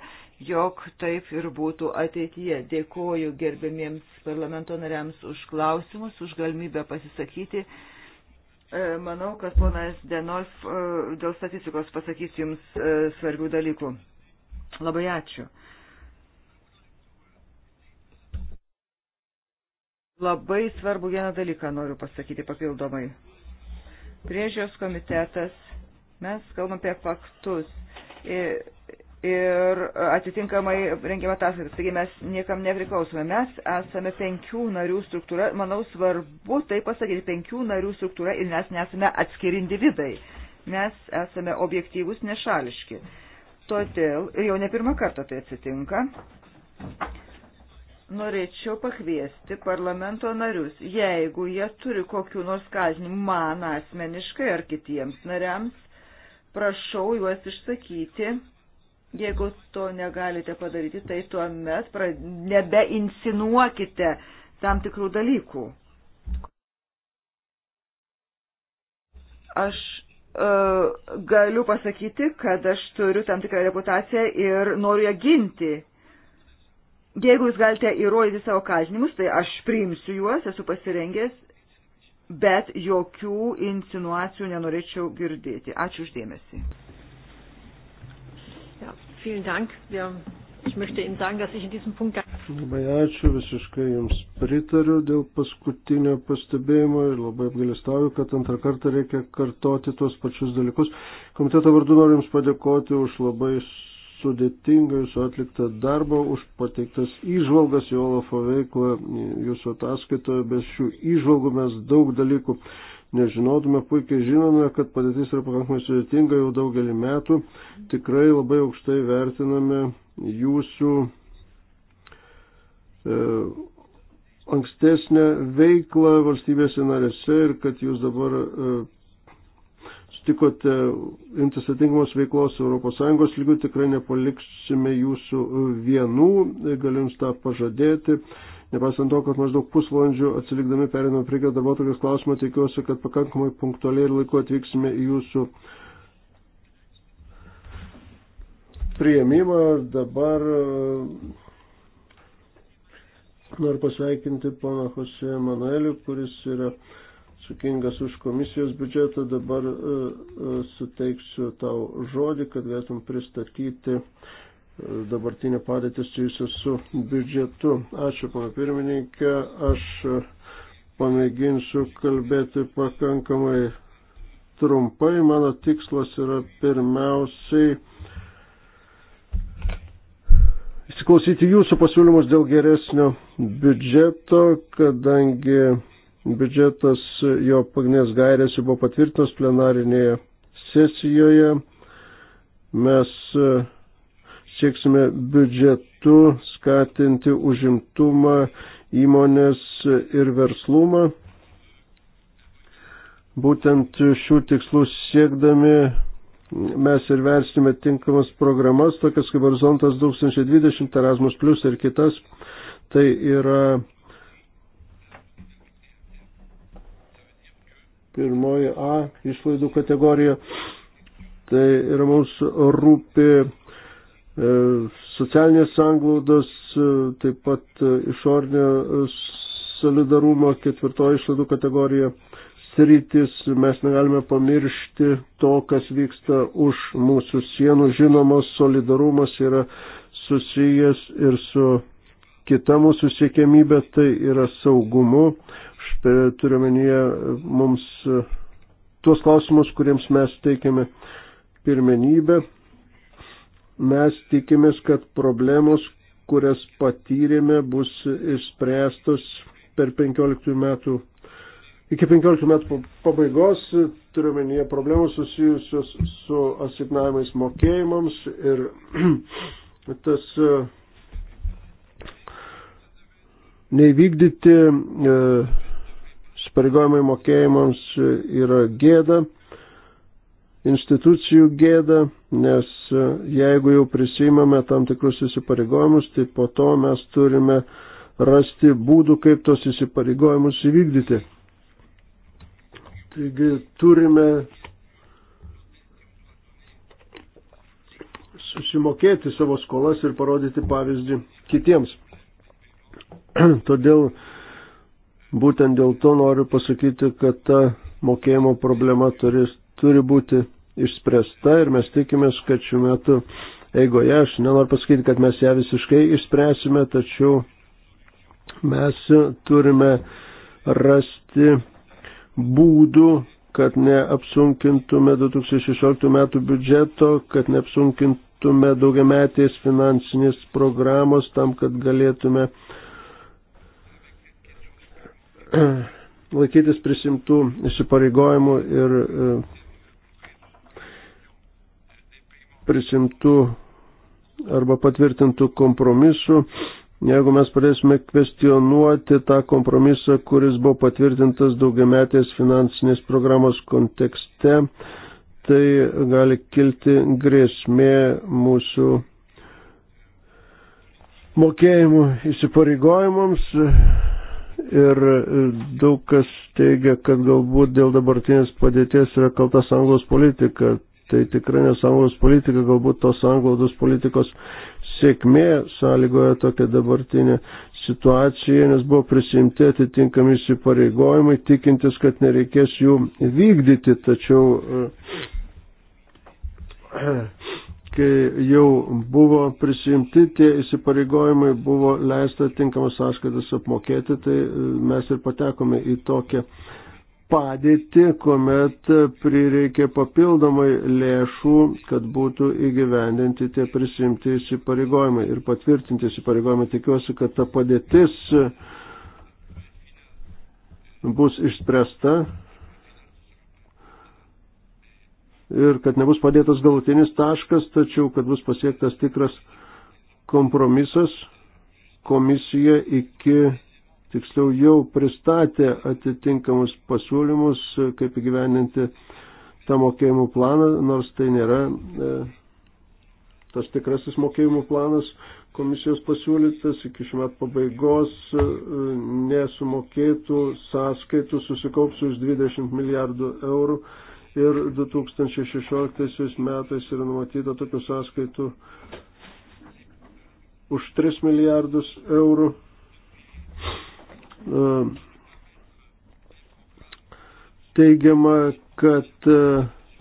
jog taip ir būtų ateityje. Dėkoju gerbėmiems parlamento nariams už klausimus, už galimybę pasisakyti. E, manau, kad ponas Denolf e, dėl statistikos pasakys jums e, svarbių dalykų. Labai ačiū. Labai svarbu vieną dalyką noriu pasakyti papildomai. Priežios komitetas, mes kalbam apie faktus. Ir ir atitinkamai rengiama ataskaitas. Taigi mes niekam nepriklausome. Mes esame penkių narių struktūra. Manau, svarbu tai pasakyti, penkių narių struktūra ir mes nesame atskiri individai. Mes esame objektyvus, nešališki. Todėl, ir jau ne pirmą kartą tai atsitinka, norėčiau pakviesti parlamento narius, jeigu jie turi kokiu nors kaltinimu man asmeniškai ar kitiems nariams, prašau juos išsakyti Jeigu to negalite padaryti, tai tuomet nebeinsinuokite tam tikrų dalykų. Aš uh, galiu pasakyti, kad aš turiu tam tikrą reputaciją ir noriu ją ginti. Jeigu jūs galite įrodyti savo kaltinimus, tai aš priimsiu juos, esu pasirengęs, bet jokių insinuacijų nenorėčiau girdėti. Ačiū uždėmesi. Ja, vielen Dank. Wir, ich möchte Ihnen sagen, dass ich in diesem Punkt. Labai ačiū, visiškai Jums pritariu dėl paskutinio pastebėjimo ir labai apgailestauju, kad antrą kartą reikia kartoti tuos pačius dalykus. Komiteto vardu noriu Jums padėkoti už labai sudėtingą Jūsų atliktą darbą, už pateiktas įžvalgas į Olafo veiklą Jūsų ataskaitoje, be šių įžvalgų mes daug dalykų nežinotume, puikiai žinome, kad padėtis yra pakankamai sudėtinga jau daugelį metų. Tikrai labai aukštai vertiname jūsų e, ankstesnę veiklą valstybėse narėse ir kad jūs dabar e, sutikote imtis atitinkamos veiklos ES lygių, tikrai nepaliksime jūsų vienų, galim tą pažadėti. Nepaisant to, kad maždaug pusvalandžių atsilikdami periname prie darbo tokios klausimą, tikiuosi, kad pakankamai punktualiai ir laiku atvyksime į jūsų prieimimą. Dabar e, noriu pasveikinti poną Jose Manuelį, kuris yra atsakingas už komisijos biudžetą. Dabar e, e, suteiksiu tau žodį, kad galėtum pristatyti uh, dabartinę padėtį susijusią su biudžetu. Ačiū, pana pirmininkė. Aš pamėginsiu kalbėti pakankamai trumpai. Mano tikslas yra pirmiausiai įsiklausyti jūsų pasiūlymus dėl geresnio biudžeto, kadangi biudžetas jo pagnės gairės jau buvo patvirtintos plenarinėje sesijoje. Mes uh, sieksime biudžetu skatinti užimtumą įmonės ir verslumą. Būtent šių tikslų siekdami mes ir versime tinkamas programas, tokias kaip Horizontas 2020, tai Erasmus Plus ir kitas. Tai yra pirmoji A išlaidų kategorija. Tai yra mums rūpi E, socialinės sanglaudos, e, taip pat e, išornio solidarumo ketvirtoji išlaidų kategorija sritis. Mes negalime pamiršti to, kas vyksta už mūsų sienų. Žinomas solidarumas yra susijęs ir su kita mūsų siekėmybė, tai yra saugumu. Štai turiuomenyje mums tuos klausimus, kuriems mes teikiame pirmenybę. Mes tikimės, kad problemos, kurias patyrėme, bus išspręstos per 15 metų. Iki 15 metų pabaigos turiuomenyje problemų susijusios su asignavimais mokėjimams ir tas e, neįvykdyti e, spareigojimai mokėjimams yra gėda institucijų gėda, nes e, jeigu jau prisimame tam tikrus įsipareigojimus, tai po to mes turime rasti būdų, kaip tos įsipareigojimus įvykdyti. Taigi turime susimokėti savo skolas ir parodyti pavyzdį kitiems. Todėl būtent dėl to noriu pasakyti, kad ta mokėjimo problema turės, turi būti išspręsta ir mes tikimės, kad šiuo metu eigoje, aš nenoriu pasakyti, kad mes ją visiškai išspręsime, tačiau mes turime rasti būdų, kad neapsunkintume 2016 metų biudžeto, kad neapsunkintume daugiametės finansinės programos tam, kad galėtume laikytis prisimtų įsipareigojimų ir e, prisimtų arba patvirtintų kompromisų, jeigu mes pradėsime kvestionuoti tą kompromisą, kuris buvo patvirtintas daugiametės finansinės programos kontekste, tai gali kilti grėsmė mūsų mokėjimų įsipareigojimams ir daug kas teigia, kad galbūt dėl dabartinės padėties yra kaltas anglos politika tai tikrai nesąmonės politika, galbūt tos anglaudos politikos sėkmė sąlygoja tokia dabartinė situacija, nes buvo prisimti atitinkami įsipareigojimai, tikintis, kad nereikės jų vykdyti, tačiau eh, kai jau buvo prisimti tie įsipareigojimai, buvo leista tinkamas sąskaitas apmokėti, tai eh, mes ir patekome į tokią padėtį, kuomet prireikė papildomai lėšų, kad būtų įgyvendinti tie prisimti įsipareigojimai ir patvirtinti įsipareigojimai. Tikiuosi, kad ta padėtis bus išspręsta ir kad nebus padėtas galutinis taškas, tačiau kad bus pasiektas tikras kompromisas komisija iki tiksliau jau pristatė atitinkamus pasiūlymus, e, kaip įgyveninti tą mokėjimų planą, nors tai nėra e, tas tikrasis mokėjimų planas komisijos pasiūlytas iki šių metų pabaigos e, nesumokėtų sąskaitų susikaupusių už 20 milijardų eurų ir 2016 metais yra numatyta tokių sąskaitų už 3 milijardus eurų. E, teigiama, kad e,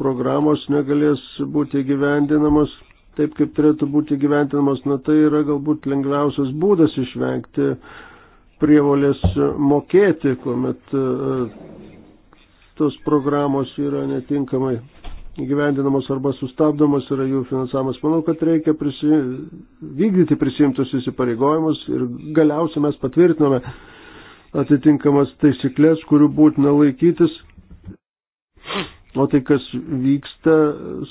programos negalės būti gyvendinamos taip, kaip turėtų būti gyvendinamos. Na tai yra galbūt lengviausias būdas išvengti prievolės mokėti, kuomet e, tos programos yra netinkamai gyvendinamos arba sustabdomos yra jų finansavimas. Manau, kad reikia prisi... vykdyti prisimtus įsipareigojimus ir galiausiai mes patvirtinome atitinkamas taisyklės, kurių būtina laikytis. O tai, kas vyksta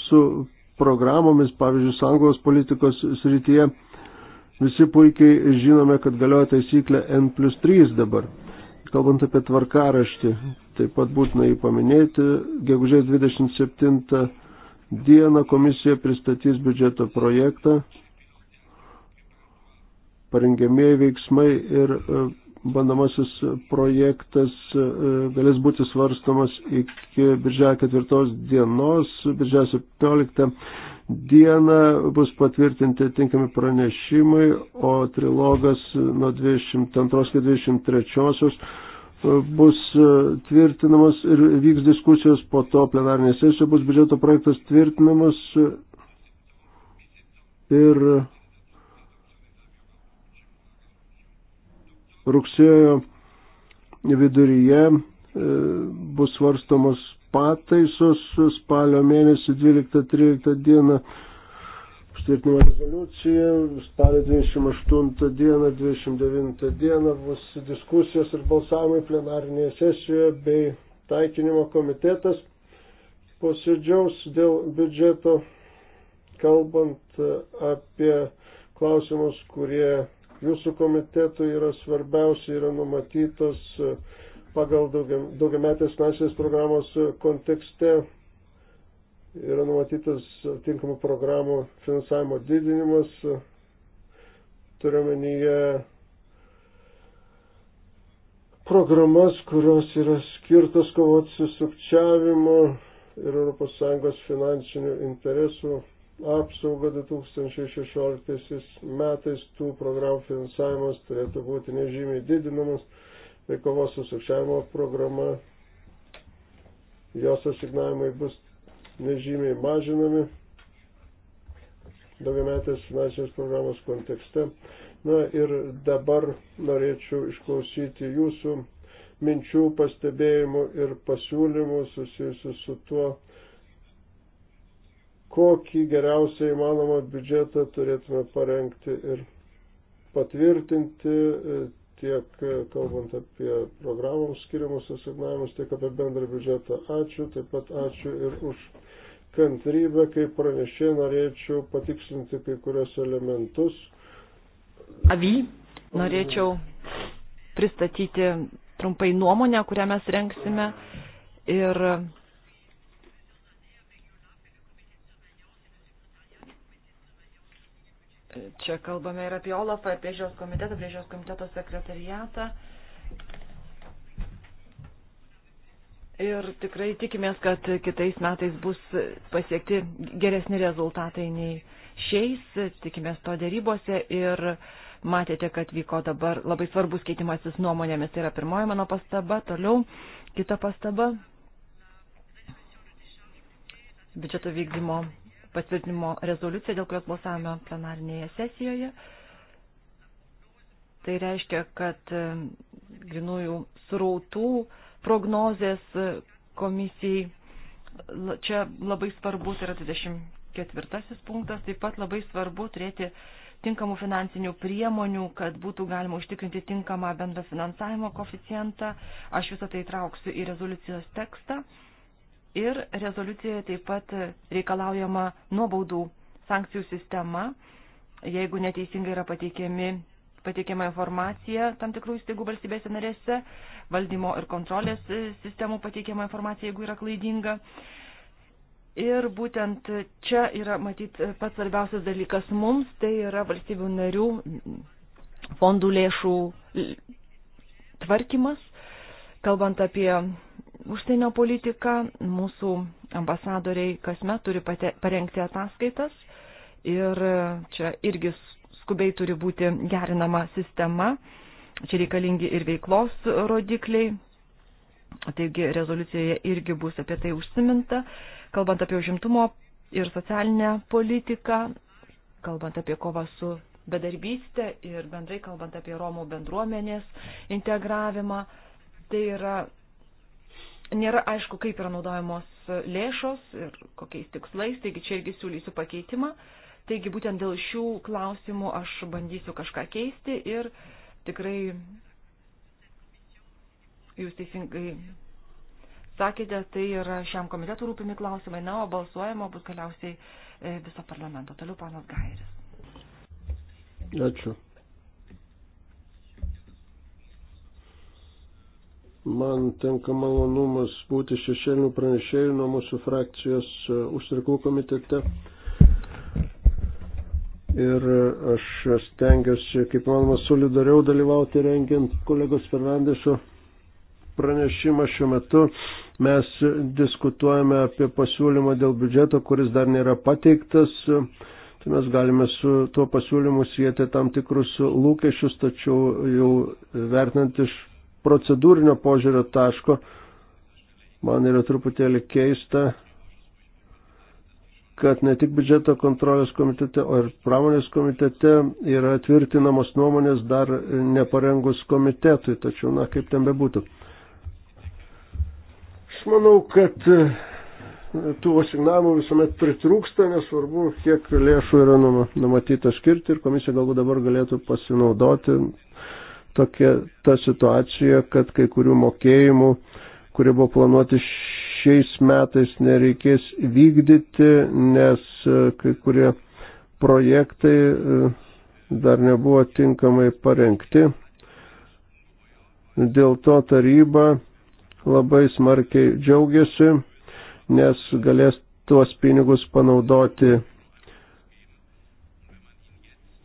su programomis, pavyzdžiui, sąjungos politikos srityje, visi puikiai žinome, kad galioja taisyklė N plus 3 dabar. Kalbant apie tvarkaraštį, taip pat būtina jį paminėti. Gegužės 27 dieną komisija pristatys biudžeto projektą, parengėmėjai veiksmai ir e, bandomasis projektas e, galės būti svarstamas iki birželio 4 dienos, birželio 17 dieną bus patvirtinti tinkami pranešimai, o trilogas nuo 22-23 e, bus e, tvirtinamas ir vyks diskusijos, po to plenarinė sesija bus biudžeto projektas tvirtinamas ir rugsėjo viduryje e, bus svarstamos pataisos spalio mėnesį 12-13 dieną tvirtinama rezoliucija, spalio 28 dieną, 29 dieną bus diskusijos ir balsavimai plenarinėje sesijoje bei taikinimo komitetas posėdžiaus dėl biudžeto, kalbant e, apie klausimus, kurie jūsų komitetui yra svarbiausia, yra numatytos e, pagal daugiametės finansinės programos e, kontekste, yra numatytas tinkamų programų finansavimo didinimas, e, turiuomenyje programas, kurios yra skirtos kovoti su sukčiavimu ir ES finansinių interesų apsaugą 2016 metais tų programų finansavimas turėtų būti nežymiai didinamas, tai kovos su sukčiavimo programa, jos asignavimai bus nežymiai mažinami daugiametės finansinės programos kontekste. Na ir dabar norėčiau išklausyti jūsų minčių, pastebėjimų ir pasiūlymų susijusių su tuo, kokį geriausią įmanomą biudžetą turėtume parengti ir patvirtinti e, tiek e, kalbant apie programoms skiriamus asignavimus, tiek apie bendrą biudžetą. Ačiū, taip pat ačiū ir už kantrybę, kaip pranešė, norėčiau patikslinti kai kurios elementus. Avy, norėčiau pristatyti trumpai nuomonę, kurią mes renksime ir Čia kalbame ir apie Olafą, ir priežiūros komitetą, priežiūros komiteto sekretariatą. Ir tikrai tikimės, kad kitais metais bus pasiekti geresni rezultatai nei šiais. Tikimės to dėrybose ir matėte, kad vyko dabar labai svarbus keitimasis nuomonėmis. Tai yra pirmoji mano pastaba. Toliau kita pastaba biudžeto vykdymo patvirtinimo rezoliuciją, dėl kurios balsavome plenarinėje sesijoje. Tai reiškia, kad e, grinųjų srautų prognozės e, komisijai čia labai svarbus tai yra 24 punktas, taip pat labai svarbu turėti tinkamų finansinių priemonių, kad būtų galima užtikrinti tinkamą bendro finansavimo koficijantą. Aš visą tai trauksiu į rezoliucijos tekstą. Ir rezoliucijoje taip pat reikalaujama nuobaudų sankcijų sistema, jeigu neteisingai yra pateikiami pateikiama informacija tam tikrų įstaigų valstybėse narėse, valdymo ir kontrolės sistemų pateikiama informacija, jeigu yra klaidinga. Ir būtent čia yra, matyt, pats svarbiausias dalykas mums, tai yra valstybių narių fondų lėšų tvarkymas, kalbant apie užsienio politiką. Mūsų ambasadoriai kasmet turi pate, parengti ataskaitas ir čia irgi skubiai turi būti gerinama sistema. Čia reikalingi ir veiklos rodikliai. Taigi rezoliucijoje irgi bus apie tai užsiminta, kalbant apie užimtumo ir socialinę politiką, kalbant apie kovą su bedarbystė ir bendrai kalbant apie Romų bendruomenės integravimą. Tai yra nėra aišku, kaip yra naudojamos lėšos ir kokiais tikslais, taigi čia irgi siūlysiu pakeitimą. Taigi būtent dėl šių klausimų aš bandysiu kažką keisti ir tikrai jūs teisingai sakėte, tai yra šiam komitetų rūpimi klausimai, na, o balsuojama bus galiausiai e, viso parlamento. Toliau panas Gairis. Ačiū. Man tenka malonumas būti šešėlinių pranešėjų nuo mūsų frakcijos e, užsirkų komitete. Ir e, aš stengiuosi, kaip manoma, solidariau dalyvauti rengiant kolegos Fernandeso pranešimą šiuo metu. Mes diskutuojame apie pasiūlymą dėl biudžeto, kuris dar nėra pateiktas tai mes galime su tuo pasiūlymu sieti tam tikrus lūkesčius, tačiau jau vertinant iš procedūrinio požiūrio taško man yra truputėlį keista, kad ne tik biudžeto kontrolės komitete, o ir pramonės komitete yra tvirtinamos nuomonės dar neparengus komitetui, tačiau, na, kaip ten bebūtų. Aš manau, kad e, tų asignavimų visuomet pritrūksta, nesvarbu, kiek lėšų yra numatyta skirti ir komisija galbūt dabar galėtų pasinaudoti tokia ta situacija, kad kai kurių mokėjimų, kurie buvo planuoti šiais metais, nereikės vykdyti, nes e, kai kurie projektai e, dar nebuvo tinkamai parengti. Dėl to taryba labai smarkiai džiaugiasi, nes galės tuos pinigus panaudoti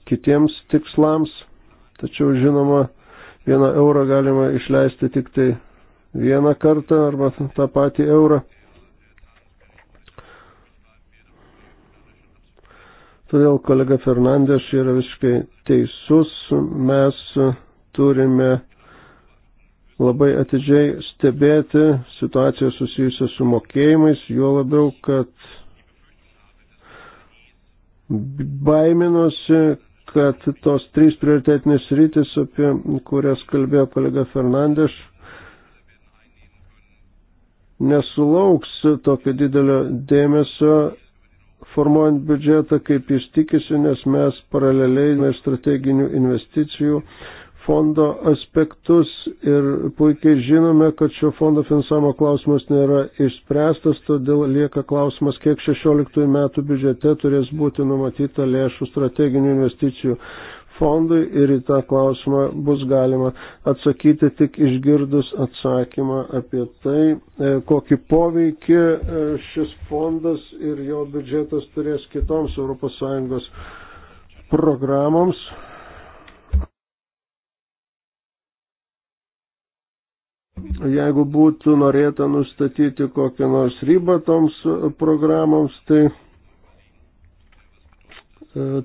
kitiems tikslams. Tačiau žinoma, vieną eurą galima išleisti tik tai vieną kartą arba tą patį eurą. Todėl kolega Fernandes yra visiškai teisus, mes turime labai atidžiai stebėti situaciją susijusią su mokėjimais, juo labiau, kad baiminosi, kad tos trys prioritetinės rytis, apie kurias kalbėjo kolega Fernandes, nesulauks tokio didelio dėmesio formuojant biudžetą, kaip jis tikisi, nes mes paraleliai strateginių investicijų fondo aspektus ir puikiai žinome, kad šio fondo finansavimo klausimas nėra išspręstas, todėl lieka klausimas, kiek 16 metų biudžete turės būti numatyta lėšų strateginių investicijų fondui ir į tą klausimą bus galima atsakyti tik išgirdus atsakymą apie tai, e, kokį poveikį e, šis fondas ir jo biudžetas turės kitoms ES programoms Jeigu būtų norėta nustatyti kokią nors ribą toms programoms, tai e,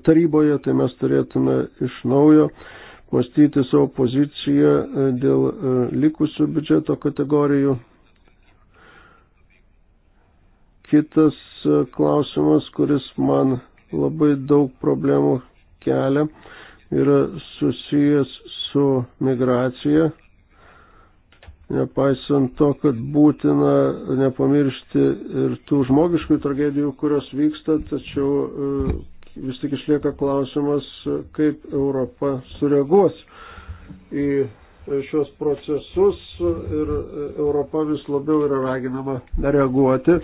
taryboje, tai mes turėtume iš naujo mąstyti savo poziciją e, dėl e, likusių biudžeto kategorijų. Kitas klausimas, kuris man labai daug problemų kelia, yra susijęs su migracija nepaisant to, kad būtina nepamiršti ir tų žmogiškų tragedijų, kurios vyksta, tačiau e, vis tik išlieka klausimas, kaip Europa sureaguos į šios procesus ir Europa vis labiau yra raginama reaguoti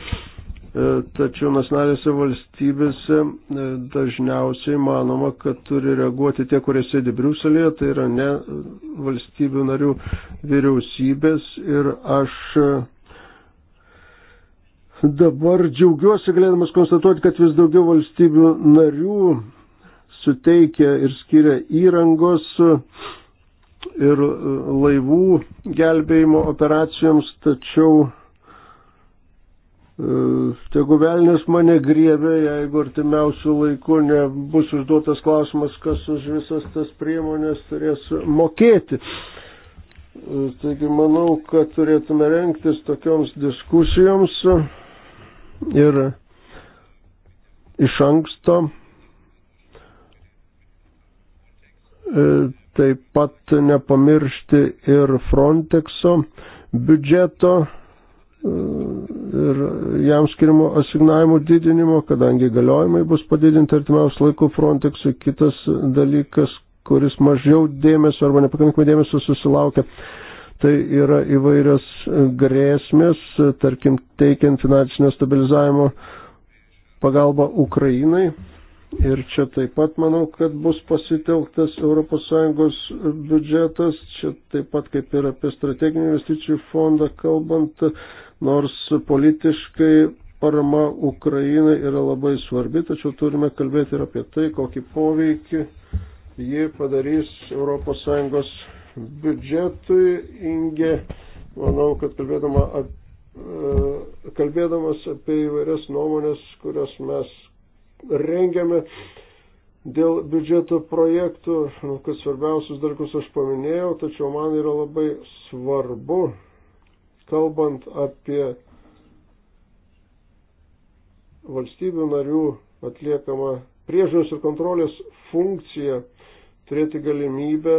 E, tačiau nacionalinėse valstybėse e, dažniausiai manoma, kad turi reaguoti tie, kurie sėdi Briuselėje, tai yra ne e, valstybių narių vyriausybės ir aš dabar džiaugiuosi galėdamas konstatuoti, kad vis daugiau valstybių narių suteikia ir skiria įrangos ir laivų gelbėjimo operacijoms, tačiau Tegu velnės mane griebė, jeigu artimiausių laikų nebus užduotas klausimas, kas už visas tas priemonės turės mokėti. Taigi manau, kad turėtume renktis tokioms diskusijoms ir iš anksto taip pat nepamiršti ir Frontexo biudžeto ir jam skirimo asignavimų didinimo, kadangi galiojimai bus padidinti artimiausių laikų Frontexui. Kitas dalykas, kuris mažiau dėmesio arba nepakankamai dėmesio susilaukia, tai yra įvairios grėsmės, tarkim, teikiant finansinio stabilizavimo pagalbą Ukrainai. Ir čia taip pat manau, kad bus pasitelktas ES biudžetas, čia taip pat kaip ir apie strateginį investicijų fondą kalbant, Nors politiškai parama Ukrainai yra labai svarbi, tačiau turime kalbėti ir apie tai, kokį poveikį ji padarys ES biudžetui. Inge, manau, kad kalbėdama apie kalbėdamas apie įvairias nuomonės, kurias mes rengiame dėl biudžeto projektų, kad svarbiausius dalykus aš paminėjau, tačiau man yra labai svarbu Kalbant apie valstybių narių atliekamą priežiūros ir kontrolės funkciją, turėti galimybę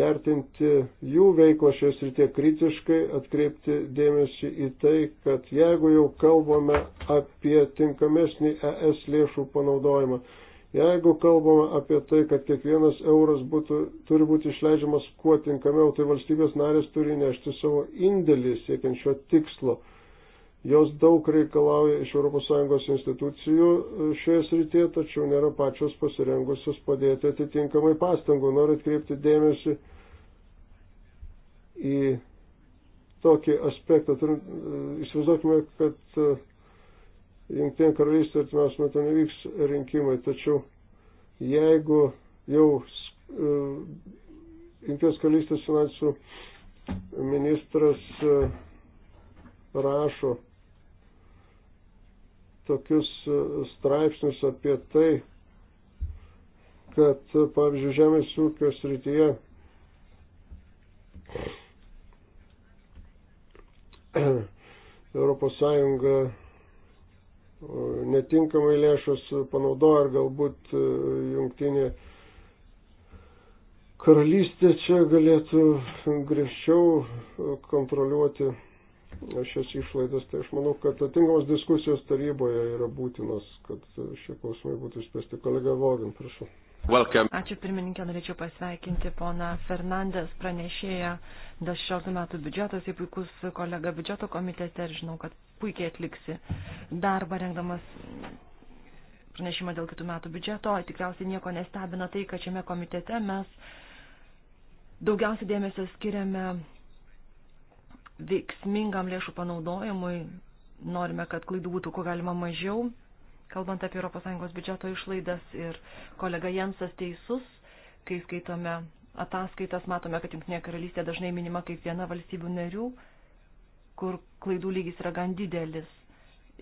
vertinti jų veiklą šioje srityje kritiškai, atkreipti dėmesį į tai, kad jeigu jau kalbame apie tinkamesnį ES lėšų panaudojimą, Jeigu kalbame apie tai, kad kiekvienas euras būtų, turi būti išleidžiamas kuo tinkamiau, tai valstybės narės turi nešti savo indėlį siekiant šio tikslo. Jos daug reikalauja iš ES institucijų šioje srityje, tačiau nėra pačios pasirengusios padėti atitinkamai pastangų. Noriu atkreipti dėmesį į tokį aspektą. E, įsivaizduokime, kad e, Junktinė karalystė artimiausiu metu nevyks rinkimai, tačiau jeigu jau e, Junktinės karalystės finansų ministras e, rašo tokius e, straipsnius apie tai, kad, pavyzdžiui, žemės ūkio srityje Europos Sąjunga netinkamai lėšas panaudoja ir galbūt e, jungtinė karalystė čia galėtų griežčiau kontroliuoti šias išlaidas. Tai aš manau, kad atitinkamos diskusijos taryboje yra būtinos, kad šie klausimai būtų išspręsti. Kolega Vogin, prašau. Welcome. Ačiū pirmininkė, norėčiau pasveikinti poną Fernandės pranešėją dėl 16 metų biudžeto. Jis puikus kolega biudžeto komitete ir žinau, kad puikiai atliksi darbą rengdamas pranešimą dėl kitų metų biudžeto. Tikriausiai nieko nestebina tai, kad šiame komitete mes daugiausiai dėmesio skiriame veiksmingam lėšų panaudojimui. Norime, kad klaidų būtų kuo galima mažiau kalbant apie ES biudžeto išlaidas ir kolega Jensas teisus, kai skaitome ataskaitas, matome, kad Junktinė karalystė dažnai minima kaip viena valstybių narių, kur klaidų lygis yra gan didelis.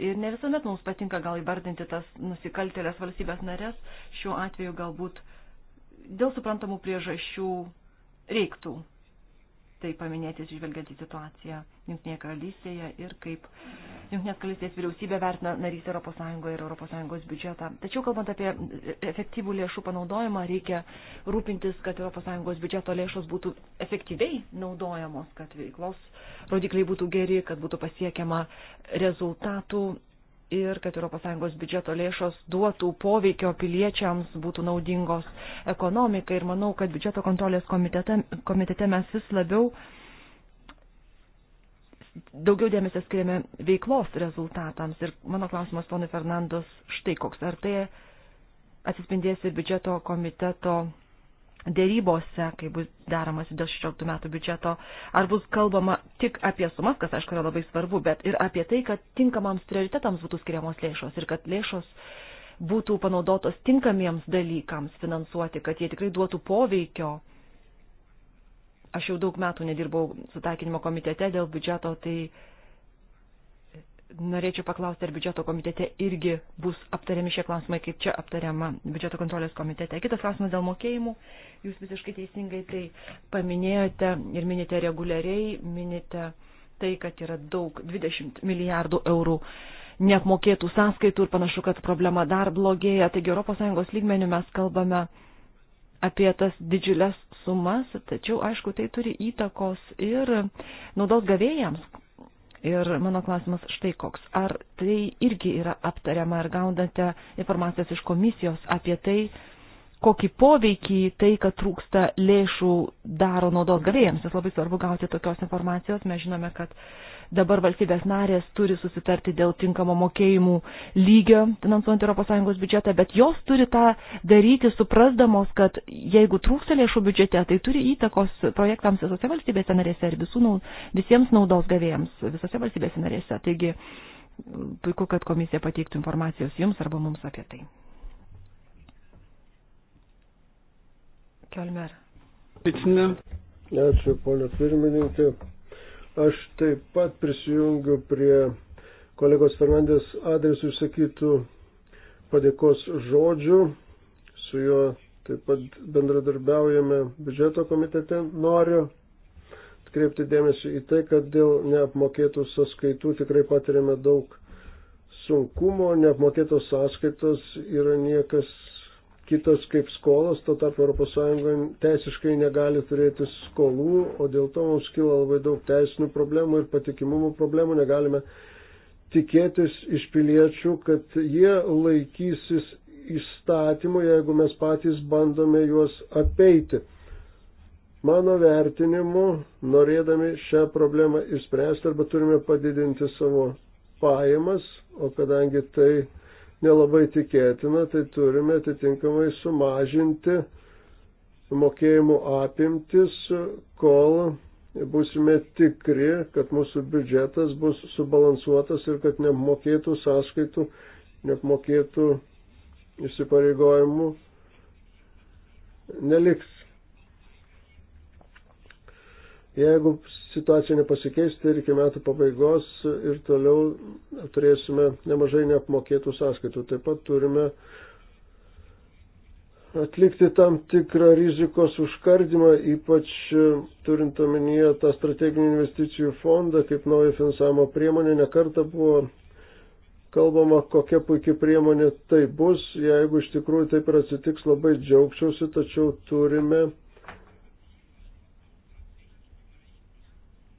Ir ne visuomet mums patinka gal įvardinti tas nusikaltėlės valstybės narės, šiuo atveju galbūt dėl suprantamų priežasčių reiktų tai paminėti, žvelgiant į situaciją Junktinėje karalystėje ir kaip Junktinės karalystės vyriausybė vertina narys ES ir ES biudžetą. Tačiau kalbant apie efektyvų lėšų panaudojimą, reikia rūpintis, kad ES biudžeto lėšos būtų efektyviai naudojamos, kad veiklos rodikliai būtų geri, kad būtų pasiekiama rezultatų ir kad ES biudžeto lėšos duotų poveikio piliečiams, būtų naudingos ekonomikai. Ir manau, kad biudžeto kontrolės komitete, komitete mes vis labiau daugiau dėmesio skiriame veiklos rezultatams. Ir mano klausimas, ponui Fernandos, štai koks. Ar tai atsispindės ir biudžeto komiteto dėrybose, kai bus daromas dėl 16 metų biudžeto, ar bus kalbama tik apie sumas, kas aišku yra labai svarbu, bet ir apie tai, kad tinkamams prioritetams būtų skiriamos lėšos ir kad lėšos būtų panaudotos tinkamiems dalykams finansuoti, kad jie tikrai duotų poveikio aš jau daug metų nedirbau sutaikinimo komitete dėl biudžeto, tai norėčiau paklausti, ar biudžeto komitete irgi bus aptariami šie klausimai, kaip čia aptariama biudžeto kontrolės komitete. Kitas klausimas dėl mokėjimų. Jūs visiškai teisingai tai paminėjote ir minite reguliariai, minite tai, kad yra daug 20 milijardų eurų neapmokėtų sąskaitų ir panašu, kad problema dar blogėja. Taigi ES lygmenių mes kalbame apie tas didžiulės sumas, tačiau, aišku, tai turi įtakos ir naudos gavėjams. Ir mano klausimas štai koks. Ar tai irgi yra aptariama, ar gaunate informacijos iš komisijos apie tai, kokį poveikį tai, kad trūksta lėšų, daro naudos gavėjams. Nes labai svarbu gauti tokios informacijos. Mes žinome, kad dabar valstybės narės turi susitarti dėl tinkamo mokėjimų lygio finansuojant ES biudžetą, bet jos turi tą daryti suprasdamos, kad jeigu trūksta lėšų biudžete, tai turi įtakos projektams visose valstybėse narėse ir visų, visiems naudos gavėjams visose valstybėse narėse. Taigi, puiku, kad komisija pateiktų informacijos jums arba mums apie tai. Kelmer. Ačiū, ponia pirmininkė. Aš taip pat prisijungiu prie kolegos Fernandės adresų išsakytų padėkos žodžių. Su juo taip pat bendradarbiaujame biudžeto komitete. Noriu atkreipti dėmesį į tai, kad dėl neapmokėtų sąskaitų tikrai patiriame daug sunkumo, neapmokėtos sąskaitos yra niekas kitas kaip skolas, to tarp ES teisiškai negali turėti skolų, o dėl to mums kyla labai daug teisinių problemų ir patikimumo problemų, negalime tikėtis iš piliečių, kad jie laikysis įstatymų, jeigu mes patys bandome juos apeiti. Mano vertinimu, norėdami šią problemą išspręsti arba turime padidinti savo pajamas, o kadangi tai nelabai tikėtina, tai turime atitinkamai sumažinti mokėjimų apimtis, kol būsime tikri, kad mūsų biudžetas bus subalansuotas ir kad nemokėtų sąskaitų, nemokėtų įsipareigojimų neliks. Jeigu situacija nepasikeis, tai ir iki metų pabaigos ir toliau turėsime nemažai neapmokėtų sąskaitų. Taip pat turime atlikti tam tikrą rizikos užkardimą, ypač turint omenyje tą strateginių investicijų fondą kaip naują finansavimo priemonę. Nekarta buvo kalbama, kokia puikia priemonė tai bus. Jeigu iš tikrųjų taip ir atsitiks, labai džiaugčiausi, tačiau turime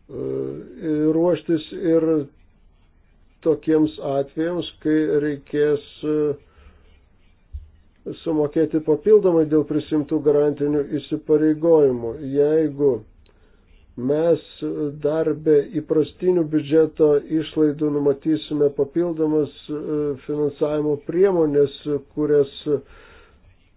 E, ruoštis ir tokiems atvejams, kai reikės e, sumokėti papildomai dėl prisimtų garantinių įsipareigojimų. Jeigu mes dar be įprastinių biudžeto išlaidų numatysime papildomas e, finansavimo priemonės, kurias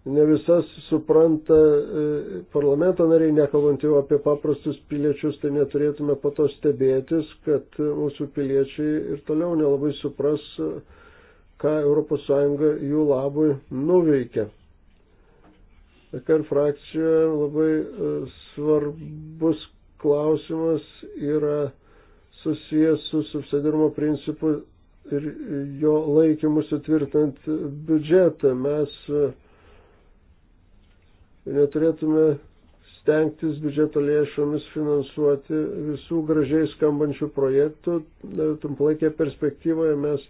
ne visas supranta e, parlamento nariai, nekalbant jau apie paprastus piliečius, tai neturėtume po to stebėtis, kad mūsų piliečiai ir toliau nelabai supras, ką ES jų labui nuveikia. EKR frakcija labai e, svarbus klausimas yra susijęs su subsidirmo principu ir jo laikymu sutvirtinant biudžetą. Mes e, neturėtume stengtis biudžeto lėšomis finansuoti visų gražiai skambančių projektų. Trumpalaikėje perspektyvoje mes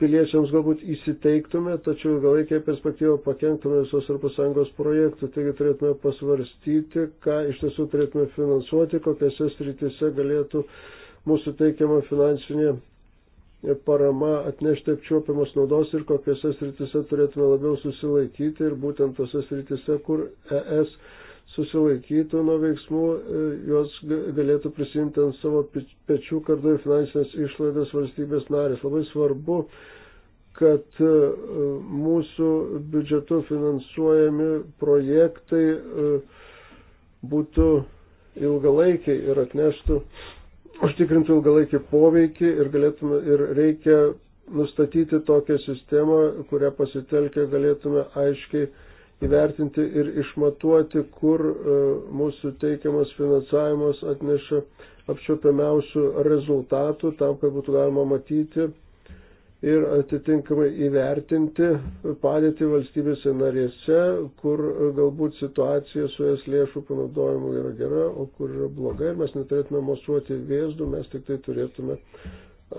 piliečiams galbūt įsiteiktume, tačiau ilgalaikėje perspektyvoje pakenktume visos Europos Sąjungos projektų. Taigi turėtume pasvarstyti, ką iš tiesų turėtume finansuoti, kokiose srityse galėtų mūsų teikiama finansinė parama atnešti apčiuopiamas naudos ir kokiuose sritise turėtume labiau susilaikyti ir būtent tose sritise, kur ES susilaikytų nuo veiksmų, e, jos galėtų prisimti ant savo pečių kartu ir finansinės išlaidas valstybės narės. Labai svarbu, kad e, mūsų biudžetu finansuojami projektai e, būtų ilgalaikiai ir atneštų užtikrintų ilgalaikį poveikį ir, galėtume, ir reikia nustatyti tokią sistemą, kurią pasitelkę galėtume aiškiai įvertinti ir išmatuoti, kur e, mūsų teikiamas finansavimas atneša apčiopiamiausių rezultatų, tam, kad būtų galima matyti, ir atitinkamai įvertinti padėtį valstybėse narėse, kur galbūt situacija su es lėšų panaudojimu yra gera, o kur yra bloga ir mes neturėtume mosuoti vėzdų, mes tik tai turėtume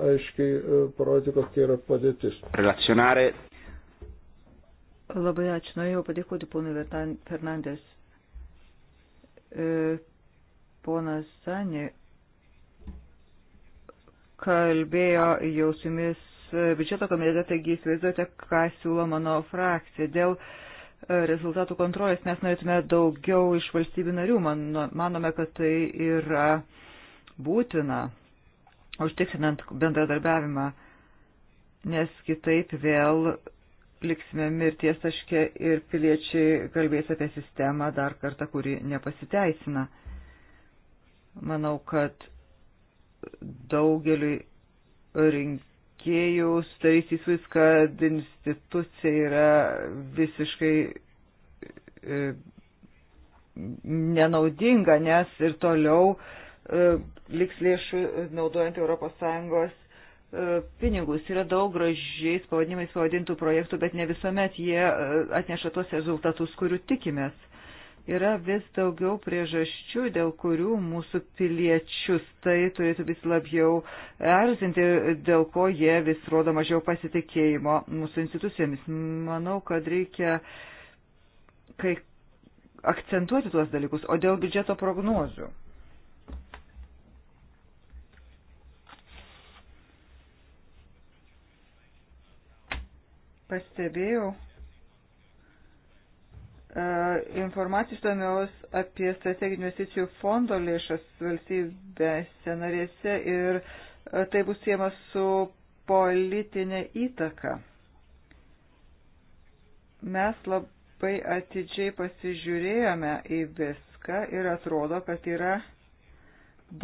aiškiai e, parodyti, kokia yra padėtis. Relacionare. Labai ačiū, norėjau padėkoti ponui Fernandės. E, ponas Sanė kalbėjo jau su jumis biudžeto komitete, taigi įsivaizduojate, ką siūlo mano frakcija. Dėl e, rezultatų kontrolės mes norėtume daugiau iš valstybių narių, Man, nu, manome, kad tai yra būtina, užtikrinant bendradarbiavimą, nes kitaip vėl liksime mirties taške ir piliečiai kalbės apie sistemą dar kartą, kuri nepasiteisina. Manau, kad daugeliui rinkimų rinkėjų starys įsvis, kad institucija yra visiškai e, nenaudinga, nes ir toliau e, liks lėšų naudojant ES e, pinigus. Yra daug gražiais pavadinimais pavadintų projektų, bet ne visuomet jie atneša tuos rezultatus, kurių tikimės. Yra vis daugiau priežasčių, dėl kurių mūsų piliečius tai turėtų vis labiau erzinti, dėl ko jie vis rodo mažiau pasitikėjimo mūsų institucijomis. Manau, kad reikia kai akcentuoti tuos dalykus, o dėl biudžeto prognozių. pastebėjau, E, informacijos įdomios apie strateginių investicijų fondo lėšas valstybėse narėse ir e, tai bus siema su politinė įtaka. Mes labai atidžiai pasižiūrėjome į viską ir atrodo, kad yra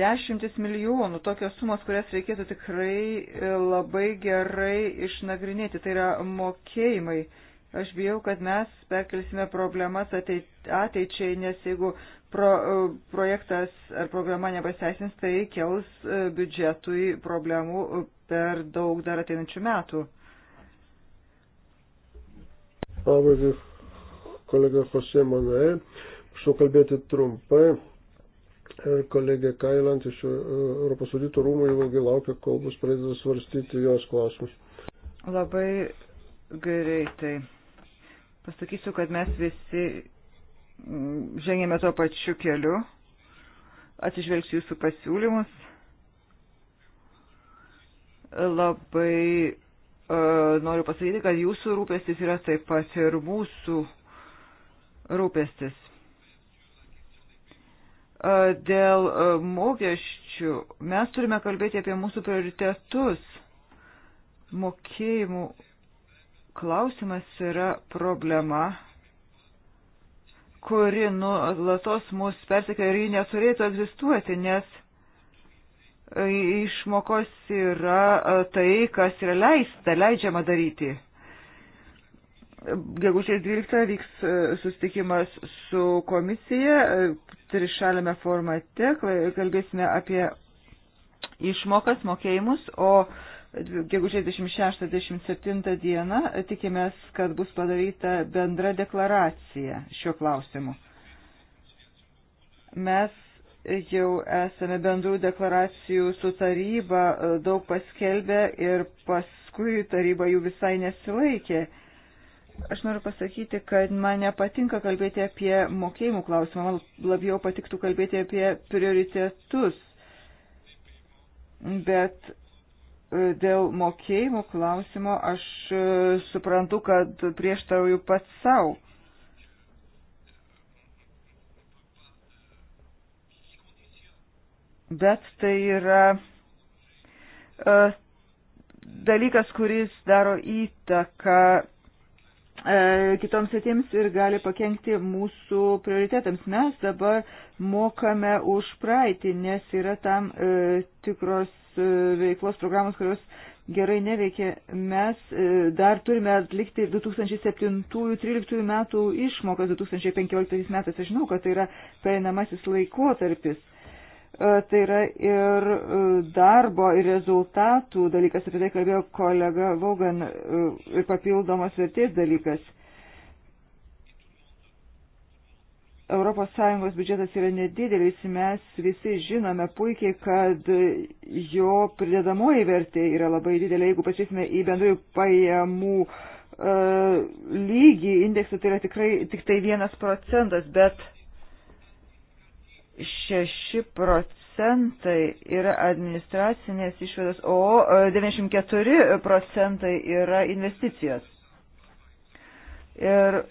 dešimtis milijonų tokios sumos, kurias reikėtų tikrai e, labai gerai išnagrinėti. Tai yra mokėjimai Aš bijau, kad mes perkelsime problemas ateičiai, nes jeigu pro, e, projektas ar programa nepaseisins, tai kels e, biudžetui problemų e, per daug dar ateinančių metų. Pabaigai, kolega Jose Manuel, prašau kalbėti trumpai. Ir kolegė Kailant iš Europos audito rūmų jau ilgai laukia, kol bus pradėtas svarstyti jos klausimus. Labai greitai pasakysiu, kad mes visi mm, žengėme tuo pačiu keliu. Atsižvelgsiu jūsų pasiūlymus. Labai e, noriu pasakyti, kad jūsų rūpestis yra taip pat ir mūsų rūpestis. E, dėl e, mokesčių mes turime kalbėti apie mūsų prioritetus mokėjimų klausimas yra problema, kuri nuolatos mūsų persekia ir ji neturėtų egzistuoti, nes išmokos yra tai, kas yra leista, leidžiama daryti. Gegužės 12 vyks sustikimas su komisija, trišalėme formate, kalbėsime apie išmokas, mokėjimus, o gegužės 26-27 dieną tikimės, kad bus padaryta bendra deklaracija šiuo klausimu. Mes jau esame bendrų deklaracijų su taryba e, daug paskelbę ir paskui taryba jų visai nesilaikė. Aš noriu pasakyti, kad man nepatinka kalbėti apie mokėjimų klausimą, man labiau patiktų kalbėti apie prioritetus. Bet Dėl mokėjimų klausimo aš e, suprantu, kad prieštarauju pats savo. Bet tai yra uh, dalykas, kuris daro įtaką e, kitoms sritims ir gali pakengti mūsų prioritetams. Mes dabar mokame už praeitį, nes yra tam e, tikros E, veiklos programos, kurios gerai neveikia. Mes e, dar turime atlikti 2007-2013 metų išmokas 2015 metais. Aš žinau, kad tai yra pereinamasis laikotarpis. E, tai yra ir darbo ir rezultatų dalykas, apie tai kalbėjo kolega Vaugan, ir papildomos vertės dalykas ES biudžetas yra nedidelis, mes visi žinome puikiai, kad jo pridedamoji vertė yra labai didelė. Jeigu pažiūrėsime į bendrųjų pajamų uh, lygį indeksą, tai yra tikrai tik tai vienas procentas, bet šeši procentai yra administracinės išvedos, o 94 e, procentai yra investicijos. Ir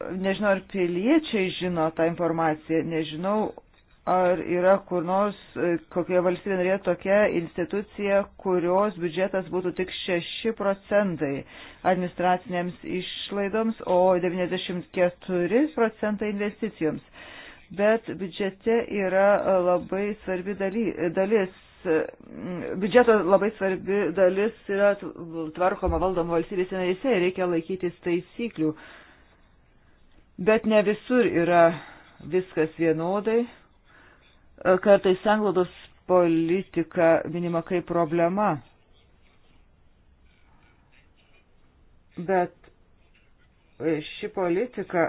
nežinau, ar piliečiai žino tą informaciją, nežinau, ar yra kur nors e, kokioje valstybėje narėje tokia institucija, kurios biudžetas būtų tik 6 procentai administracinėms išlaidoms, o 94 procentai investicijoms. Bet biudžete yra e, labai svarbi dalis. E, biudžeto labai svarbi dalis yra tvarkoma valdoma valstybėse narėse ir reikia laikytis taisyklių Bet ne visur yra viskas vienodai. E, kartais anglodos politika minima kaip problema. Bet e, ši politika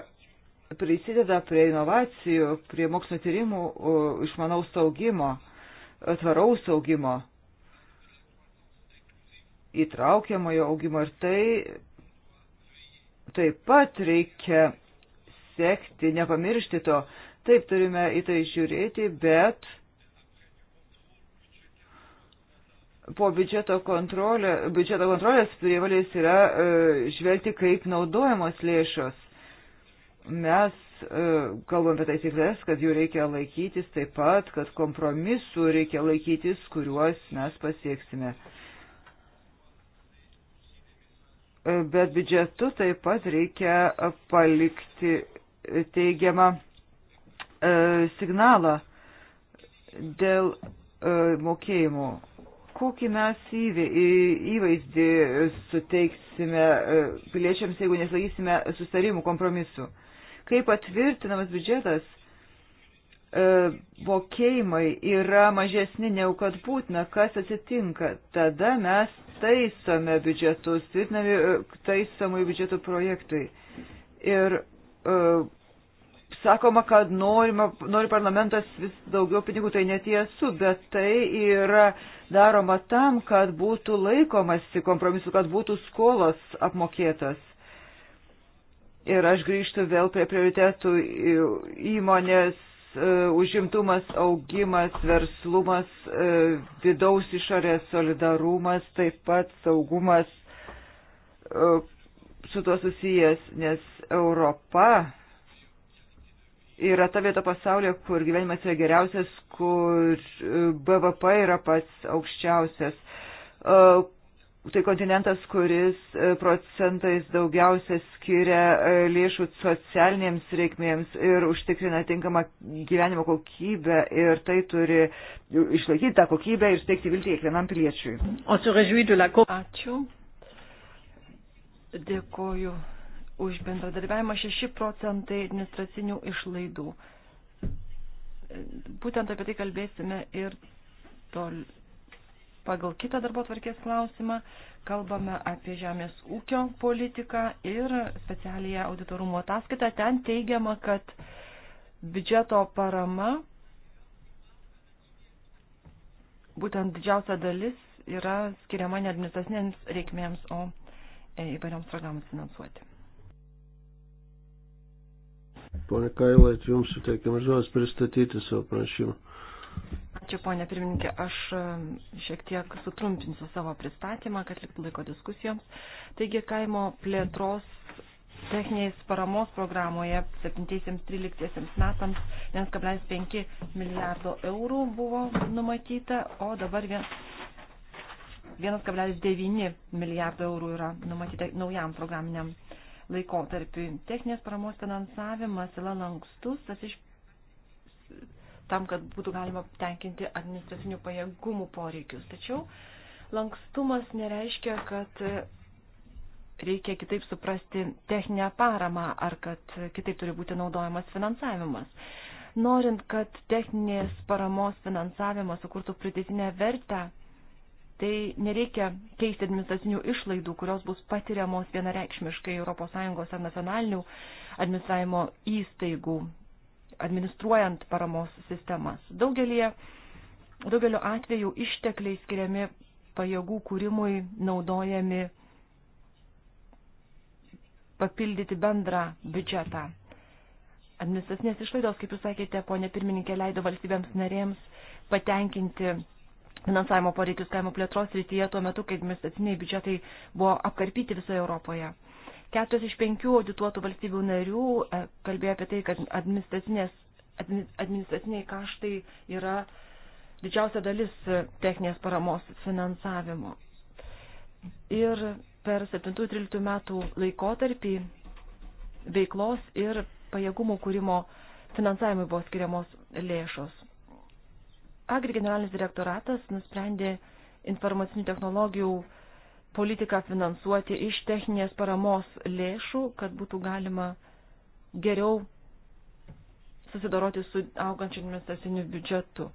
prisideda prie inovacijų, prie mokslo tyrimų, išmanaus saugimo, e, tvaraus saugimo, įtraukiamojo augimo ir tai taip pat reikia sekti, nepamiršti to. Taip turime į tai žiūrėti, bet po biudžeto, kontrolė, biudžeto kontrolės prievalės yra e, žvelgti, kaip naudojamos lėšos. Mes e, kalbam apie taisyklės, kad jų reikia laikytis taip pat, kad kompromisų reikia laikytis, kuriuos mes pasieksime. E, bet biudžetu taip pat reikia palikti teigiamą e, signalą dėl e, mokėjimų. Kokį mes įvaizdį suteiksime e, piliečiams, jeigu neslaikysime sustarimų kompromisų? Kaip patvirtinamas biudžetas, mokėjimai yra mažesni negu kad būtina, kas atsitinka. Tada mes taisome biudžetus, tvirtinami taisomai biudžetų projektui. Ir uh, sakoma, kad norima, nori parlamentas vis daugiau pinigų, tai netiesu, bet tai yra daroma tam, kad būtų laikomasi kompromisu, kad būtų skolos apmokėtas. Ir aš grįžtu vėl prie prioritėtų įmonės e, užimtumas, augimas, verslumas, e, vidaus išorės solidarumas, taip pat saugumas e, su tuo susijęs, nes Europa yra ta vieta pasaulyje, kur gyvenimas yra geriausias, kur e, BVP yra pats aukščiausias. E, tai kontinentas, kuris e, procentais daugiausia skiria lėšų socialinėms reikmėms ir užtikrina tinkamą gyvenimo kokybę ir tai turi išlaikyti tą kokybę ir steigti viltį kiekvienam piliečiui. Ačiū. Dėkoju už bendradarbiavimą 6 procentai administracinių išlaidų. Būtent apie tai kalbėsime ir tol. Pagal kitą darbo tvarkės klausimą kalbame apie žemės ūkio politiką ir specialiją auditorumo ataskaitą. Ten teigiama, kad biudžeto parama, būtent didžiausia dalis yra skiriama ne administracinėms reikmėms, o įvairioms programams finansuoti. Pone Kailait, jums suteikiamas žodis pristatyti savo prašymą. Ačiū, ponė pirmininkė. Aš šiek tiek sutrumpinsiu savo pristatymą, kad liktų laiko diskusijoms. Taigi, kaimo plėtros techninės paramos programoje 7-13 metams 1,5 milijardo eurų buvo numatyta, o dabar 1,9 milijardo eurų yra numatyta naujam programiniam laikotarpiui. Techninės paramos finansavimas yra lankstus, tas iš tam, kad būtų galima tenkinti administracinių pajėgumų poreikius. Tačiau lankstumas nereiškia, kad reikia kitaip suprasti techninę paramą ar kad kitaip turi būti naudojamas finansavimas. Norint, kad techninės paramos finansavimas sukurtų pridėtinę vertę, tai nereikia keisti administracinių išlaidų, kurios bus patiriamos vienareikšmiškai ES ar nacionalinių administravimo įstaigų, administruojant paramos sistemas. Daugelie, daugelio atvejų ištekliai skiriami pajėgų kūrimui naudojami papildyti bendrą biudžetą. Administracinės išlaidos, kaip jūs sakėte, ponė pirmininkė, leido valstybėms narėms patenkinti finansavimo poreikius kaimo plėtros rytyje tuo metu, kai administraciniai biudžetai buvo apkarpyti visoje Europoje. Keturios iš penkių audituotų valstybių narių e, kalbėjo apie tai, kad administraciniai kaštai yra didžiausia dalis e, techninės paramos finansavimo. Ir per 7-13 metų laikotarpį veiklos ir pajėgumų kūrimo finansavimui buvo skiriamos lėšos. Agri generalinis direktoratas nusprendė informacinių technologijų politiką finansuoti iš techninės paramos lėšų, kad būtų galima geriau susidoroti su augančiu administraciniu biudžetu.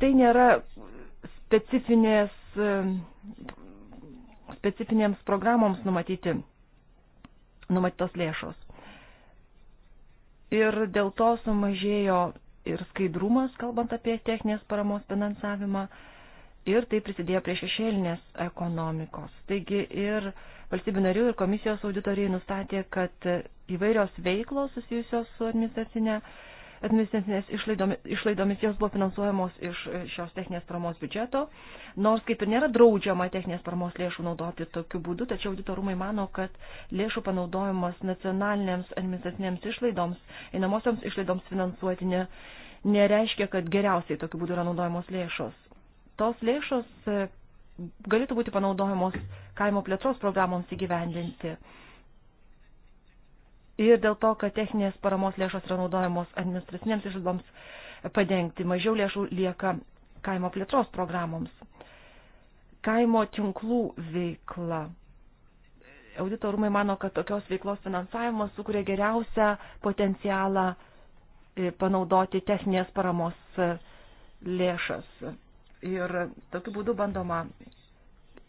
Tai nėra specifinės, specifinėms programoms numatyti, numatytos lėšos. Ir dėl to sumažėjo ir skaidrumas, kalbant apie techninės paramos finansavimą, ir tai prisidėjo prie šešėlinės ekonomikos. Taigi ir valstybių narių ir komisijos auditoriai nustatė, kad įvairios veiklos susijusios su administracinė administracinės išlaidomis, išlaidomis jos buvo finansuojamos iš e, šios techninės paramos biudžeto. Nors kaip ir nėra draudžiama techninės paramos lėšų naudoti tokiu būdu, tačiau auditorumai mano, kad lėšų panaudojimas nacionalinėms administracinėms išlaidoms, einamosioms išlaidoms finansuoti ne, nereiškia, kad geriausiai tokiu būdu yra naudojamos lėšos. Tos lėšos e, galėtų būti panaudojamos kaimo plėtros programoms įgyvendinti ir dėl to, kad techninės paramos lėšos yra naudojamos administracinėms išlaidoms padengti. Mažiau lėšų lieka kaimo plėtros programoms. Kaimo tinklų veikla. Audito rūmai mano, kad tokios veiklos finansavimas sukuria geriausią potencialą e, panaudoti techninės paramos e, lėšas. Ir tokiu būdu bandoma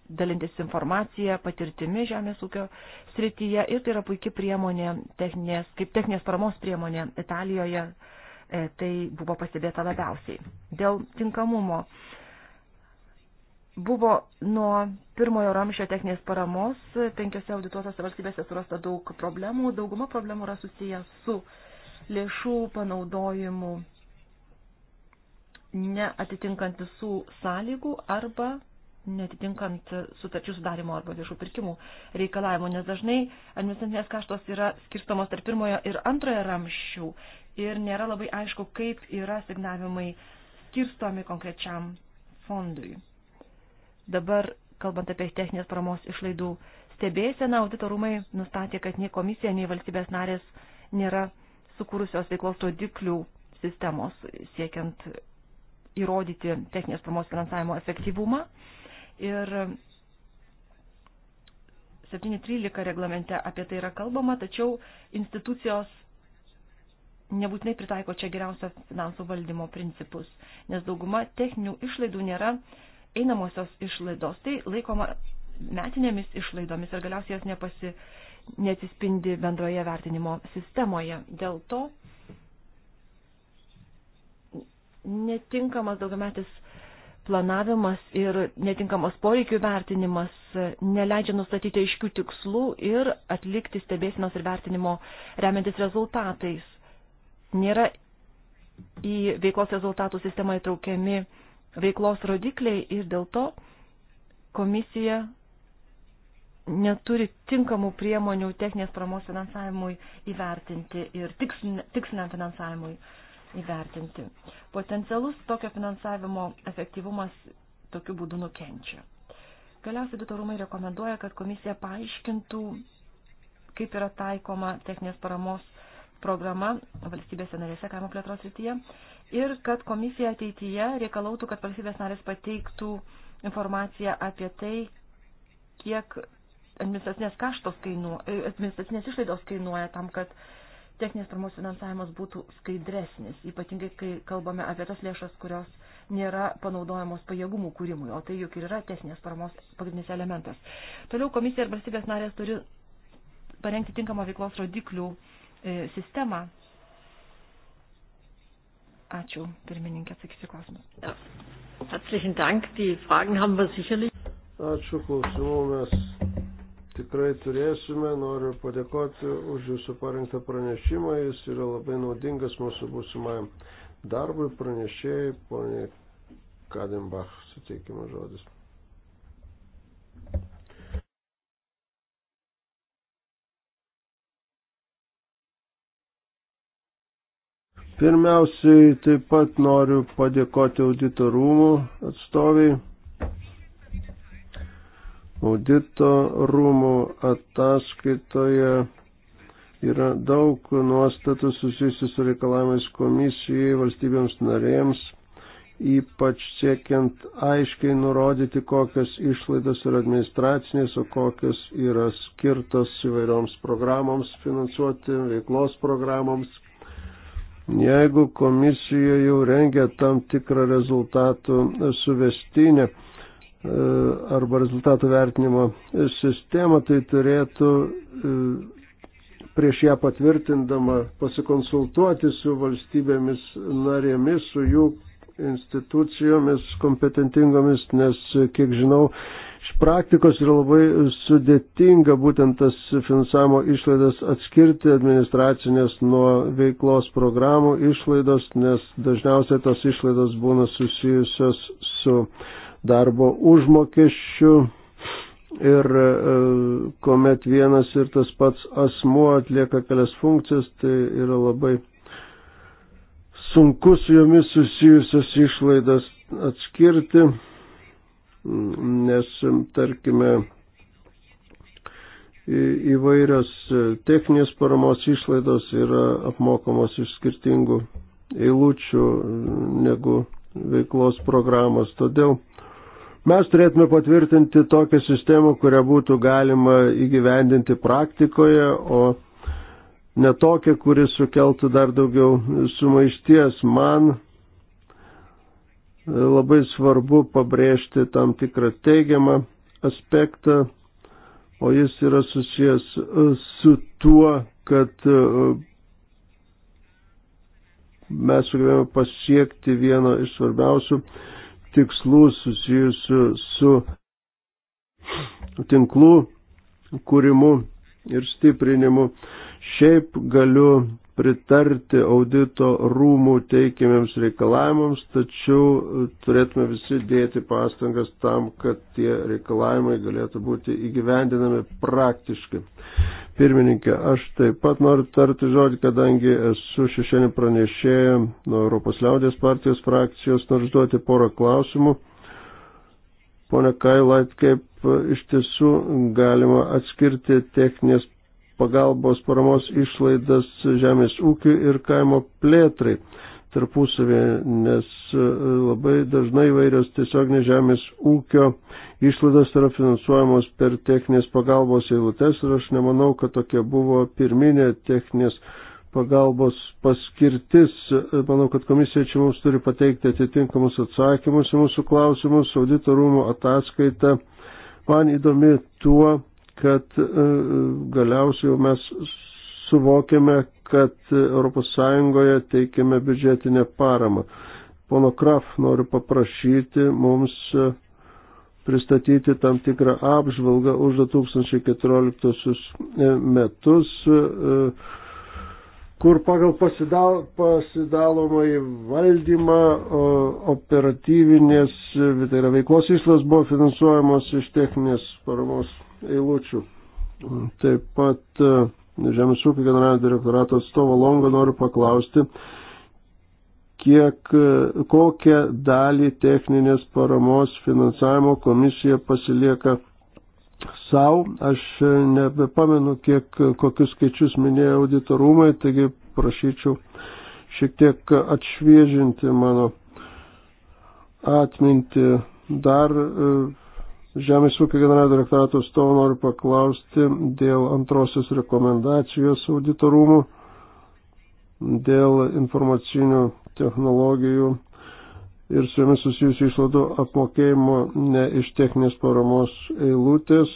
dalintis informaciją, patirtimi žemės ūkio srityje ir tai yra puikia priemonė, techninės, kaip techninės paramos priemonė Italijoje, e, tai buvo pastebėta labiausiai. Dėl tinkamumo buvo nuo pirmojo ramšio techninės paramos penkiose audituotose valstybėse surasta daug problemų, dauguma problemų yra susiję su lėšų panaudojimu neatitinkant visų sąlygų arba netitinkant sutarčių sudarimo arba viešų pirkimų reikalavimų, nes dažnai administracinės kaštos yra skirstamos tarp pirmojo ir antrojo ramščių ir nėra labai aišku, kaip yra signavimai skirstomi konkrečiam fondui. Dabar, kalbant apie techninės paramos išlaidų stebėseną, auditorumai nustatė, kad nei komisija, nei valstybės narės nėra sukūrusios veiklos rodiklių sistemos siekiant įrodyti techninės paramos finansavimo efektyvumą. Ir 7.13 reglamente apie tai yra kalbama, tačiau institucijos nebūtinai pritaiko čia geriausio finansų valdymo principus, nes dauguma techninių išlaidų nėra einamosios išlaidos, tai laikoma metinėmis išlaidomis ir galiausiai jos nepasi, neatsispindi bendroje vertinimo sistemoje. Dėl to netinkamas daugiametis planavimas ir netinkamas poreikių vertinimas neleidžia nustatyti aiškių tikslų ir atlikti stebėsinos ir vertinimo remiantis rezultatais. Nėra į veiklos rezultatų sistemą įtraukiami veiklos rodikliai ir dėl to komisija neturi tinkamų priemonių techninės paramos finansavimui įvertinti ir tiksliniam finansavimui. Uh, įvertinti. Potencialus tokio finansavimo efektyvumas tokiu būdu nukenčia. Galiausiai auditorumai rekomenduoja, kad komisija paaiškintų, kaip yra taikoma techninės paramos programa valstybėse narėse kaimo plėtros rytyje ir kad komisija ateityje reikalautų, kad valstybės narės pateiktų informaciją apie tai, kiek administracinės, kaštos kainu, administracinės išlaidos kainuoja tam, kad uh, techninės paramos finansavimas būtų skaidresnis, ypatingai kai kalbame apie tas lėšas, kurios nėra panaudojamos pajėgumų kūrimui, o tai juk ir yra techninės paramos pagrindinis elementas. Toliau komisija ir valstybės narės turi parengti tinkamą veiklos rodiklių e, sistemą. Ačiū, pirmininkė, atsakysiu klausimus. Ja. Herzlichen Dank, die Fragen haben wir sicherlich. Ačiū, klausimų mes tikrai turėsime. Noriu padėkoti už Jūsų parinktą pranešimą. Jis yra labai naudingas mūsų būsimajam darbui. Pranešėjai, ponė Kadimbach, suteikimo žodis. Pirmiausiai taip pat noriu padėkoti auditorumų atstoviai Audito rūmų ataskaitoje yra daug nuostatų susijusių su reikalavimais komisijai, valstybėms narėms, ypač siekiant aiškiai nurodyti, kokios išlaidos yra administracinės, o kokios yra skirtos įvairioms programoms finansuoti, veiklos programoms. Jeigu komisija jau rengia tam tikrą rezultatų suvestinę, E, arba rezultatų vertinimo sistemą, tai turėtų e, prieš ją patvirtindama pasikonsultuoti su valstybėmis narėmis, su jų institucijomis kompetentingomis, nes, kiek žinau, iš praktikos yra labai sudėtinga būtent tas finansavimo išlaidas atskirti administracinės nuo veiklos programų išlaidos, nes dažniausiai tos išlaidos būna susijusios su uh, darbo užmokesčių ir e, kuomet vienas ir tas pats asmuo atlieka kelias funkcijas, tai yra labai sunku su jomis susijusias išlaidas atskirti, nes, tarkime, įvairios techninės paramos išlaidos yra apmokamos iš skirtingų eilučių negu veiklos programos. Todėl Mes turėtume patvirtinti tokią sistemą, kurią būtų galima įgyvendinti praktikoje, o ne tokią, kuri sukeltų dar daugiau sumaišties. Man e, labai svarbu pabrėžti tam tikrą teigiamą aspektą, o jis yra susijęs e, su tuo, kad e, mes sugebėjome pasiekti vieno iš svarbiausių tikslų susijusių su tinklų kūrimu ir stiprinimu. Šiaip galiu pritarti audito rūmų teikiamiams reikalavimams, tačiau e, turėtume visi dėti pastangas tam, kad tie reikalavimai galėtų būti įgyvendinami praktiškai. Pirmininkė, aš taip pat noriu tarti žodį, kadangi esu šešienį pranešėję nuo Europos liaudės partijos frakcijos, noriu užduoti porą klausimų. Pone Kailait, kaip iš tiesų galima atskirti techninės pagalbos paramos išlaidas žemės ūkiui ir kaimo plėtrai tarpusavė, nes e, labai dažnai vairios tiesioginės žemės ūkio išlaidos yra finansuojamos per techninės pagalbos eilutes ir aš nemanau, kad tokia buvo pirminė techninės pagalbos paskirtis. E, manau, kad komisija čia mums turi pateikti atitinkamus atsakymus į mūsų klausimus, auditorumo ataskaita. Man įdomi tuo, kad e, galiausiai jau mes suvokiame, kad ES teikiame biudžetinę paramą. Pono Kraf noriu paprašyti mums e, pristatyti tam tikrą apžvalgą už 2014 e, metus, kur pagal pasidal, pasidalomą į valdymą operatyvinės, tai yra veiklos išlas buvo finansuojamos iš techninės paramos eilučių. Taip pat e, Žemės ūkio generalinio direktorato atstovo Longo noriu paklausti, kiek, e, kokią dalį techninės paramos finansavimo komisija pasilieka savo. Aš e, nebepamenu, kiek, kokius skaičius minėjo auditorumai, taigi prašyčiau šiek tiek atšviežinti mano atmintį. Dar uh, Žemės ūkio generalinio direktorato atstovų noriu paklausti dėl antrosios rekomendacijos auditorumų, dėl informacinių technologijų ir su jomis susijusių išlaidų apmokėjimo ne iš techninės paramos eilutės.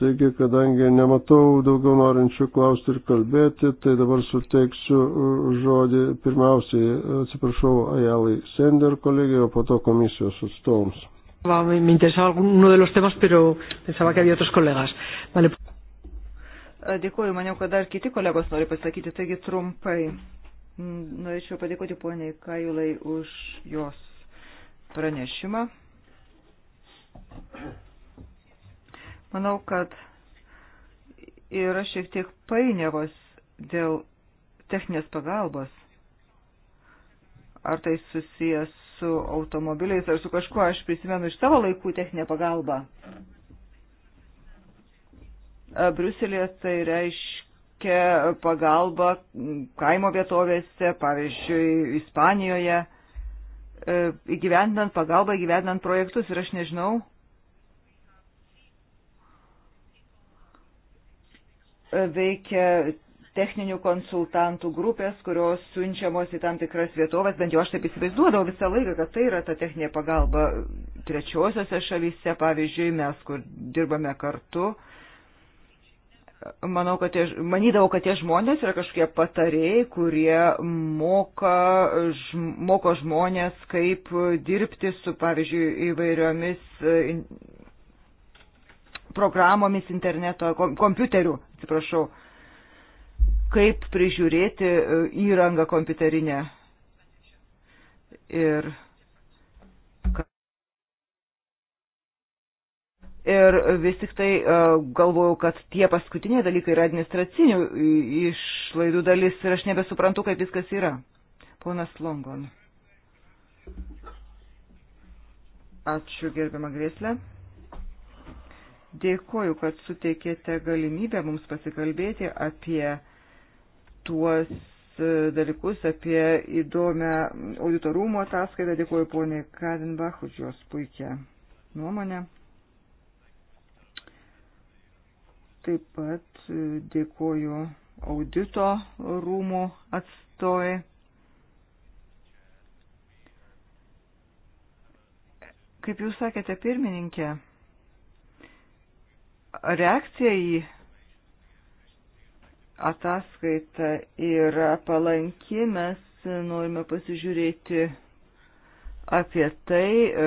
Taigi, kadangi nematau daugiau norinčių klausti ir kalbėti, tai dabar suteiksiu žodį pirmiausiai, atsiprašau, Ajalai Sender kolegijoje, po to komisijos atstovams. Vale, me interesaba alguno de los temas, pero pensaba que había otros colegas. Vale. Dėkuoju, maniau, kad dar kiti kolegos nori pasakyti, taigi trumpai. Mm, norėčiau padėkoti poniai Kajulai už jos pranešimą. Manau, kad yra šiek tiek painiavos dėl techninės pagalbos. Ar tai susijęs su automobiliais ar su kažkuo, aš prisimenu iš savo laikų techninę pagalbą. Briuselėje tai reiškia pagalba kaimo vietovėse, pavyzdžiui, Ispanijoje, e, įgyvendinant pagalbą, įgyvendinant projektus ir aš nežinau, e, veikia techninių konsultantų grupės, kurios siunčiamos į tam tikras vietovės, bent jau aš taip įsivaizduodavau visą laiką, kad tai yra ta techninė pagalba trečiosiose šalyse, pavyzdžiui, mes, kur dirbame kartu. Manau, kad tie, manydavau, kad tie žmonės yra kažkokie patarėjai, kurie moka, ž, moko žmonės, kaip dirbti su, pavyzdžiui, įvairiomis e, programomis interneto, kom, kompiuterių, atsiprašau. Uh, kaip prižiūrėti e, įrangą kompiuterinę. Ir, ir vis tik tai e, galvojau, kad tie paskutiniai dalykai yra administracinių išlaidų dalis ir aš nebesuprantu, kaip viskas yra. Ponas Longon. Ačiū gerbiamą grėslę. Dėkoju, kad suteikėte galimybę mums pasikalbėti apie tuos e, dalykus, apie įdomią auditorumo ataskaitą. Dėkuoju poniai Kadenbach už jos puikią nuomonę. Taip pat e, dėkuoju audito rūmų atstovai. Kaip jūs sakėte, pirmininkė, reakcija į ataskaita yra palanki, mes norime pasižiūrėti apie tai, e,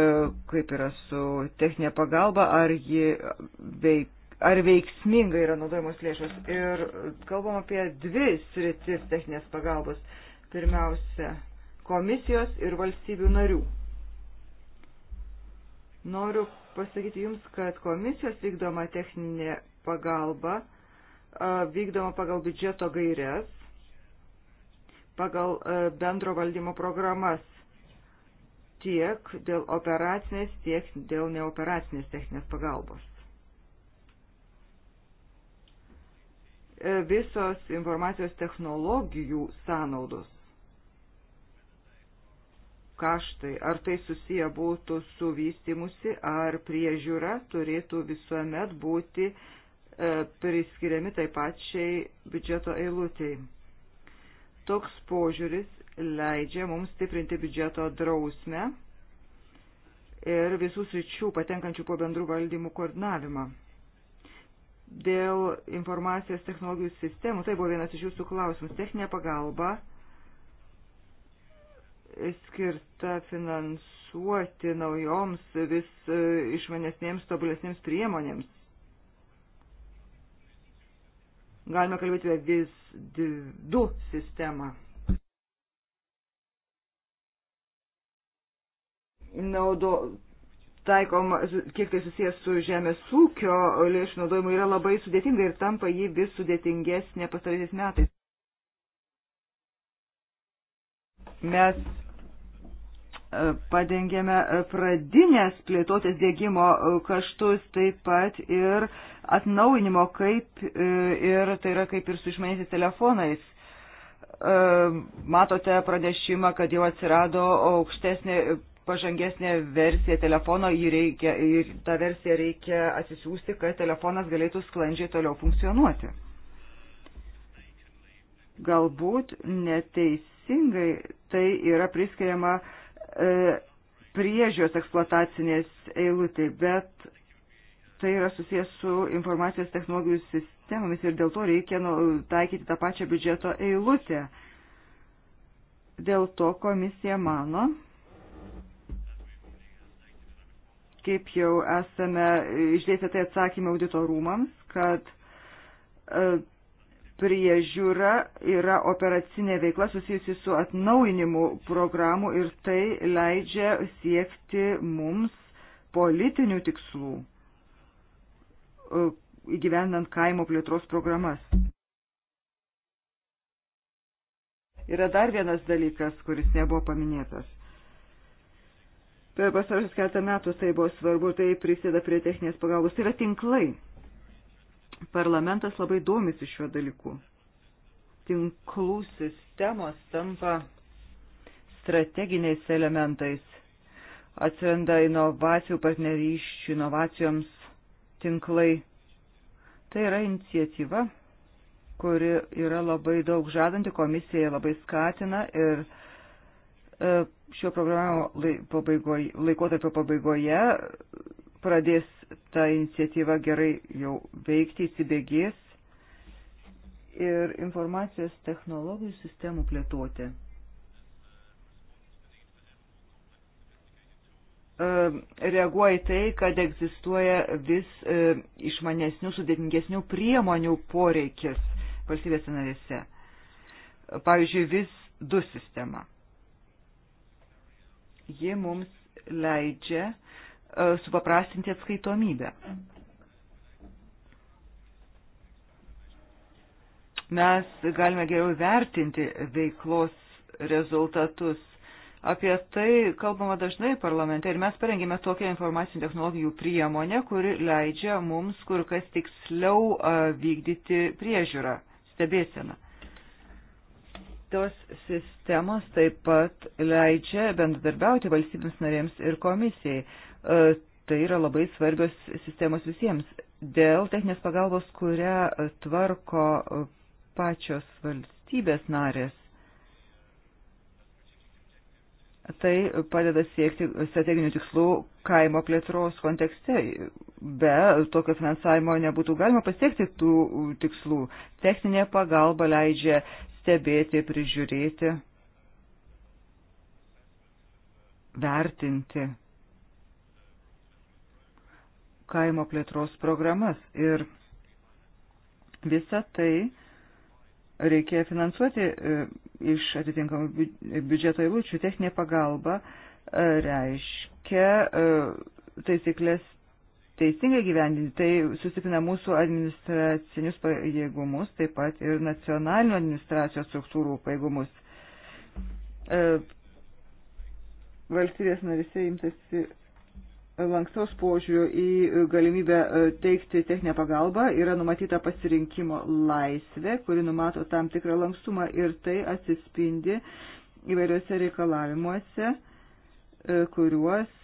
kaip yra su techninė pagalba, ar, ji veik, ar veiksmingai yra naudojamos lėšos. Ir kalbam apie dvi sritis techninės pagalbos. Pirmiausia, komisijos ir valstybių narių. Noriu pasakyti Jums, kad komisijos vykdoma techninė pagalba vykdoma pagal biudžeto gairias, pagal bendro valdymo programas tiek dėl operacinės, tiek dėl neoperacinės techninės pagalbos. E, visos informacijos technologijų sąnaudos kaštai, ar tai susiję būtų su vystimusi ar priežiūra, turėtų visuomet būti uh, E, priskiriami taip pat šiai biudžeto eilutėjai. Toks požiūris leidžia mums stiprinti biudžeto drausmę ir visų sričių patenkančių po bendrų valdymų koordinavimą. Dėl informacijos technologijų sistemų, tai buvo vienas iš jūsų klausimų, techninė pagalba skirta finansuoti naujoms vis išmanesnėms, tobulesnėms priemonėms Galime kalbėti apie vis du sistemą. Naudo, taikoma, kiek tai susijęs su žemės ūkio lėšų naudojimu, yra labai sudėtinga ir tampa jį vis sudėtingesnė pastaraisiais metais. Mes padengėme pradinės plėtotės dėgymo kaštus, taip pat ir atnaujinimo, kaip e, ir tai yra kaip ir su išmaniaisiais telefonais. E, matote pranešimą, kad jau atsirado aukštesnė, pažangesnė versija telefono, jį reikia, ir tą versiją reikia atsisiųsti, kad telefonas galėtų sklandžiai toliau funkcionuoti. Galbūt neteisingai tai yra priskiriama uh, E, priežios eksploatacinės eilutė, bet tai yra susijęs su informacijos technologijų sistemomis ir dėl to reikia nu, taikyti tą pačią biudžeto eilutę. Dėl to komisija mano, kaip jau esame išdėstę tai atsakymą auditorumams, kad e, priežiūra yra operacinė veikla susijusi su atnaujinimu programų ir tai leidžia siekti mums politinių tikslų e, įgyvendant kaimo plėtros programas. Yra dar vienas dalykas, kuris nebuvo paminėtas. Per pasarosius keletą metų tai buvo svarbu, tai prisėda prie techninės pagalbos. Tai yra tinklai. Parlamentas labai domisi šiuo dalyku. Tinklų sistemos tampa strateginiais elementais. Atsiranda inovacijų partnerysčių, inovacijoms tinklai. Tai yra iniciatyva, kuri yra labai daug žadanti, komisija labai skatina ir e, šio programų laikotarpio pabaigoje pradės ta iniciatyva gerai jau veikti, įsibėgės ir informacijos technologijų sistemų plėtoti. E, reaguoja tai, kad egzistuoja vis e, išmanesnių, sudėtingesnių priemonių poreikis valstybės narėse. Pavyzdžiui, vis du sistema. Ji mums leidžia uh, E, supaprastinti atskaitomybę. Mes galime geriau vertinti veiklos rezultatus. Apie tai kalbama dažnai parlamente ir mes parengėme tokią informacinių technologijų priemonę, kuri leidžia mums kur kas tiksliau e, vykdyti priežiūrą, stebėseną. Tos sistemos taip pat leidžia bendradarbiauti valstybėms narėms ir komisijai. E, tai yra labai svarbios sistemos visiems. Dėl techninės pagalbos, kurią e, tvarko e, pačios valstybės narės, tai padeda siekti strateginių tikslų kaimo plėtros kontekste. Be tokio finansavimo nebūtų galima pasiekti tų tikslų. Techninė pagalba leidžia stebėti, prižiūrėti, vertinti kaimo plėtros programas. Ir visą tai reikia finansuoti e, iš atitinkamų biudžeto eilučių. Techninė pagalba e, reiškia e, taisyklės teisingai gyvendinti, tai sustiprina mūsų administracinius pajėgumus, taip pat ir nacionalinių administracijos struktūrų pajėgumus. E, valstybės narise imtasi lankstaus požiūrio į galimybę e, teikti techninę pagalbą yra numatyta pasirinkimo laisvė, kuri numato tam tikrą lankstumą ir tai atsispindi įvairiuose reikalavimuose, e, kuriuos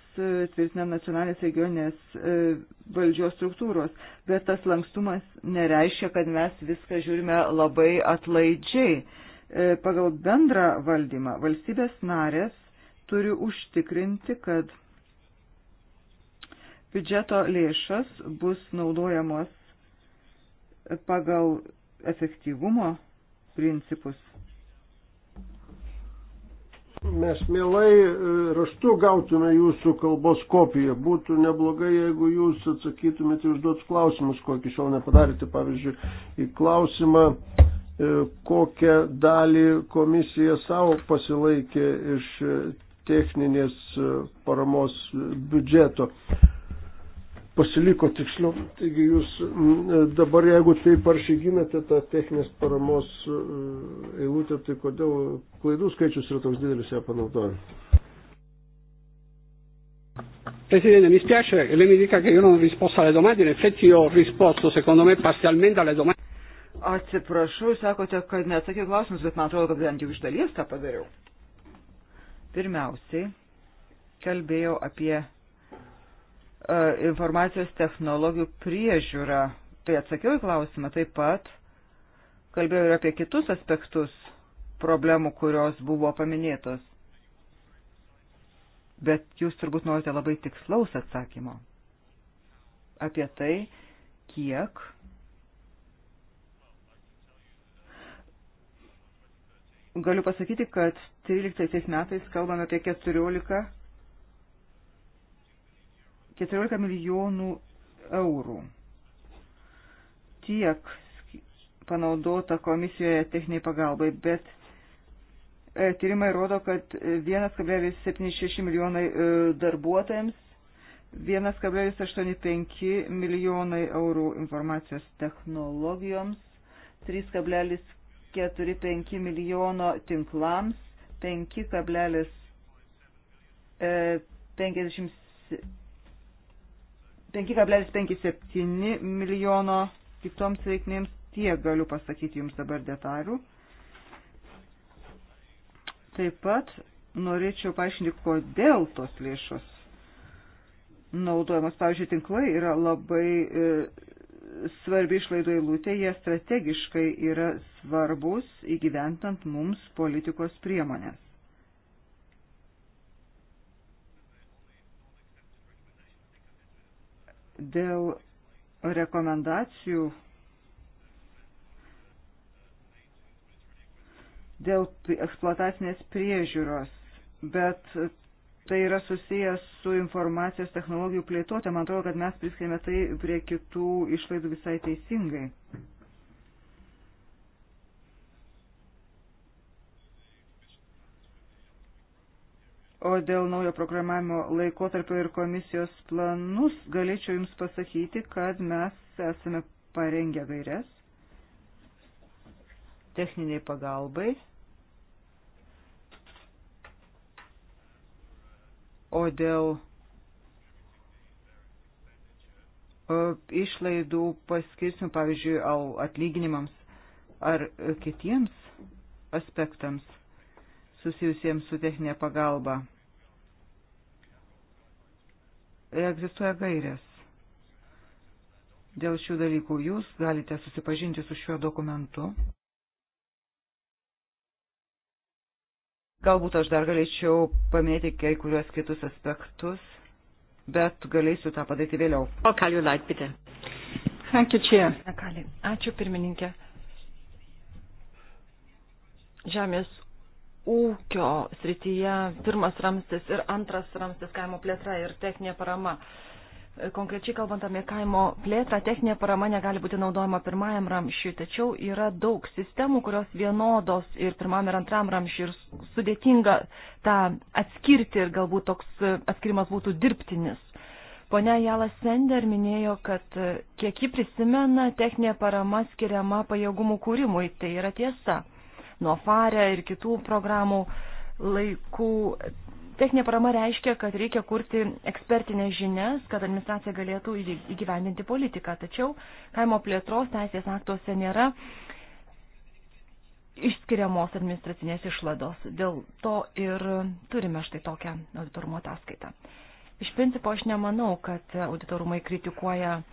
tvirtina nacionalinės regioninės e, valdžios struktūros, bet tas lankstumas nereiškia, kad mes viską žiūrime labai atlaidžiai. E, pagal bendrą valdymą valstybės narės turi užtikrinti, kad biudžeto lėšas bus naudojamos pagal efektyvumo principus Mes mielai e, raštu gautume jūsų kalbos kopiją. Būtų neblogai, jeigu jūs atsakytumėte užduotus klausimus, ko iki šiol nepadarėte. Pavyzdžiui, į klausimą, e, kokią dalį komisija savo pasilaikė iš techninės e, paramos biudžeto pasiliko tiksliau. Taigi jūs e, dabar, jeigu taip aršiai ginate tą techninės paramos e, eilutę, tai kodėl klaidų skaičius yra toks didelis ją panaudojant? Presidente, mi spiace che lei mi dica che io non ho risposto alle domande, in effetti io ho risposto secondo me parzialmente alle domande. Atsiprašau, sakote, kad neatsakiau klausimus, bet man atrodo, kad bent jau iš dalies tą padariau. Pirmiausiai, kalbėjau apie E, informacijos technologijų priežiūra. Tai atsakiau į klausimą taip pat. Kalbėjau ir apie kitus aspektus problemų, kurios buvo paminėtos. Bet jūs turbūt norite labai tikslaus atsakymo apie tai, kiek galiu pasakyti, kad 13 metais kalbame apie 14 14 milijonų eurų. Tiek panaudota komisijoje techniniai pagalbai, bet e, tyrimai rodo, kad 1,76 milijonai e, darbuotojams, 1,85 milijonai eurų informacijos technologijoms, 3,45 milijono tinklams, 5,57 5,57 milijono kitoms reikmėms tiek galiu pasakyti jums dabar detalių. Taip pat norėčiau paaiškinti, kodėl tos lėšos naudojamos. Pavyzdžiui, tinklai yra labai e, svarbi išlaidų eilutė, jie strategiškai yra svarbus įgyventant mums politikos priemonės. Dėl rekomendacijų, dėl eksploatacinės priežiūros, bet tai yra susijęs su informacijos technologijų plėtotė. Man atrodo, kad mes priskiriame tai prie kitų išlaidų visai teisingai. O dėl naujo programavimo laikotarpio ir komisijos planus galėčiau Jums pasakyti, kad mes esame parengę gairias techniniai pagalbai. O dėl e, išlaidų paskirsim, pavyzdžiui, atlyginimams ar kitiems aspektams susijusiems su techninė pagalba egzistuoja gairės. Dėl šių dalykų jūs galite susipažinti su šiuo dokumentu. Galbūt aš dar galėčiau paminėti kai kuriuos kitus aspektus, bet galėsiu tą padaryti vėliau. O ką jūs laikite? Ačiū čia. Ačiū pirmininkė. Žemės ūkio srityje pirmas ramstis ir antras ramstis kaimo plėtra ir techninė parama. Konkrečiai kalbant apie kaimo plėtrą, techninė parama negali būti naudojama pirmajam ramšiui, tačiau yra daug sistemų, kurios vienodos ir pirmam ir antram ramšiui ir sudėtinga tą atskirti ir galbūt toks e, atskirimas būtų dirbtinis. Pone Jalas Sender minėjo, kad e, kiek ji prisimena, techninė parama skiriama pajėgumų kūrimui, tai yra tiesa nuo FARE ir kitų programų laikų. Techninė parama reiškia, kad reikia kurti ekspertinės žinias, kad administracija galėtų įgyvendinti politiką. Tačiau kaimo plėtros teisės aktuose nėra išskiriamos administracinės išlados. Dėl to ir turime štai tokią auditorumo ataskaitą. Iš principo aš nemanau, kad auditorumai kritikuoja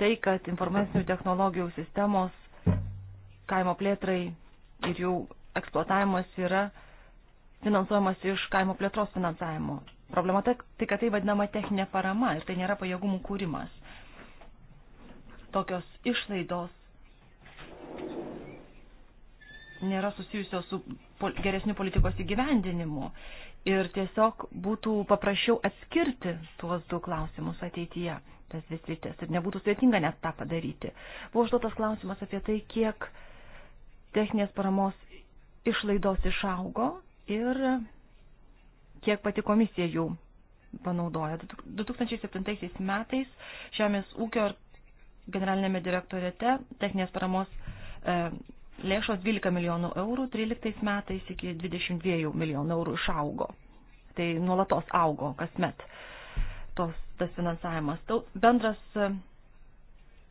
tai, kad informacinių technologijų sistemos kaimo plėtrai ir jų eksploatavimas yra finansuojamas iš kaimo plėtros finansavimo. Problema ta, tai, kad tai vadinama techninė parama ir tai nėra pajėgumų kūrimas. Tokios išlaidos nėra susijusios su geresniu politikos įgyvendinimu ir tiesiog būtų paprasčiau atskirti tuos du klausimus ateityje, tas vis rytis, ir nebūtų sudėtinga net tą padaryti. Buvo užduotas klausimas apie tai, kiek uh, techninės paramos išlaidos išaugo ir kiek pati komisija jų panaudoja. 2007 metais Žemės ūkio generalinėme direktorėte techninės paramos e, lėšos 12 milijonų eurų, 13 metais iki 22 milijonų eurų išaugo. Tai nuolatos augo kasmet tos, tas finansavimas. Tau, bendras, e,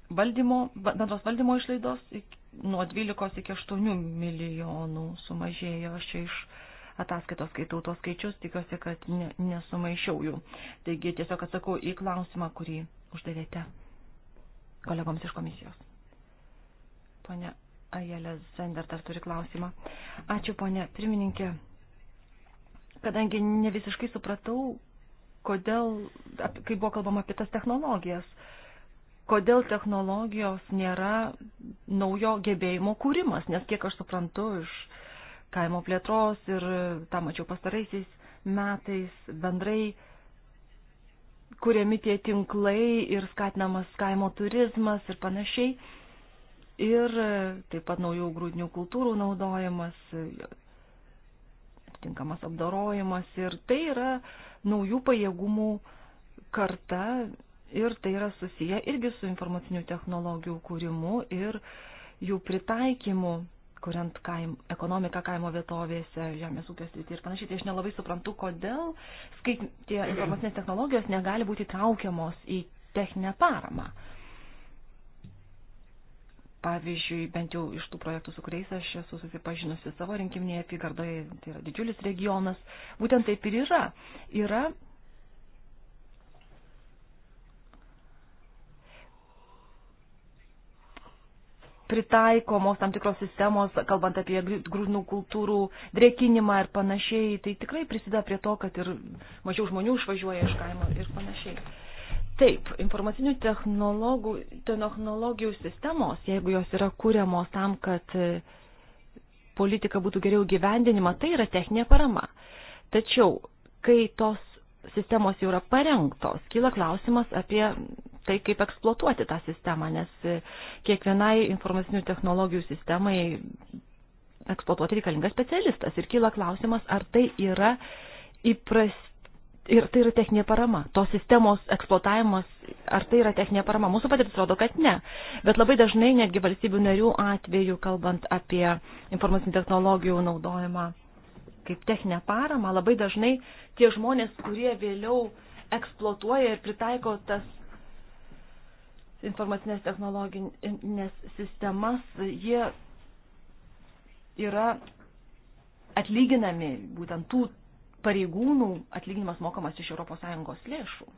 valdymo, bendros valdymo išlaidos iki nuo 12 iki 8 milijonų sumažėjo. Aš čia iš ataskaitos skaitau tos skaičius, tikiuosi, kad ne, nesumaišiau jų. Taigi tiesiog atsakau į klausimą, kurį uždavėte kolegoms iš komisijos. Pone Ajelė Zender dar turi klausimą. Ačiū, ponė pirmininkė. Kadangi ne visiškai supratau, kodėl, kai buvo kalbama apie tas technologijas, uh, kodėl technologijos nėra naujo gebėjimo kūrimas, nes kiek aš suprantu iš kaimo plėtros ir tą mačiau pastaraisiais metais bendrai kuriami tie tinklai ir skatinamas kaimo turizmas ir panašiai. Ir taip pat naujų grūdinių kultūrų naudojimas, tinkamas apdorojimas ir tai yra naujų pajėgumų karta ir tai yra susiję irgi su informacinių technologijų kūrimu ir jų pritaikymu, kuriant kaim, ekonomiką kaimo vietovėse, žemės ūkio srityje ir panašiai. Tai aš nelabai suprantu, kodėl skait, tie informacinės technologijos negali būti traukiamos į techninę paramą. Pavyzdžiui, bent jau iš tų projektų, su kuriais aš esu susipažinusi savo rinkiminėje apygardoje, tai yra didžiulis regionas, būtent taip ir yra. Yra pritaikomos tam tikros sistemos, kalbant apie grūdinų kultūrų drėkinimą ir panašiai, tai tikrai prisideda prie to, kad ir mažiau žmonių išvažiuoja iš kaimo ir panašiai. Taip, informacinių technologijų sistemos, jeigu jos yra kūriamos tam, kad e, politika būtų geriau gyvendinima, tai yra techninė parama. Tačiau, kai tos sistemos jau yra parengtos, kyla klausimas apie tai, kaip eksploatuoti tą sistemą, nes e, kiekvienai informacinių technologijų sistemai eksploatuoti reikalingas specialistas. Ir kyla klausimas, ar tai yra įprasti. Ir tai yra techninė parama. Tos sistemos eksploatavimas, ar tai yra techninė parama? Mūsų patirtis rodo, kad ne. Bet labai dažnai netgi valstybių narių atveju, kalbant apie informacinių technologijų naudojimą kaip techninę paramą, labai dažnai tie žmonės, kurie vėliau eksploatuoja ir pritaiko tas informacinės technologinės sistemas, jie yra atlyginami, būtent tų pareigūnų atlyginimas mokamas iš ES lėšų.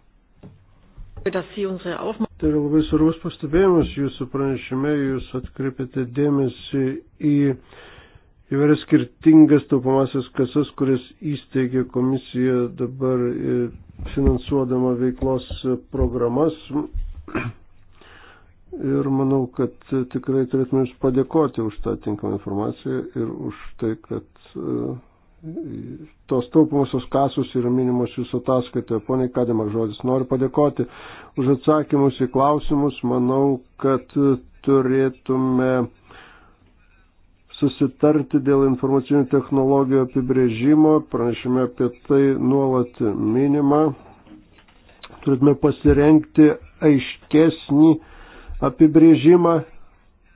Tai yra labai svarbus pastebėjimas jūsų pranešime, jūs atkreipėte dėmesį į įvairias skirtingas taupomasias kasas, kurias įsteigė komisija dabar e, finansuodama veiklos programas Ir manau, kad tikrai turėtume Jums padėkoti už tą tinkamą informaciją ir už tai, kad e, tos taupomosios kasus yra minimos Jūsų ataskaitoje. Pone Kadimak žodis, noriu padėkoti už atsakymus į klausimus. Manau, kad turėtume susitarti dėl informacinių technologijų apibrėžimo, pranešime apie tai nuolat minima. Turėtume pasirenkti aiškesnį apibrėžimą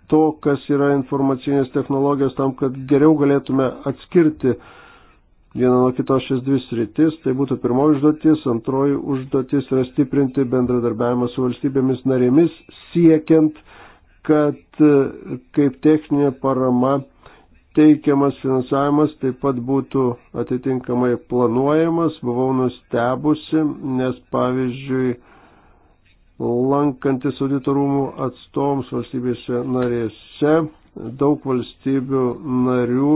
to, kas yra informacinės technologijos, tam, kad geriau galėtume atskirti vieną nuo kitos šias dvi sritis. Tai būtų pirmoji užduotis, antroji užduotis yra stiprinti bendradarbiavimą su valstybėmis narėmis, siekiant, kad e, kaip techninė parama teikiamas finansavimas taip pat būtų atitinkamai planuojamas. Buvau nustebusi, nes pavyzdžiui, lankantis auditorumų atstovams valstybėse narėse. Daug valstybių narių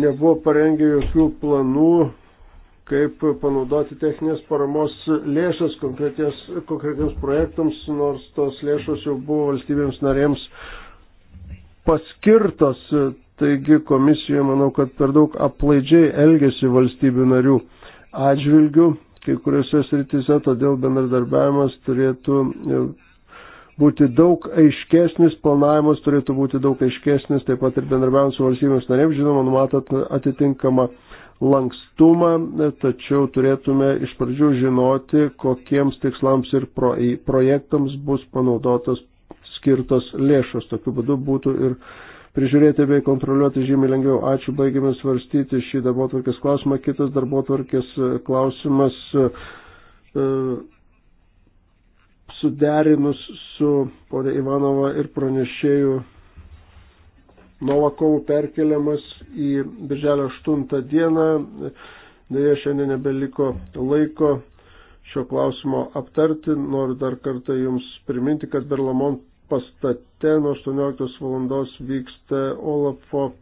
nebuvo parengę jokių planų, kaip panaudoti techninės paramos lėšas konkretiems projektams, nors tos lėšos jau buvo valstybėms narėms paskirtos. Taigi komisija, manau, kad per daug aplaidžiai elgesi valstybių narių atžvilgių kai kuriuose srityse, todėl bendradarbiavimas turėtų e, būti daug aiškesnis, planavimas turėtų būti daug aiškesnis, taip pat ir bendradarbiavimas su valstybėmis narėms, žinoma, numatot atitinkamą lankstumą, e, tačiau turėtume iš pradžių žinoti, kokiems tikslams ir projektams bus panaudotas skirtos lėšos. Tokiu būdu būtų ir prižiūrėti bei kontroliuoti žymiai lengviau. Ačiū, baigėme svarstyti šį darbotvarkės klausimą. Kitas darbotvarkės e, klausimas e, suderinus su ponė Ivanova ir pranešėjų Novakovų perkeliamas į birželio 8 dieną. Dėja, šiandien nebeliko laiko šio klausimo aptarti. Noriu dar kartą Jums priminti, kad Berlamont pastate nuo 18 valandos vyksta Olafo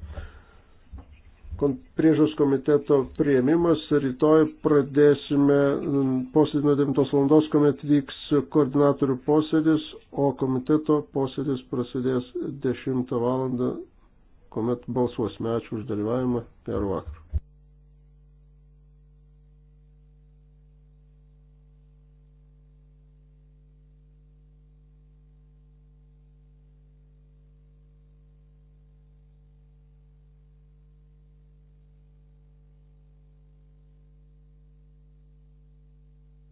priežos komiteto prieimimas. Rytoj pradėsime posėdį nuo 9 valandos, kuomet vyks koordinatorių posėdis, o komiteto posėdis prasidės 10 valandą, kuomet balsuosime. Ačiū už dalyvavimą. Per vakarą.